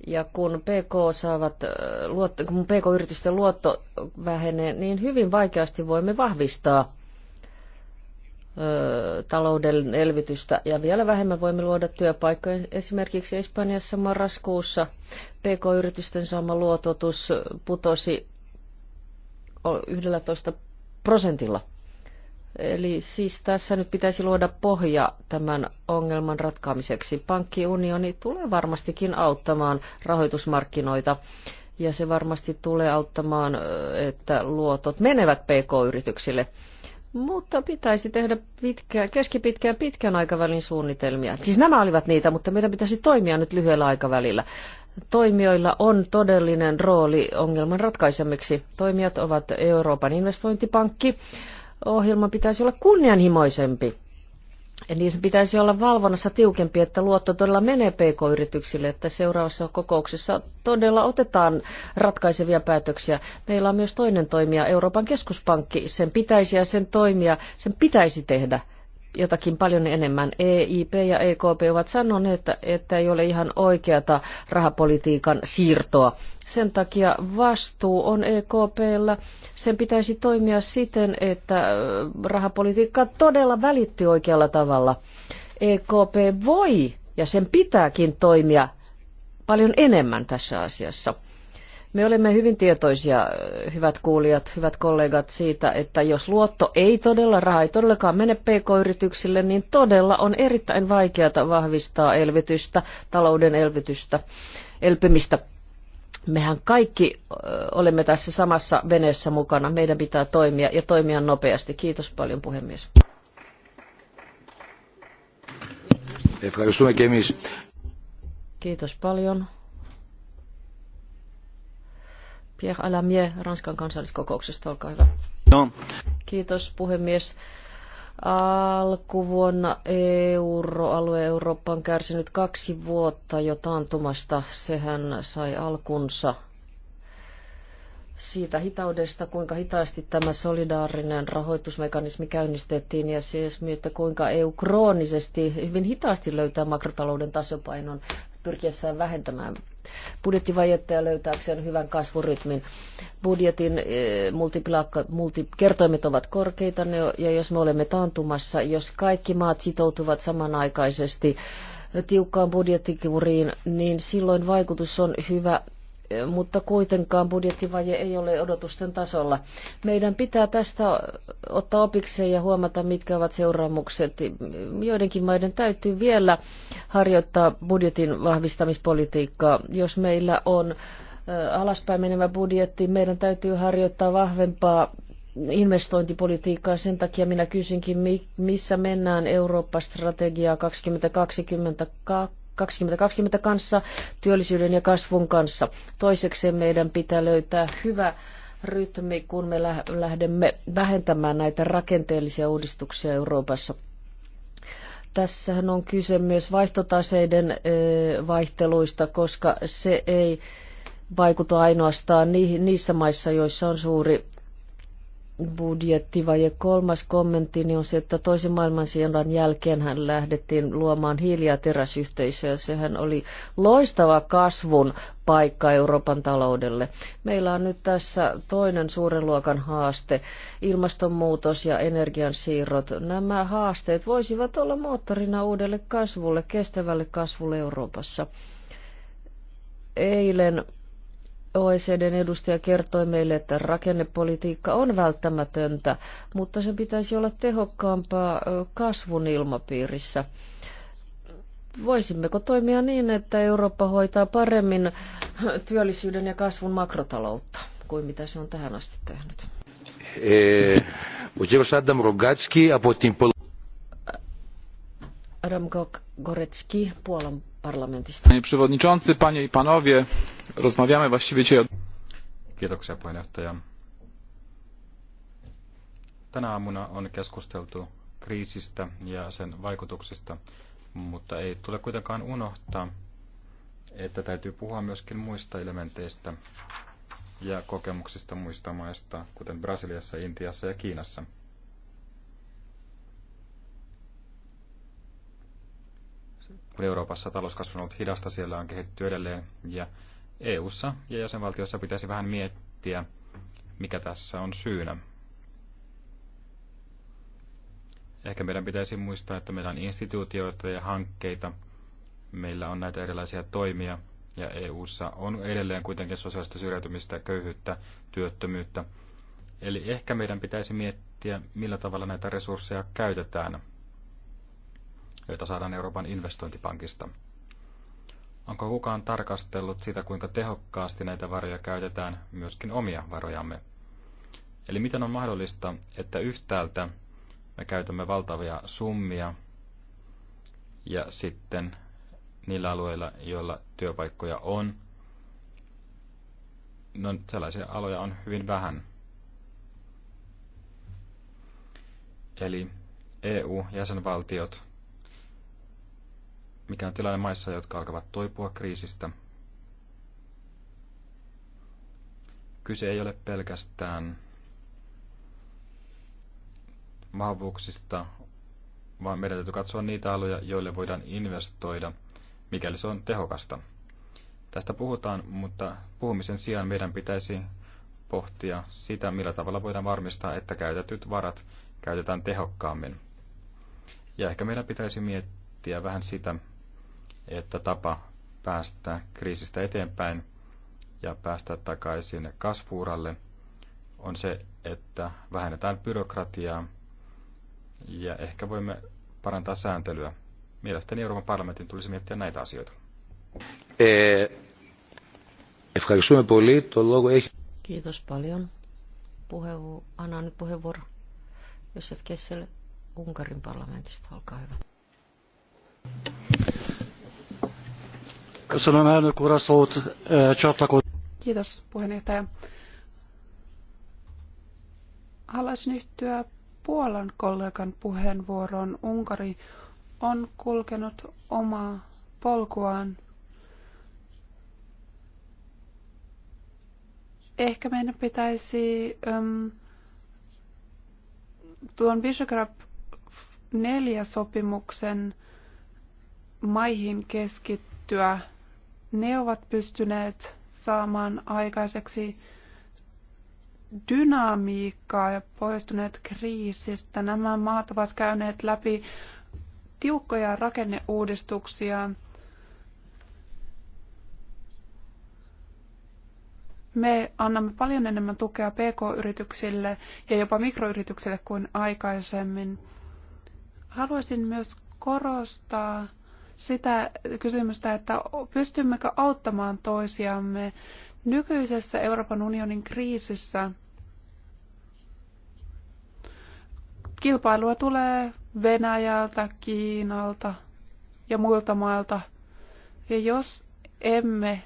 Ja kun, PK saavat, äh, luotto, kun PK-yritysten luotto vähenee, niin hyvin vaikeasti voimme vahvistaa talouden elvytystä ja vielä vähemmän voimme luoda työpaikkoja. Esimerkiksi Espanjassa marraskuussa PK-yritysten saama luototus putosi 11 prosentilla. Eli siis tässä nyt pitäisi luoda pohja tämän ongelman ratkaamiseksi. Pankkiunioni tulee varmastikin auttamaan rahoitusmarkkinoita ja se varmasti tulee auttamaan, että luotot menevät PK-yrityksille. Mutta pitäisi tehdä pitkään, keskipitkään pitkän aikavälin suunnitelmia. Siis nämä olivat niitä, mutta meidän pitäisi toimia nyt lyhyellä aikavälillä. Toimijoilla on todellinen rooli ongelman ratkaisemiksi. Toimijat ovat Euroopan investointipankki. Ohjelma pitäisi olla kunnianhimoisempi niin pitäisi olla valvonnassa tiukempi, että luotto todella menee pk-yrityksille, että seuraavassa kokouksessa todella otetaan ratkaisevia päätöksiä. Meillä on myös toinen toimija, Euroopan keskuspankki. Sen pitäisi ja sen toimia, sen pitäisi tehdä jotakin paljon enemmän. EIP ja EKP ovat sanoneet, että, että ei ole ihan oikeata rahapolitiikan siirtoa. Sen takia vastuu on EKPllä. Sen pitäisi toimia siten, että rahapolitiikka todella välittyy oikealla tavalla. EKP voi ja sen pitääkin toimia paljon enemmän tässä asiassa. Me olemme hyvin tietoisia, hyvät kuulijat, hyvät kollegat, siitä, että jos luotto ei todella, raha ei todellakaan mene pk-yrityksille, niin todella on erittäin vaikeata vahvistaa elvytystä, talouden elvytystä, elpymistä. Mehän kaikki olemme tässä samassa veneessä mukana. Meidän pitää toimia ja toimia nopeasti. Kiitos paljon puhemies. Kiitos paljon. Pierre Alamier Ranskan kansalliskokouksesta, olkaa hyvä. No. Kiitos puhemies. Alkuvuonna euroalue Eurooppa on kärsinyt kaksi vuotta jo taantumasta. Sehän sai alkunsa siitä hitaudesta, kuinka hitaasti tämä solidaarinen rahoitusmekanismi käynnistettiin ja siis myös, että kuinka EU kroonisesti hyvin hitaasti löytää makrotalouden tasapainon pyrkiessään vähentämään budjettivajetta ja löytääkseen hyvän kasvurytmin. Budjetin eh, kertoimet ovat korkeita ja jos me olemme taantumassa, jos kaikki maat sitoutuvat samanaikaisesti tiukkaan budjettikuriin, niin silloin vaikutus on hyvä mutta kuitenkaan budjettivaje ei ole odotusten tasolla. Meidän pitää tästä ottaa opikseen ja huomata, mitkä ovat seuraamukset. Joidenkin maiden täytyy vielä harjoittaa budjetin vahvistamispolitiikkaa. Jos meillä on alaspäin menevä budjetti, meidän täytyy harjoittaa vahvempaa investointipolitiikkaa. Sen takia minä kysynkin, missä mennään Eurooppa-strategiaa 2022 2020 kanssa, työllisyyden ja kasvun kanssa. Toiseksi meidän pitää löytää hyvä rytmi, kun me lähdemme vähentämään näitä rakenteellisia uudistuksia Euroopassa. Tässähän on kyse myös vaihtotaseiden vaihteluista, koska se ei vaikuta ainoastaan niissä maissa, joissa on suuri budjettivaje. Kolmas kommentti niin on se, että toisen maailmansodan jälkeen hän lähdettiin luomaan hiljaa teräsyhteisöä. Sehän oli loistava kasvun paikka Euroopan taloudelle. Meillä on nyt tässä toinen suuren luokan haaste, ilmastonmuutos ja energiansiirrot. Nämä haasteet voisivat olla moottorina uudelle kasvulle, kestävälle kasvulle Euroopassa. Eilen OECDn edustaja kertoi meille, että rakennepolitiikka on välttämätöntä, mutta sen pitäisi olla tehokkaampaa kasvun ilmapiirissä. Voisimmeko toimia niin, että Eurooppa hoitaa paremmin työllisyyden ja kasvun makrotaloutta kuin mitä se on tähän asti tehnyt? Adam Goretski, Puolan Panie przewodniczący, panie i panowie, rozmawiamy właściwie dzisiaj... Kiitoksia puheenjohtaja. Tänä aamuna on keskusteltu kriisistä ja sen vaikutuksista, mutta ei tule kuitenkaan unohtaa, että täytyy puhua myöskin muista elementeistä ja kokemuksista muista maista, kuten Brasiliassa, Intiassa ja Kiinassa. Kun Euroopassa talouskasvu on ollut hidasta, siellä on kehittynyt edelleen, ja EU:ssa ja jäsenvaltiossa pitäisi vähän miettiä, mikä tässä on syynä. Ehkä meidän pitäisi muistaa, että meillä on instituutioita ja hankkeita, meillä on näitä erilaisia toimia, ja EU:ssa on edelleen kuitenkin sosiaalista syrjäytymistä, köyhyyttä, työttömyyttä. Eli ehkä meidän pitäisi miettiä, millä tavalla näitä resursseja käytetään joita saadaan Euroopan investointipankista. Onko kukaan tarkastellut sitä, kuinka tehokkaasti näitä varoja käytetään, myöskin omia varojamme? Eli miten on mahdollista, että yhtäältä me käytämme valtavia summia ja sitten niillä alueilla, joilla työpaikkoja on, no sellaisia aloja on hyvin vähän. Eli EU-jäsenvaltiot mikä on tilanne maissa, jotka alkavat toipua kriisistä. Kyse ei ole pelkästään vahvuuksista, vaan meidän täytyy katsoa niitä aloja, joille voidaan investoida, mikäli se on tehokasta. Tästä puhutaan, mutta puhumisen sijaan meidän pitäisi pohtia sitä, millä tavalla voidaan varmistaa, että käytetyt varat käytetään tehokkaammin. Ja ehkä meidän pitäisi miettiä vähän sitä, että tapa päästä kriisistä eteenpäin ja päästä takaisin kasvuuralle on se, että vähennetään byrokratiaa ja ehkä voimme parantaa sääntelyä. Mielestäni Euroopan parlamentin tulisi miettiä näitä asioita. Eh, Kiitos paljon. Puheenvu- Anna nyt puheenvuoro Josef Kessel Unkarin parlamentista. Olkaa hyvä. Kiitos puheenjohtaja. Haluaisin yhtyä Puolan kollegan puheenvuoroon. Unkari on kulkenut omaa polkuaan. Ehkä meidän pitäisi um, tuon Visegrad 4 sopimuksen maihin keskittyä ne ovat pystyneet saamaan aikaiseksi dynamiikkaa ja poistuneet kriisistä. Nämä maat ovat käyneet läpi tiukkoja rakenneuudistuksia. Me annamme paljon enemmän tukea pk-yrityksille ja jopa mikroyrityksille kuin aikaisemmin. Haluaisin myös korostaa sitä kysymystä, että pystymmekö auttamaan toisiamme nykyisessä Euroopan unionin kriisissä. Kilpailua tulee Venäjältä, Kiinalta ja muilta mailta. Ja jos emme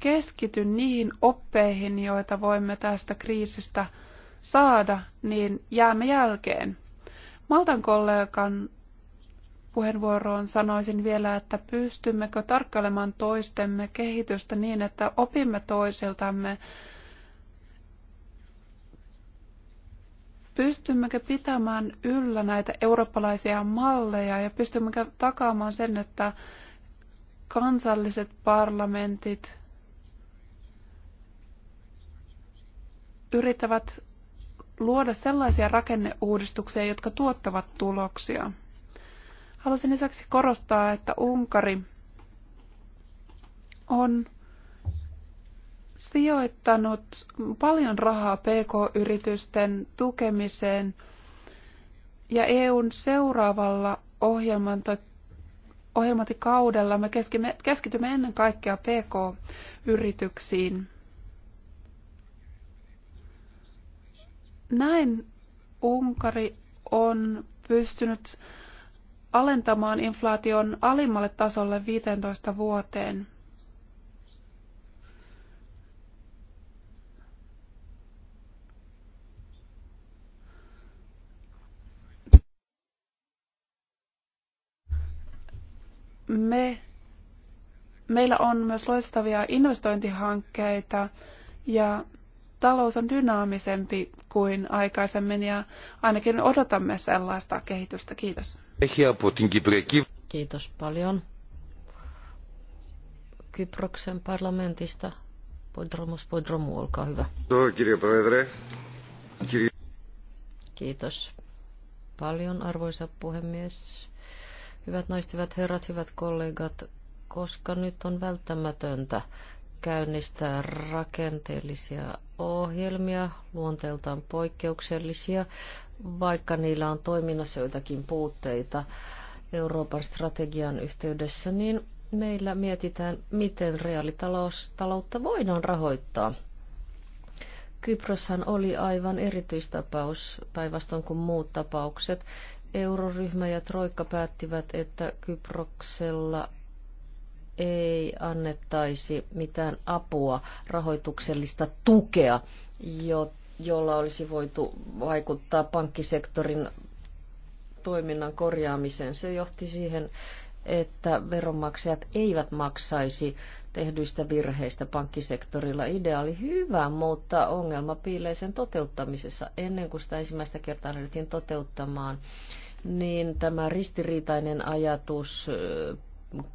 keskity niihin oppeihin, joita voimme tästä kriisistä saada, niin jäämme jälkeen. Maltan kollegan puheenvuoroon sanoisin vielä, että pystymmekö tarkkailemaan toistemme kehitystä niin, että opimme toisiltamme. Pystymmekö pitämään yllä näitä eurooppalaisia malleja ja pystymmekö takaamaan sen, että kansalliset parlamentit yrittävät luoda sellaisia rakenneuudistuksia, jotka tuottavat tuloksia. Haluaisin lisäksi korostaa, että Unkari on sijoittanut paljon rahaa PK-yritysten tukemiseen ja EUn seuraavalla ohjelmatikaudella me keskitymme ennen kaikkea PK-yrityksiin. Näin Unkari on pystynyt alentamaan inflaation alimmalle tasolle 15 vuoteen. Me, meillä on myös loistavia investointihankkeita ja talous on dynaamisempi kuin aikaisemmin ja ainakin odotamme sellaista kehitystä. Kiitos. Kiitos paljon. Kyproksen parlamentista Podromus Podromu, olkaa hyvä. Kiitos paljon, arvoisa puhemies. Hyvät naiset, hyvät herrat, hyvät kollegat, koska nyt on välttämätöntä käynnistää rakenteellisia ohjelmia, luonteeltaan poikkeuksellisia, vaikka niillä on toiminnassa joitakin puutteita Euroopan strategian yhteydessä, niin meillä mietitään, miten reaalitaloutta voidaan rahoittaa. Kyproshan oli aivan erityistapaus, päinvastoin kuin muut tapaukset. Euroryhmä ja Troikka päättivät, että Kyproksella ei annettaisi mitään apua, rahoituksellista tukea, jo, jolla olisi voitu vaikuttaa pankkisektorin toiminnan korjaamiseen. Se johti siihen, että veronmaksajat eivät maksaisi tehdyistä virheistä pankkisektorilla. Idea oli hyvä, mutta ongelma piilee sen toteuttamisessa. Ennen kuin sitä ensimmäistä kertaa lähdettiin toteuttamaan, niin tämä ristiriitainen ajatus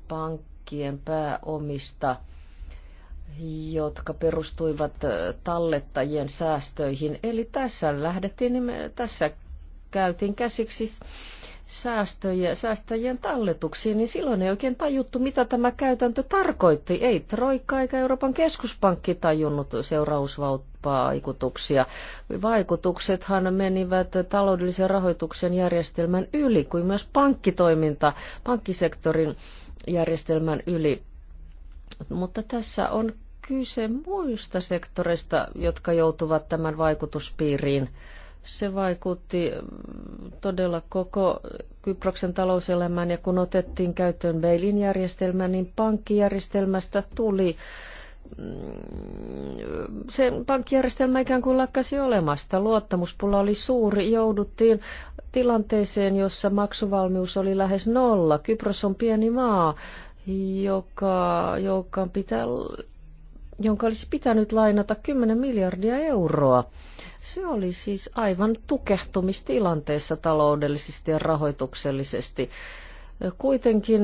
pank- pankkien pääomista, jotka perustuivat tallettajien säästöihin. Eli tässä lähdettiin, niin tässä käytiin käsiksi säästöjä, säästäjien talletuksiin, niin silloin ei oikein tajuttu, mitä tämä käytäntö tarkoitti. Ei Troikka eikä Euroopan keskuspankki tajunnut seurausvaikutuksia. Vaikutuksethan menivät taloudellisen rahoituksen järjestelmän yli, kuin myös pankkitoiminta, pankkisektorin järjestelmän yli. Mutta tässä on kyse muista sektoreista, jotka joutuvat tämän vaikutuspiiriin. Se vaikutti todella koko Kyproksen talouselämään ja kun otettiin käyttöön Beilin järjestelmä, niin pankkijärjestelmästä tuli Mm, se pankkijärjestelmä ikään kuin lakkasi olemasta. Luottamuspula oli suuri, jouduttiin tilanteeseen, jossa maksuvalmius oli lähes nolla. Kypros on pieni maa, joka, joka pitää, jonka olisi pitänyt lainata 10 miljardia euroa. Se oli siis aivan tukehtumistilanteessa taloudellisesti ja rahoituksellisesti. Kuitenkin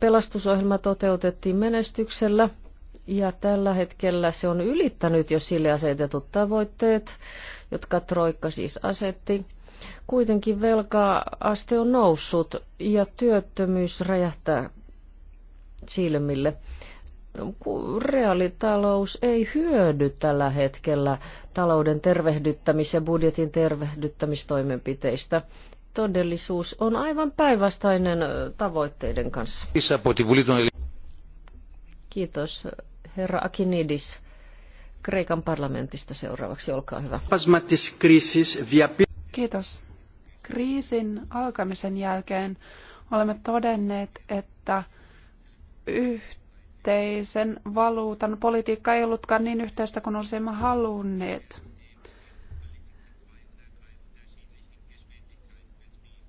pelastusohjelma toteutettiin menestyksellä ja tällä hetkellä se on ylittänyt jo sille asetetut tavoitteet, jotka Troikka siis asetti. Kuitenkin velka-aste on noussut ja työttömyys räjähtää silmille. Reaalitalous ei hyödy tällä hetkellä talouden tervehdyttämis- ja budjetin tervehdyttämistoimenpiteistä todellisuus on aivan päinvastainen tavoitteiden kanssa. Kiitos herra Akinidis Kreikan parlamentista seuraavaksi. Olkaa hyvä. Kiitos. Kriisin alkamisen jälkeen olemme todenneet, että yhteisen valuutan politiikka ei ollutkaan niin yhteistä kuin olisimme halunneet.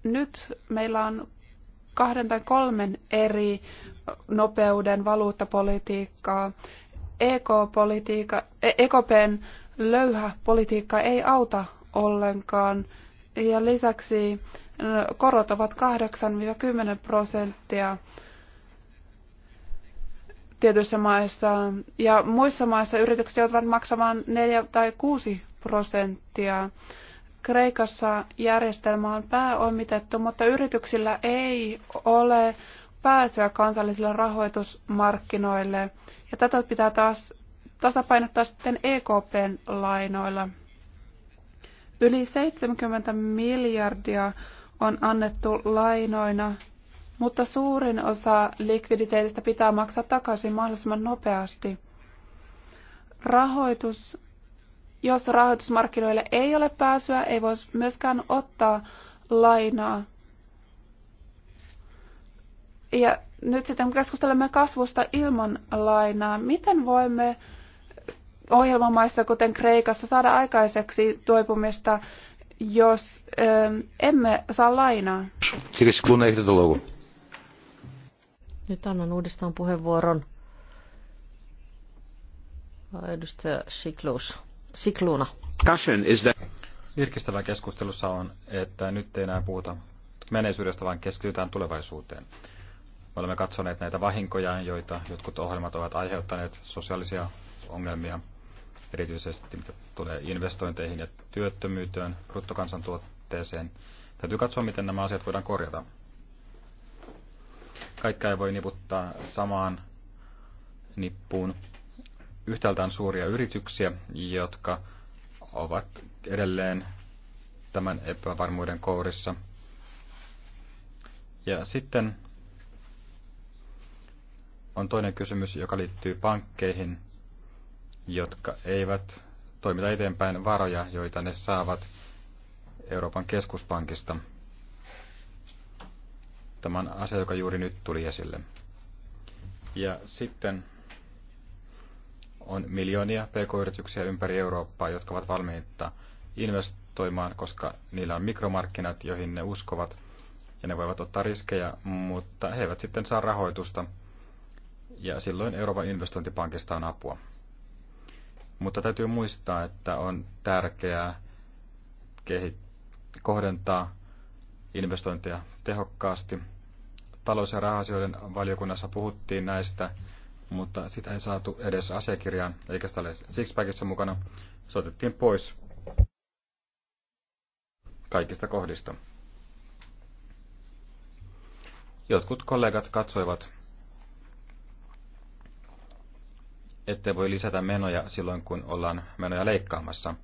Nyt meillä on kahden tai kolmen eri nopeuden valuuttapolitiikkaa. EKPn e- e löyhä politiikka ei auta ollenkaan. Ja lisäksi äh, korot ovat 8-10 prosenttia tietyissä maissa. Ja muissa maissa yritykset joutuvat maksamaan 4 tai 6 prosenttia. Kreikassa järjestelmä on pääomitettu, mutta yrityksillä ei ole pääsyä kansallisille rahoitusmarkkinoille. Ja tätä pitää taas tasapainottaa sitten EKPn lainoilla. Yli 70 miljardia on annettu lainoina, mutta suurin osa likviditeetistä pitää maksaa takaisin mahdollisimman nopeasti. Rahoitus jos rahoitusmarkkinoille ei ole pääsyä, ei voi myöskään ottaa lainaa. Ja nyt sitten kun keskustelemme kasvusta ilman lainaa. Miten voimme ohjelmamaissa, kuten Kreikassa, saada aikaiseksi toipumista, jos ö, ähm, emme saa lainaa? Nyt annan uudestaan puheenvuoron edustaja Siklus. Sikluna. Virkistävä keskustelussa on, että nyt ei enää puhuta menneisyydestä, vaan keskitytään tulevaisuuteen. Me olemme katsoneet näitä vahinkoja, joita jotkut ohjelmat ovat aiheuttaneet, sosiaalisia ongelmia, erityisesti mitä tulee investointeihin ja työttömyyteen, bruttokansantuotteeseen. Täytyy katsoa, miten nämä asiat voidaan korjata. Kaikkea ei voi niputtaa samaan nippuun yhtäältään suuria yrityksiä, jotka ovat edelleen tämän epävarmuuden kourissa. Ja sitten on toinen kysymys, joka liittyy pankkeihin, jotka eivät toimita eteenpäin varoja, joita ne saavat Euroopan keskuspankista. Tämä on asia, joka juuri nyt tuli esille. Ja sitten on miljoonia pk-yrityksiä ympäri Eurooppaa, jotka ovat valmiita investoimaan, koska niillä on mikromarkkinat, joihin ne uskovat, ja ne voivat ottaa riskejä, mutta he eivät sitten saa rahoitusta, ja silloin Euroopan investointipankista on apua. Mutta täytyy muistaa, että on tärkeää kohdentaa investointeja tehokkaasti. Talous- ja rahasioiden valiokunnassa puhuttiin näistä mutta sitä ei saatu edes asiakirjaan, eikä sitä ole Sixpackissa mukana. Se otettiin pois kaikista kohdista. Jotkut kollegat katsoivat, ettei voi lisätä menoja silloin, kun ollaan menoja leikkaamassa,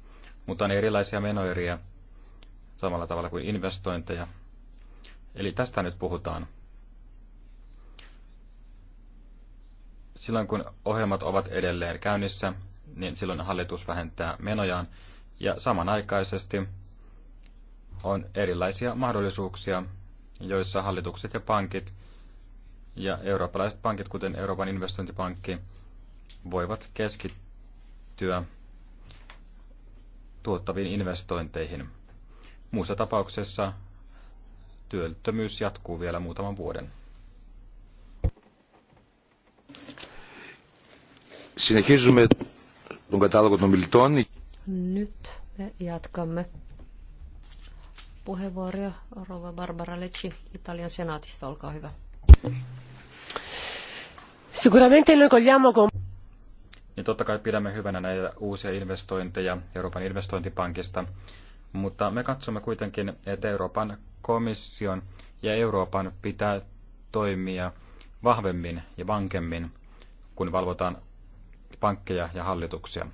mutta on erilaisia menoeriä samalla tavalla kuin investointeja. Eli tästä nyt puhutaan. silloin kun ohjelmat ovat edelleen käynnissä, niin silloin hallitus vähentää menojaan ja samanaikaisesti on erilaisia mahdollisuuksia, joissa hallitukset ja pankit ja eurooppalaiset pankit, kuten Euroopan investointipankki, voivat keskittyä tuottaviin investointeihin. Muussa tapauksessa työttömyys jatkuu vielä muutaman vuoden. Συνεχίζουμε τον κατάλογο των μιλητών. Nyt me jatkamme puheenvuoroja. Rova Barbara Lecci, Italian senaatista, olkaa hyvä. Sicuramente noi cogliamo con... Niin totta kai pidämme hyvänä näitä uusia investointeja Euroopan investointipankista, mutta me katsomme kuitenkin, että Euroopan komission ja Euroopan pitää toimia vahvemmin ja vankemmin, kun valvotaan pankkeja ja hallituksia.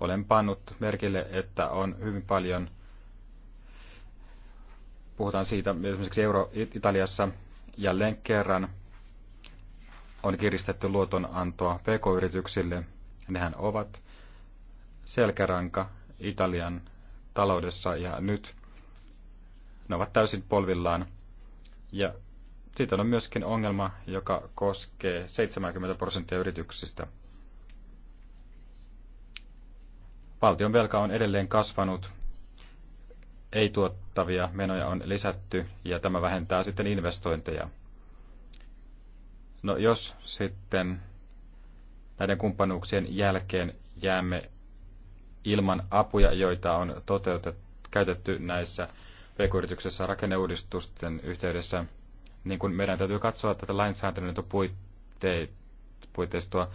Olen pannut merkille, että on hyvin paljon, puhutaan siitä esimerkiksi Euro Italiassa jälleen kerran on kiristetty luotonantoa pk-yrityksille. Nehän ovat selkäranka Italian taloudessa ja nyt ne ovat täysin polvillaan ja sitten on myöskin ongelma, joka koskee 70 prosenttia yrityksistä. Valtion velka on edelleen kasvanut, ei tuottavia menoja on lisätty ja tämä vähentää sitten investointeja. No jos sitten näiden kumppanuuksien jälkeen jäämme ilman apuja, joita on toteutettu, käytetty näissä pk-yrityksissä rakenneuudistusten yhteydessä, niin kuin meidän täytyy katsoa tätä puitteistoa,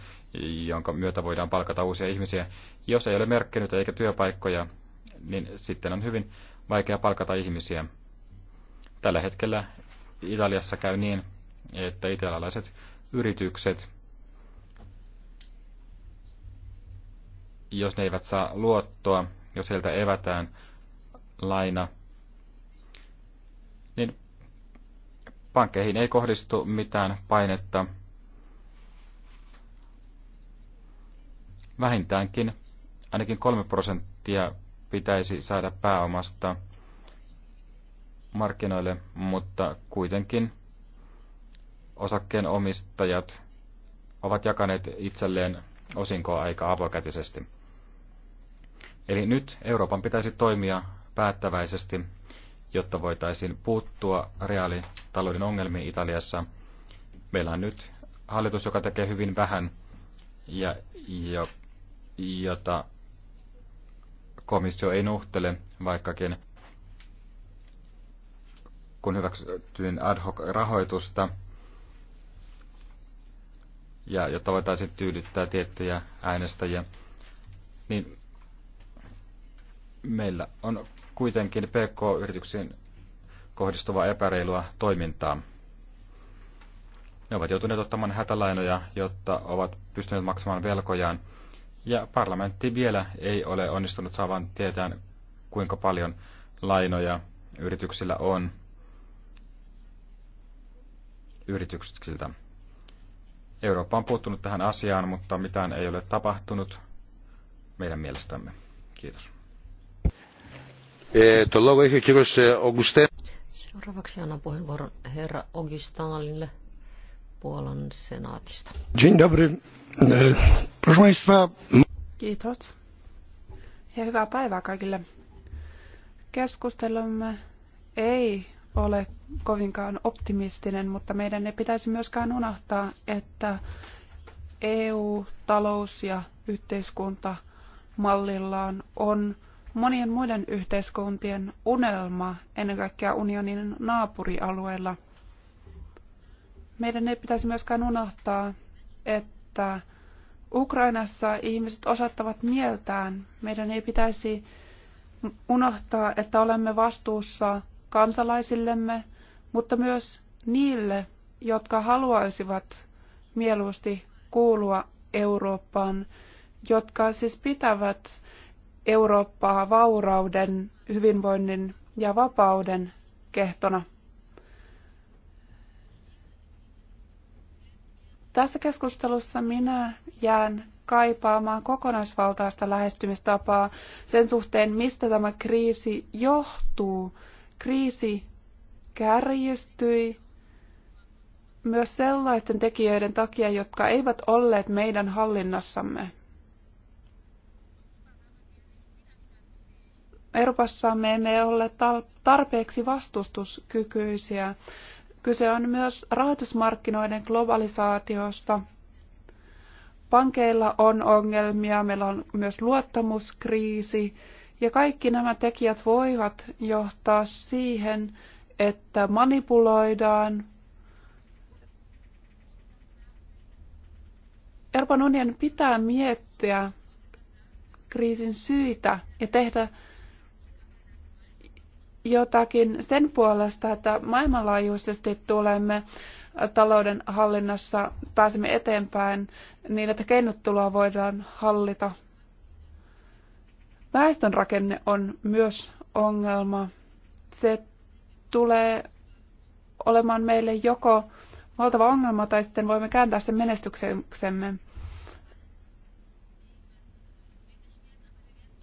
jonka myötä voidaan palkata uusia ihmisiä. Jos ei ole merkkinyt eikä työpaikkoja, niin sitten on hyvin vaikea palkata ihmisiä. Tällä hetkellä Italiassa käy niin, että italialaiset yritykset, jos ne eivät saa luottoa, jos heiltä evätään laina, niin pankkeihin ei kohdistu mitään painetta. Vähintäänkin ainakin 3 prosenttia pitäisi saada pääomasta markkinoille, mutta kuitenkin osakkeen omistajat ovat jakaneet itselleen osinkoa aika avokätisesti. Eli nyt Euroopan pitäisi toimia päättäväisesti, jotta voitaisiin puuttua reaali talouden ongelmiin Italiassa. Meillä on nyt hallitus, joka tekee hyvin vähän ja jo, jota komissio ei nuhtele, vaikkakin kun hyväksyttiin ad hoc rahoitusta, ja jotta voitaisiin tyydyttää tiettyjä äänestäjiä, niin meillä on kuitenkin PK-yrityksiin kohdistuvaa epäreilua toimintaa. Ne ovat joutuneet ottamaan hätälainoja, jotta ovat pystyneet maksamaan velkojaan, ja parlamentti vielä ei ole onnistunut saavan tietää, kuinka paljon lainoja yrityksillä on yrityksiltä. Eurooppa on puuttunut tähän asiaan, mutta mitään ei ole tapahtunut meidän mielestämme. Kiitos. Το eh, λόγο Seuraavaksi annan puheenvuoron herra Ogistaalille Puolan senaatista. Dzień dobry. E, proszę Państwa. Kiitos. Ja hyvää päivää kaikille. Keskustelumme ei ole kovinkaan optimistinen, mutta meidän ei pitäisi myöskään unohtaa, että EU-talous ja yhteiskunta on monien muiden yhteiskuntien unelma, ennen kaikkea unionin naapurialueilla. Meidän ei pitäisi myöskään unohtaa, että Ukrainassa ihmiset osattavat mieltään. Meidän ei pitäisi unohtaa, että olemme vastuussa kansalaisillemme, mutta myös niille, jotka haluaisivat mieluusti kuulua Eurooppaan, jotka siis pitävät Eurooppaa vaurauden, hyvinvoinnin ja vapauden kehtona. Tässä keskustelussa minä jään kaipaamaan kokonaisvaltaista lähestymistapaa sen suhteen, mistä tämä kriisi johtuu. Kriisi kärjistyi myös sellaisten tekijöiden takia, jotka eivät olleet meidän hallinnassamme. Euroopassa me emme ole tarpeeksi vastustuskykyisiä. Kyse on myös rahoitusmarkkinoiden globalisaatiosta. Pankeilla on ongelmia, meillä on myös luottamuskriisi, ja kaikki nämä tekijät voivat johtaa siihen, että manipuloidaan Euroopan unionin pitää miettiä kriisin syitä ja tehdä jotakin sen puolesta, että maailmanlaajuisesti tulemme talouden hallinnassa, pääsemme eteenpäin niin, että keinottelua voidaan hallita. Väestönrakenne on myös ongelma. Se tulee olemaan meille joko valtava ongelma tai sitten voimme kääntää sen menestykseksemme.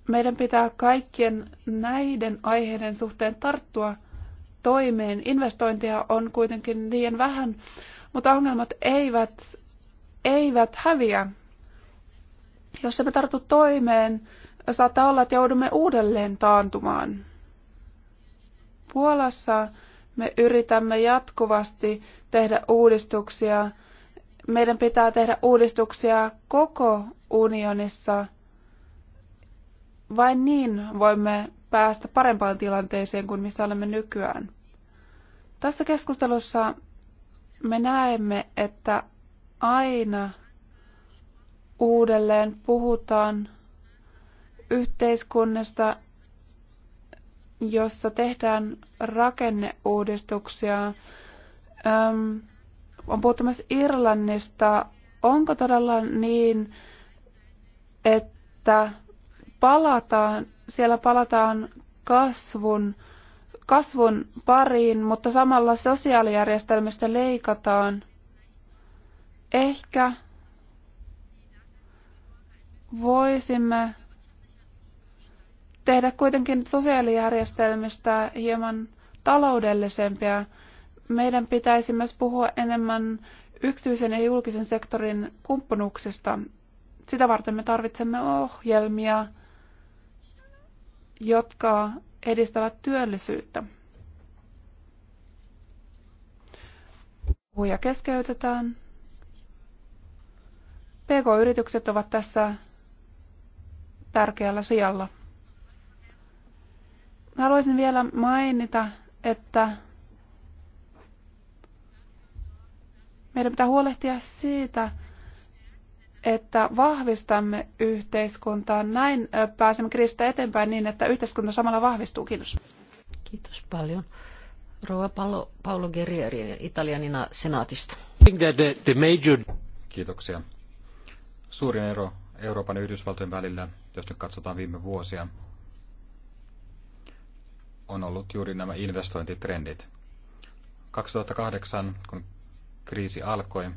meidän pitää kaikkien näiden aiheiden suhteen tarttua toimeen. Investointeja on kuitenkin liian vähän, mutta ongelmat eivät, eivät häviä. Jos emme tartu toimeen, saattaa olla, että joudumme uudelleen taantumaan. Puolassa me yritämme jatkuvasti tehdä uudistuksia. Meidän pitää tehdä uudistuksia koko unionissa – vain niin voimme päästä parempaan tilanteeseen kuin missä olemme nykyään. Tässä keskustelussa me näemme, että aina uudelleen puhutaan yhteiskunnasta, jossa tehdään rakenneuudistuksia. Öm, on puhuttu myös Irlannista. Onko todella niin, että palataan, siellä palataan kasvun, kasvun pariin, mutta samalla sosiaalijärjestelmistä leikataan. Ehkä voisimme tehdä kuitenkin sosiaalijärjestelmistä hieman taloudellisempia. Meidän pitäisi myös puhua enemmän yksityisen ja julkisen sektorin kumppanuuksista. Sitä varten me tarvitsemme ohjelmia, jotka edistävät työllisyyttä. Puhuja keskeytetään. PK-yritykset ovat tässä tärkeällä sijalla. Haluaisin vielä mainita, että meidän pitää huolehtia siitä, että vahvistamme yhteiskuntaa. Näin pääsemme kriisistä eteenpäin niin, että yhteiskunta samalla vahvistuu. Kiitos. Kiitos paljon. Rova Paolo, Paolo Guerrieri Italianina senaatista. Kiitoksia. Suurin ero Euroopan ja Yhdysvaltojen välillä, jos nyt katsotaan viime vuosia, on ollut juuri nämä investointitrendit. 2008, kun kriisi alkoi,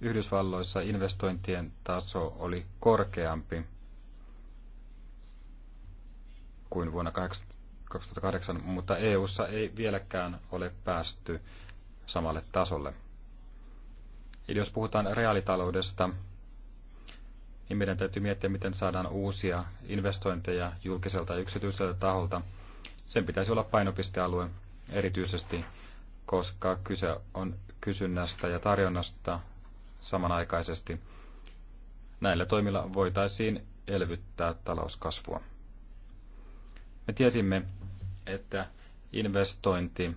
Yhdysvalloissa investointien taso oli korkeampi kuin vuonna 2008, mutta EU:ssa ei vieläkään ole päästy samalle tasolle. Eli jos puhutaan reaalitaloudesta, niin meidän täytyy miettiä, miten saadaan uusia investointeja julkiselta ja yksityiseltä taholta. Sen pitäisi olla painopistealue erityisesti, koska kyse on kysynnästä ja tarjonnasta samanaikaisesti. Näillä toimilla voitaisiin elvyttää talouskasvua. Me tiesimme, että investointi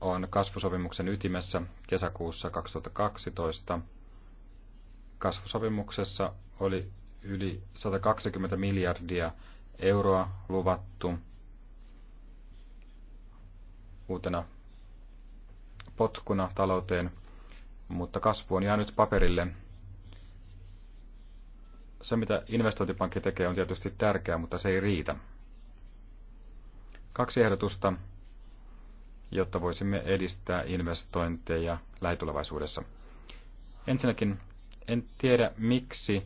on kasvusopimuksen ytimessä kesäkuussa 2012. Kasvusopimuksessa oli yli 120 miljardia euroa luvattu uutena potkuna talouteen – mutta kasvu on jäänyt paperille. Se, mitä investointipankki tekee, on tietysti tärkeää, mutta se ei riitä. Kaksi ehdotusta, jotta voisimme edistää investointeja lähitulevaisuudessa. Ensinnäkin, en tiedä miksi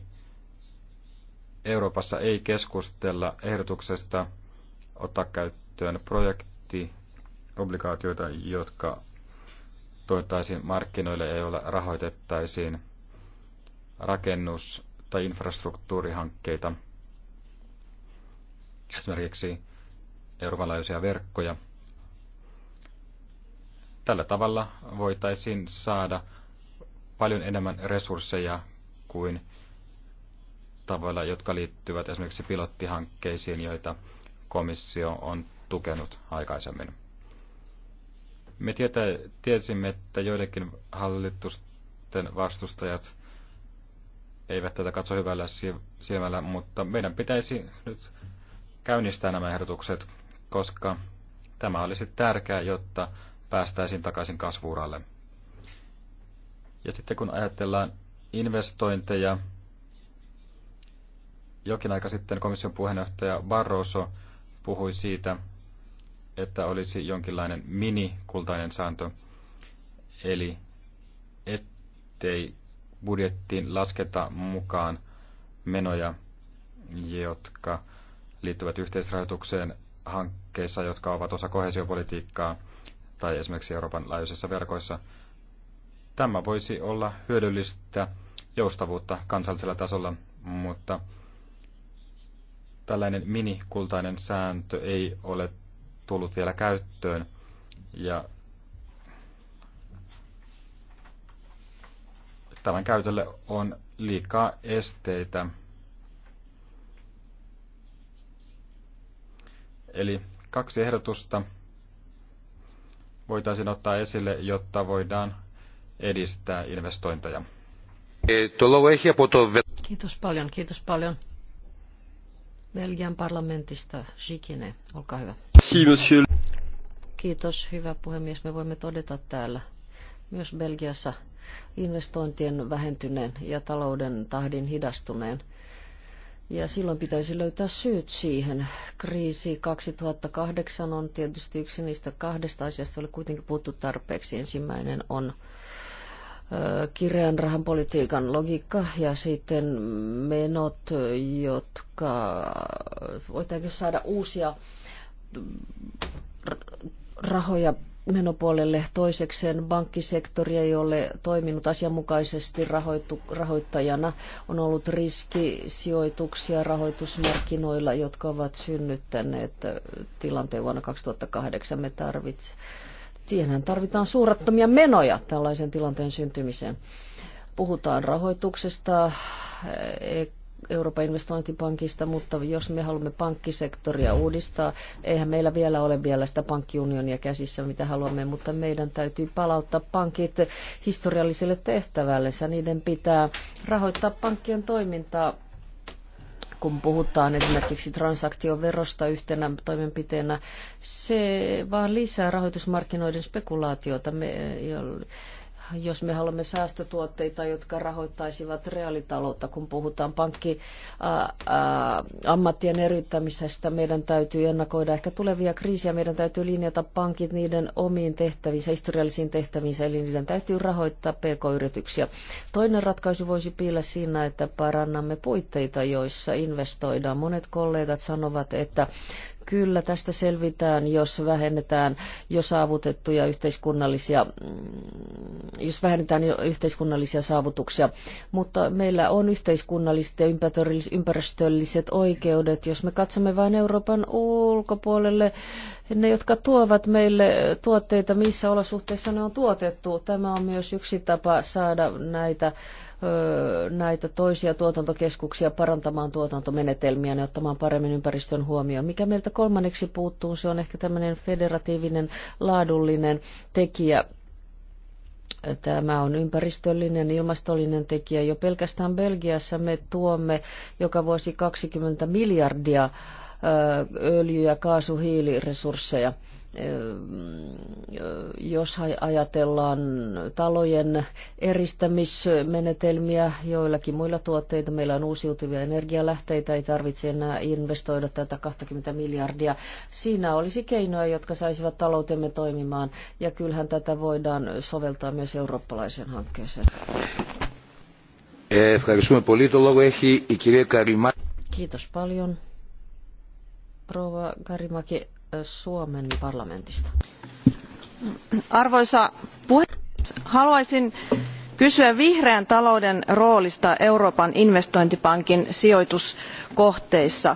Euroopassa ei keskustella ehdotuksesta ottaa käyttöön projektiobligaatioita, jotka tuettaisiin markkinoille ja joilla rahoitettaisiin rakennus- tai infrastruktuurihankkeita, esimerkiksi Euroopan laajuisia verkkoja. Tällä tavalla voitaisiin saada paljon enemmän resursseja kuin tavoilla, jotka liittyvät esimerkiksi pilottihankkeisiin, joita komissio on tukenut aikaisemmin. Me tietä, tiesimme, että joidenkin hallitusten vastustajat eivät tätä katso hyvällä silmällä, mutta meidän pitäisi nyt käynnistää nämä ehdotukset, koska tämä olisi tärkeää, jotta päästäisiin takaisin kasvuuralle. Ja sitten kun ajatellaan investointeja, jokin aika sitten komission puheenjohtaja Barroso puhui siitä, että olisi jonkinlainen mini-kultainen sääntö, eli ettei budjettiin lasketa mukaan menoja, jotka liittyvät yhteisrahoitukseen hankkeissa, jotka ovat osa kohesiopolitiikkaa tai esimerkiksi Euroopan laajuisissa verkoissa. Tämä voisi olla hyödyllistä joustavuutta kansallisella tasolla, mutta tällainen minikultainen sääntö ei ole tullut vielä käyttöön. Ja tämän käytölle on liikaa esteitä. Eli kaksi ehdotusta voitaisiin ottaa esille, jotta voidaan edistää investointeja. Kiitos paljon, kiitos paljon. Belgian parlamentista Sikine, olkaa hyvä. Kiitos, hyvä puhemies. Me voimme todeta täällä myös Belgiassa investointien vähentyneen ja talouden tahdin hidastuneen. Ja silloin pitäisi löytää syyt siihen. Kriisi 2008 on tietysti yksi niistä kahdesta asiasta, oli kuitenkin puhuttu tarpeeksi. Ensimmäinen on Kirjan rahan politiikan logiikka ja sitten menot, jotka voitaisiin saada uusia rahoja menopuolelle toisekseen pankkisektori ei ole toiminut asianmukaisesti rahoitu, rahoittajana. On ollut riskisijoituksia rahoitusmarkkinoilla, jotka ovat synnyttäneet tilanteen vuonna 2008. Me tarvitsemme Siihen tarvitaan suurattomia menoja tällaisen tilanteen syntymiseen. Puhutaan rahoituksesta, e, Euroopan investointipankista, mutta jos me haluamme pankkisektoria uudistaa, eihän meillä vielä ole vielä sitä pankkiunionia käsissä, mitä haluamme, mutta meidän täytyy palauttaa pankit historialliselle tehtävälle. Niiden pitää rahoittaa pankkien toimintaa kun puhutaan esimerkiksi transaktioverosta yhtenä toimenpiteenä, se vaan lisää rahoitusmarkkinoiden spekulaatiota. Me, jos me haluamme säästötuotteita, jotka rahoittaisivat reaalitaloutta, kun puhutaan pankki ammattien eriyttämisestä, meidän täytyy ennakoida ehkä tulevia kriisiä, meidän täytyy linjata pankit niiden omiin tehtäviin, historiallisiin tehtäviin, eli niiden täytyy rahoittaa pk-yrityksiä. Toinen ratkaisu voisi piillä siinä, että parannamme puitteita, joissa investoidaan. Monet kollegat sanovat, että Kyllä tästä selvitään, jos vähennetään jo saavutettuja yhteiskunnallisia, mm, jos vähennetään jo yhteiskunnallisia saavutuksia. Mutta meillä on yhteiskunnalliset ja ympäristölliset oikeudet. Jos me katsomme vain Euroopan ulkopuolelle, ne, jotka tuovat meille tuotteita, missä olosuhteissa ne on tuotettu. Tämä on myös yksi tapa saada näitä näitä toisia tuotantokeskuksia parantamaan tuotantomenetelmiä ja ottamaan paremmin ympäristön huomioon. Mikä meiltä kolmanneksi puuttuu, se on ehkä tämmöinen federatiivinen, laadullinen tekijä, Tämä on ympäristöllinen, ilmastollinen tekijä. Jo pelkästään Belgiassa me tuomme joka vuosi 20 miljardia öljy- ja kaasuhiiliresursseja. hiiliresursseja jos ajatellaan talojen eristämismenetelmiä joillakin muilla tuotteita, meillä on uusiutuvia energialähteitä, ei tarvitse enää investoida tätä 20 miljardia. Siinä olisi keinoja, jotka saisivat taloutemme toimimaan, ja kyllähän tätä voidaan soveltaa myös eurooppalaisen hankkeeseen. Eh, Kiitos paljon. Rouva Karimaki, Suomen parlamentista. Arvoisa puhemies, haluaisin kysyä vihreän talouden roolista Euroopan investointipankin sijoituskohteissa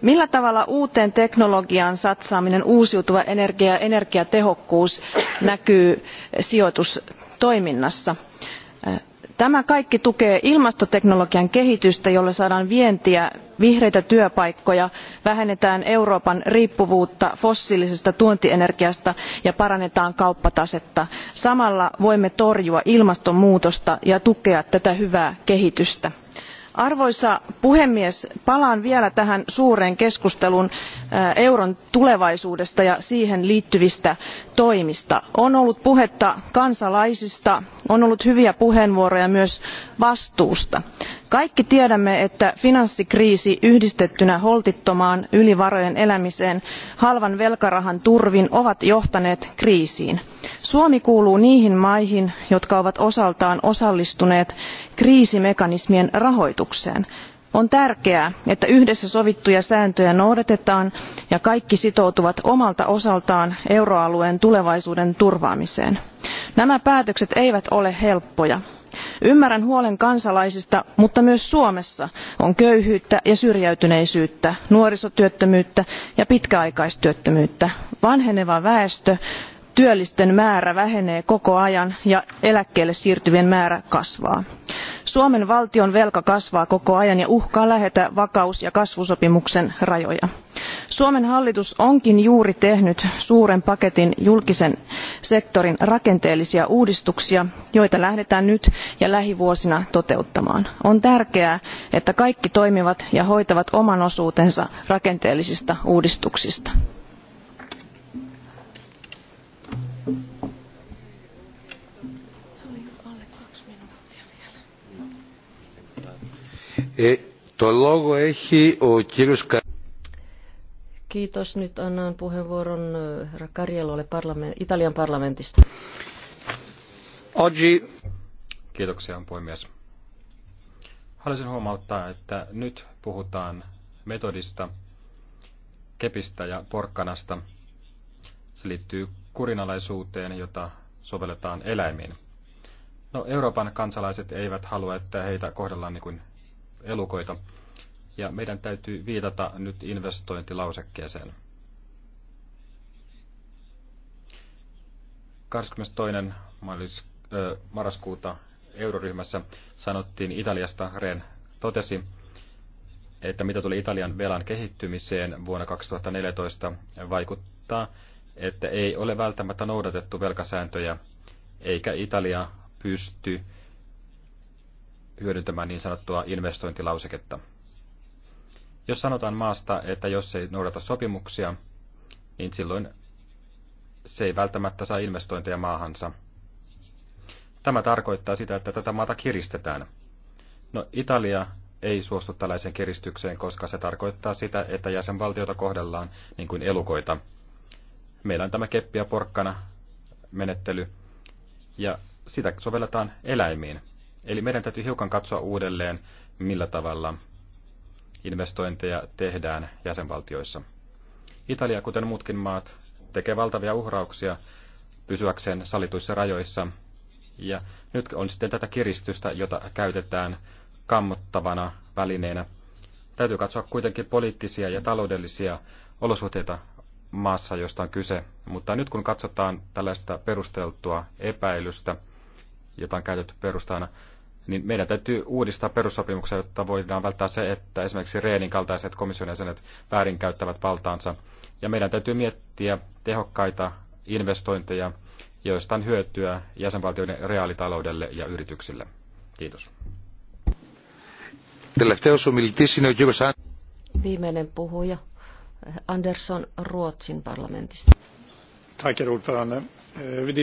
millä tavalla uuteen teknologiaan satsaaminen uusiutuva energia ja energiatehokkuus näkyy sijoitustoiminnassa? tämä kaikki tukee ilmastoteknologian kehitystä jolla saadaan vientiä vihreitä työpaikkoja vähennetään euroopan riippuvuutta fossiilisesta tuontienergiasta ja parannetaan kauppatasetta. samalla voimme torjua ilmastonmuutosta ja tukea tätä hyvää kehitystä arvoisa puhemies palaan vielä tähän suureen keskusteluun äh, euron tulevaisuudesta ja siihen liittyvistä toimista. on ollut puhetta kansalaisista on ollut hyviä puheenvuoroja myös vastuusta. kaikki tiedämme että finanssikriisi yhdistettynä holtittomaan yli varojen elämiseen halvan velkarahan turvin ovat johtaneet kriisiin. suomi kuuluu niihin maihin jotka ovat osaltaan osallistuneet kriisimekanismien rahoitukseen. on tärkeää että yhdessä sovittuja sääntöjä noudatetaan ja kaikki sitoutuvat omalta osaltaan euroalueen tulevaisuuden turvaamiseen. nämä päätökset eivät ole helppoja. ymmärrän huolen kansalaisista mutta myös suomessa on köyhyyttä ja syrjäytyneisyyttä nuorisotyöttömyyttä ja pitkäaikaistyöttömyyttä. vanheneva väestö työllisten määrä vähenee koko ajan ja eläkkeelle siirtyvien määrä kasvaa suomen valtion velka kasvaa koko ajan ja uhkaa lähetä vakaus ja kasvusopimuksen rajoja. suomen hallitus onkin juuri tehnyt suuren paketin julkisen sektorin rakenteellisia uudistuksia joita lähdetään nyt ja lähivuosina toteuttamaan. on tärkeää että kaikki toimivat ja hoitavat oman osuutensa rakenteellisista uudistuksista. Kiitos. Nyt annan puheenvuoron Karjelolle Italian parlamentista. Oggi. Kiitoksia, puhemies. Haluaisin huomauttaa, että nyt puhutaan metodista, kepistä ja porkkanasta. Se liittyy kurinalaisuuteen, jota sovelletaan eläimiin. No, Euroopan kansalaiset eivät halua, että heitä kohdellaan niin kuin elukoita, ja meidän täytyy viitata nyt investointilausekkeeseen. 22. Maalis, äh, marraskuuta euroryhmässä sanottiin Italiasta, Ren totesi, että mitä tuli Italian velan kehittymiseen vuonna 2014 vaikuttaa, että ei ole välttämättä noudatettu velkasääntöjä, eikä Italia pysty hyödyntämään niin sanottua investointilauseketta. Jos sanotaan maasta, että jos ei noudata sopimuksia, niin silloin se ei välttämättä saa investointeja maahansa. Tämä tarkoittaa sitä, että tätä maata kiristetään. No Italia ei suostu tällaiseen kiristykseen, koska se tarkoittaa sitä, että jäsenvaltiota kohdellaan niin kuin elukoita. Meillä on tämä keppiä porkkana menettely, ja sitä sovelletaan eläimiin. Eli meidän täytyy hiukan katsoa uudelleen, millä tavalla investointeja tehdään jäsenvaltioissa. Italia, kuten muutkin maat, tekee valtavia uhrauksia pysyäkseen salituissa rajoissa, ja nyt on sitten tätä kiristystä, jota käytetään kammottavana välineenä. Täytyy katsoa kuitenkin poliittisia ja taloudellisia olosuhteita maassa, josta on kyse, mutta nyt kun katsotaan tällaista perusteltua epäilystä, jota on käytetty perustana, niin meidän täytyy uudistaa perussopimuksia, jotta voidaan välttää se, että esimerkiksi Reenin kaltaiset komission jäsenet väärinkäyttävät valtaansa. Ja meidän täytyy miettiä tehokkaita investointeja, joista on hyötyä jäsenvaltioiden reaalitaloudelle ja yrityksille. Kiitos. Viimeinen puhuja, Andersson Ruotsin parlamentista. Eh, vi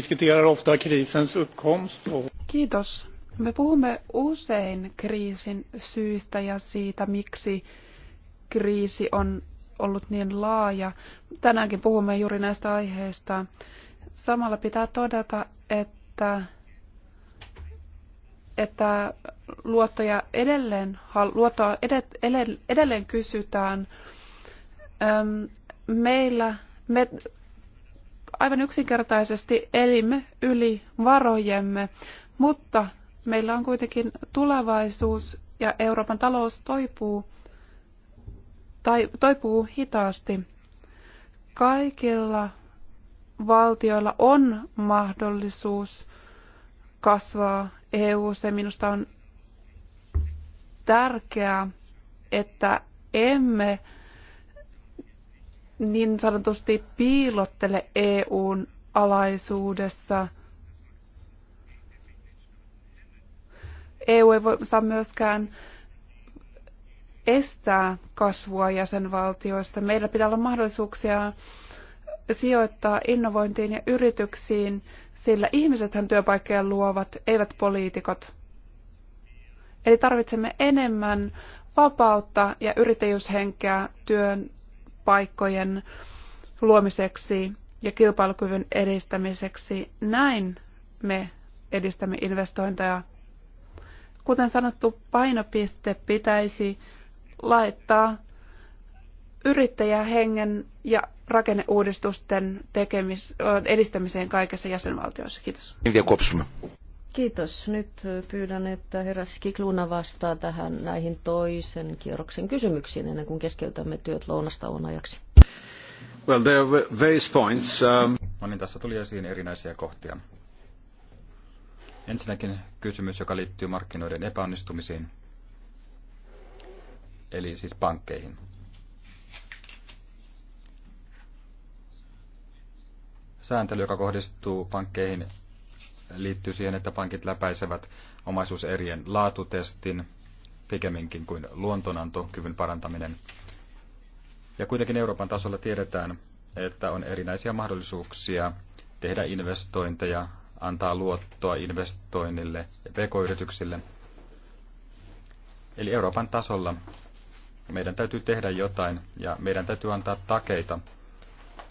Kiitos me puhumme usein kriisin syistä ja siitä, miksi kriisi on ollut niin laaja. Tänäänkin puhumme juuri näistä aiheista. Samalla pitää todeta, että, että luottoja edelleen, luottoa edelleen, edelleen kysytään. Meillä me aivan yksinkertaisesti elimme yli varojemme, mutta Meillä on kuitenkin tulevaisuus ja Euroopan talous toipuu, tai, toipuu hitaasti. Kaikilla valtioilla on mahdollisuus kasvaa EU. Se minusta on tärkeää, että emme niin sanotusti piilottele EUn alaisuudessa – EU ei voi saa myöskään estää kasvua jäsenvaltioista. Meillä pitää olla mahdollisuuksia sijoittaa innovointiin ja yrityksiin, sillä ihmisethän työpaikkoja luovat, eivät poliitikot. Eli tarvitsemme enemmän vapautta ja yrittäjyyshenkeä työn paikkojen luomiseksi ja kilpailukyvyn edistämiseksi. Näin me edistämme investointeja Kuten sanottu, painopiste pitäisi laittaa yrittäjähengen ja rakenneuudistusten tekemis, edistämiseen kaikessa jäsenvaltioissa. Kiitos. Kiitos. Nyt pyydän, että herra Skikluna vastaa tähän näihin toisen kierroksen kysymyksiin ennen kuin keskeytämme työt on ajaksi. Well, there are various points. Um... No niin, tässä tuli esiin erinäisiä kohtia. Ensinnäkin kysymys, joka liittyy markkinoiden epäonnistumisiin, eli siis pankkeihin. Sääntely, joka kohdistuu pankkeihin, liittyy siihen, että pankit läpäisevät omaisuuserien laatutestin pikemminkin kuin luontonantokyvyn parantaminen. Ja kuitenkin Euroopan tasolla tiedetään, että on erinäisiä mahdollisuuksia tehdä investointeja antaa luottoa investoinnille ja pk-yrityksille. Eli Euroopan tasolla meidän täytyy tehdä jotain ja meidän täytyy antaa takeita.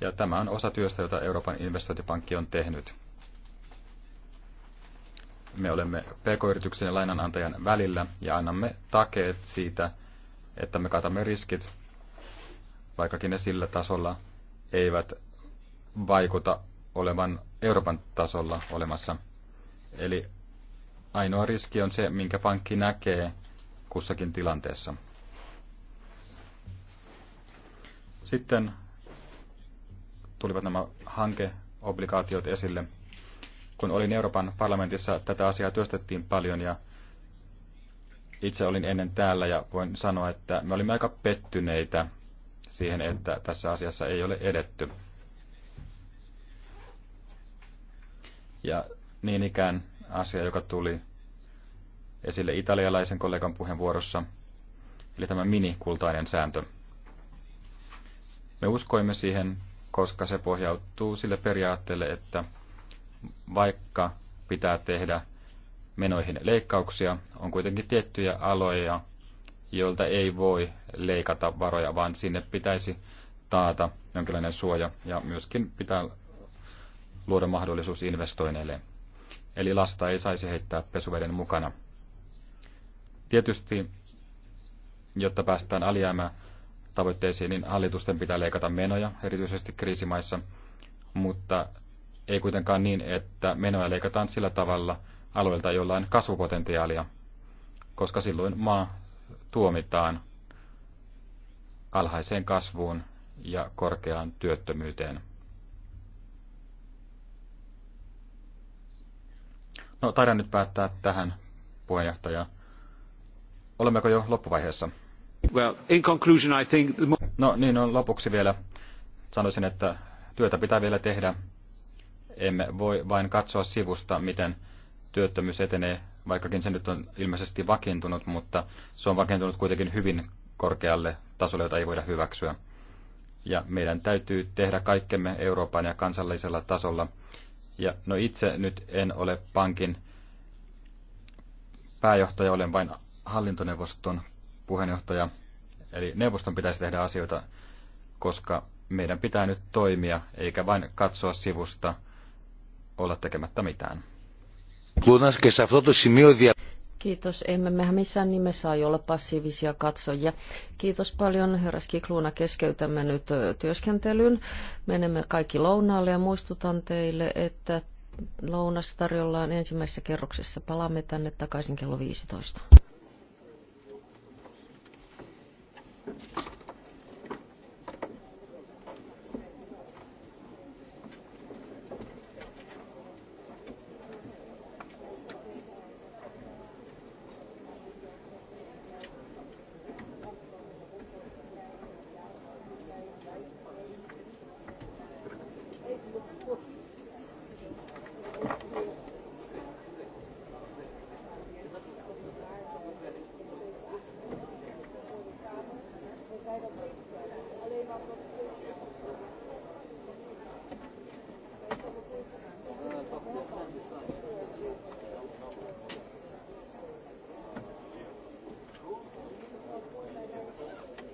Ja tämä on osa työstä, jota Euroopan investointipankki on tehnyt. Me olemme pk-yrityksen ja lainanantajan välillä ja annamme takeet siitä, että me katamme riskit, vaikkakin ne sillä tasolla eivät vaikuta olevan Euroopan tasolla olemassa. Eli ainoa riski on se, minkä pankki näkee kussakin tilanteessa. Sitten tulivat nämä hankeobligaatiot esille. Kun olin Euroopan parlamentissa, tätä asiaa työstettiin paljon ja itse olin ennen täällä ja voin sanoa, että me olimme aika pettyneitä siihen, että tässä asiassa ei ole edetty. Ja niin ikään asia, joka tuli esille italialaisen kollegan puheenvuorossa, eli tämä minikultainen sääntö. Me uskoimme siihen, koska se pohjautuu sille periaatteelle, että vaikka pitää tehdä menoihin leikkauksia, on kuitenkin tiettyjä aloja, joilta ei voi leikata varoja, vaan sinne pitäisi taata jonkinlainen suoja ja myöskin pitää luoda mahdollisuus investoinneille. Eli lasta ei saisi heittää pesuveden mukana. Tietysti, jotta päästään alijäämä tavoitteisiin, niin hallitusten pitää leikata menoja, erityisesti kriisimaissa, mutta ei kuitenkaan niin, että menoja leikataan sillä tavalla alueelta, jolla on kasvupotentiaalia, koska silloin maa tuomitaan alhaiseen kasvuun ja korkeaan työttömyyteen. No, taidan nyt päättää tähän, puheenjohtaja. Olemmeko jo loppuvaiheessa? Well, in conclusion, I think... No niin, no, lopuksi vielä sanoisin, että työtä pitää vielä tehdä. Emme voi vain katsoa sivusta, miten työttömyys etenee, vaikkakin se nyt on ilmeisesti vakiintunut, mutta se on vakiintunut kuitenkin hyvin korkealle tasolle, jota ei voida hyväksyä. Ja meidän täytyy tehdä kaikkemme Euroopan ja kansallisella tasolla – ja no itse nyt en ole pankin pääjohtaja, olen vain hallintoneuvoston puheenjohtaja. Eli neuvoston pitäisi tehdä asioita, koska meidän pitää nyt toimia, eikä vain katsoa sivusta olla tekemättä mitään. Κλούνας και Kiitos. Emme mehän missään nimessä saa olla passiivisia katsojia. Kiitos paljon. Herra Skikluuna keskeytämme nyt työskentelyn. Menemme kaikki lounaalle ja muistutan teille, että lounas tarjollaan ensimmäisessä kerroksessa. Palaamme tänne takaisin kello 15.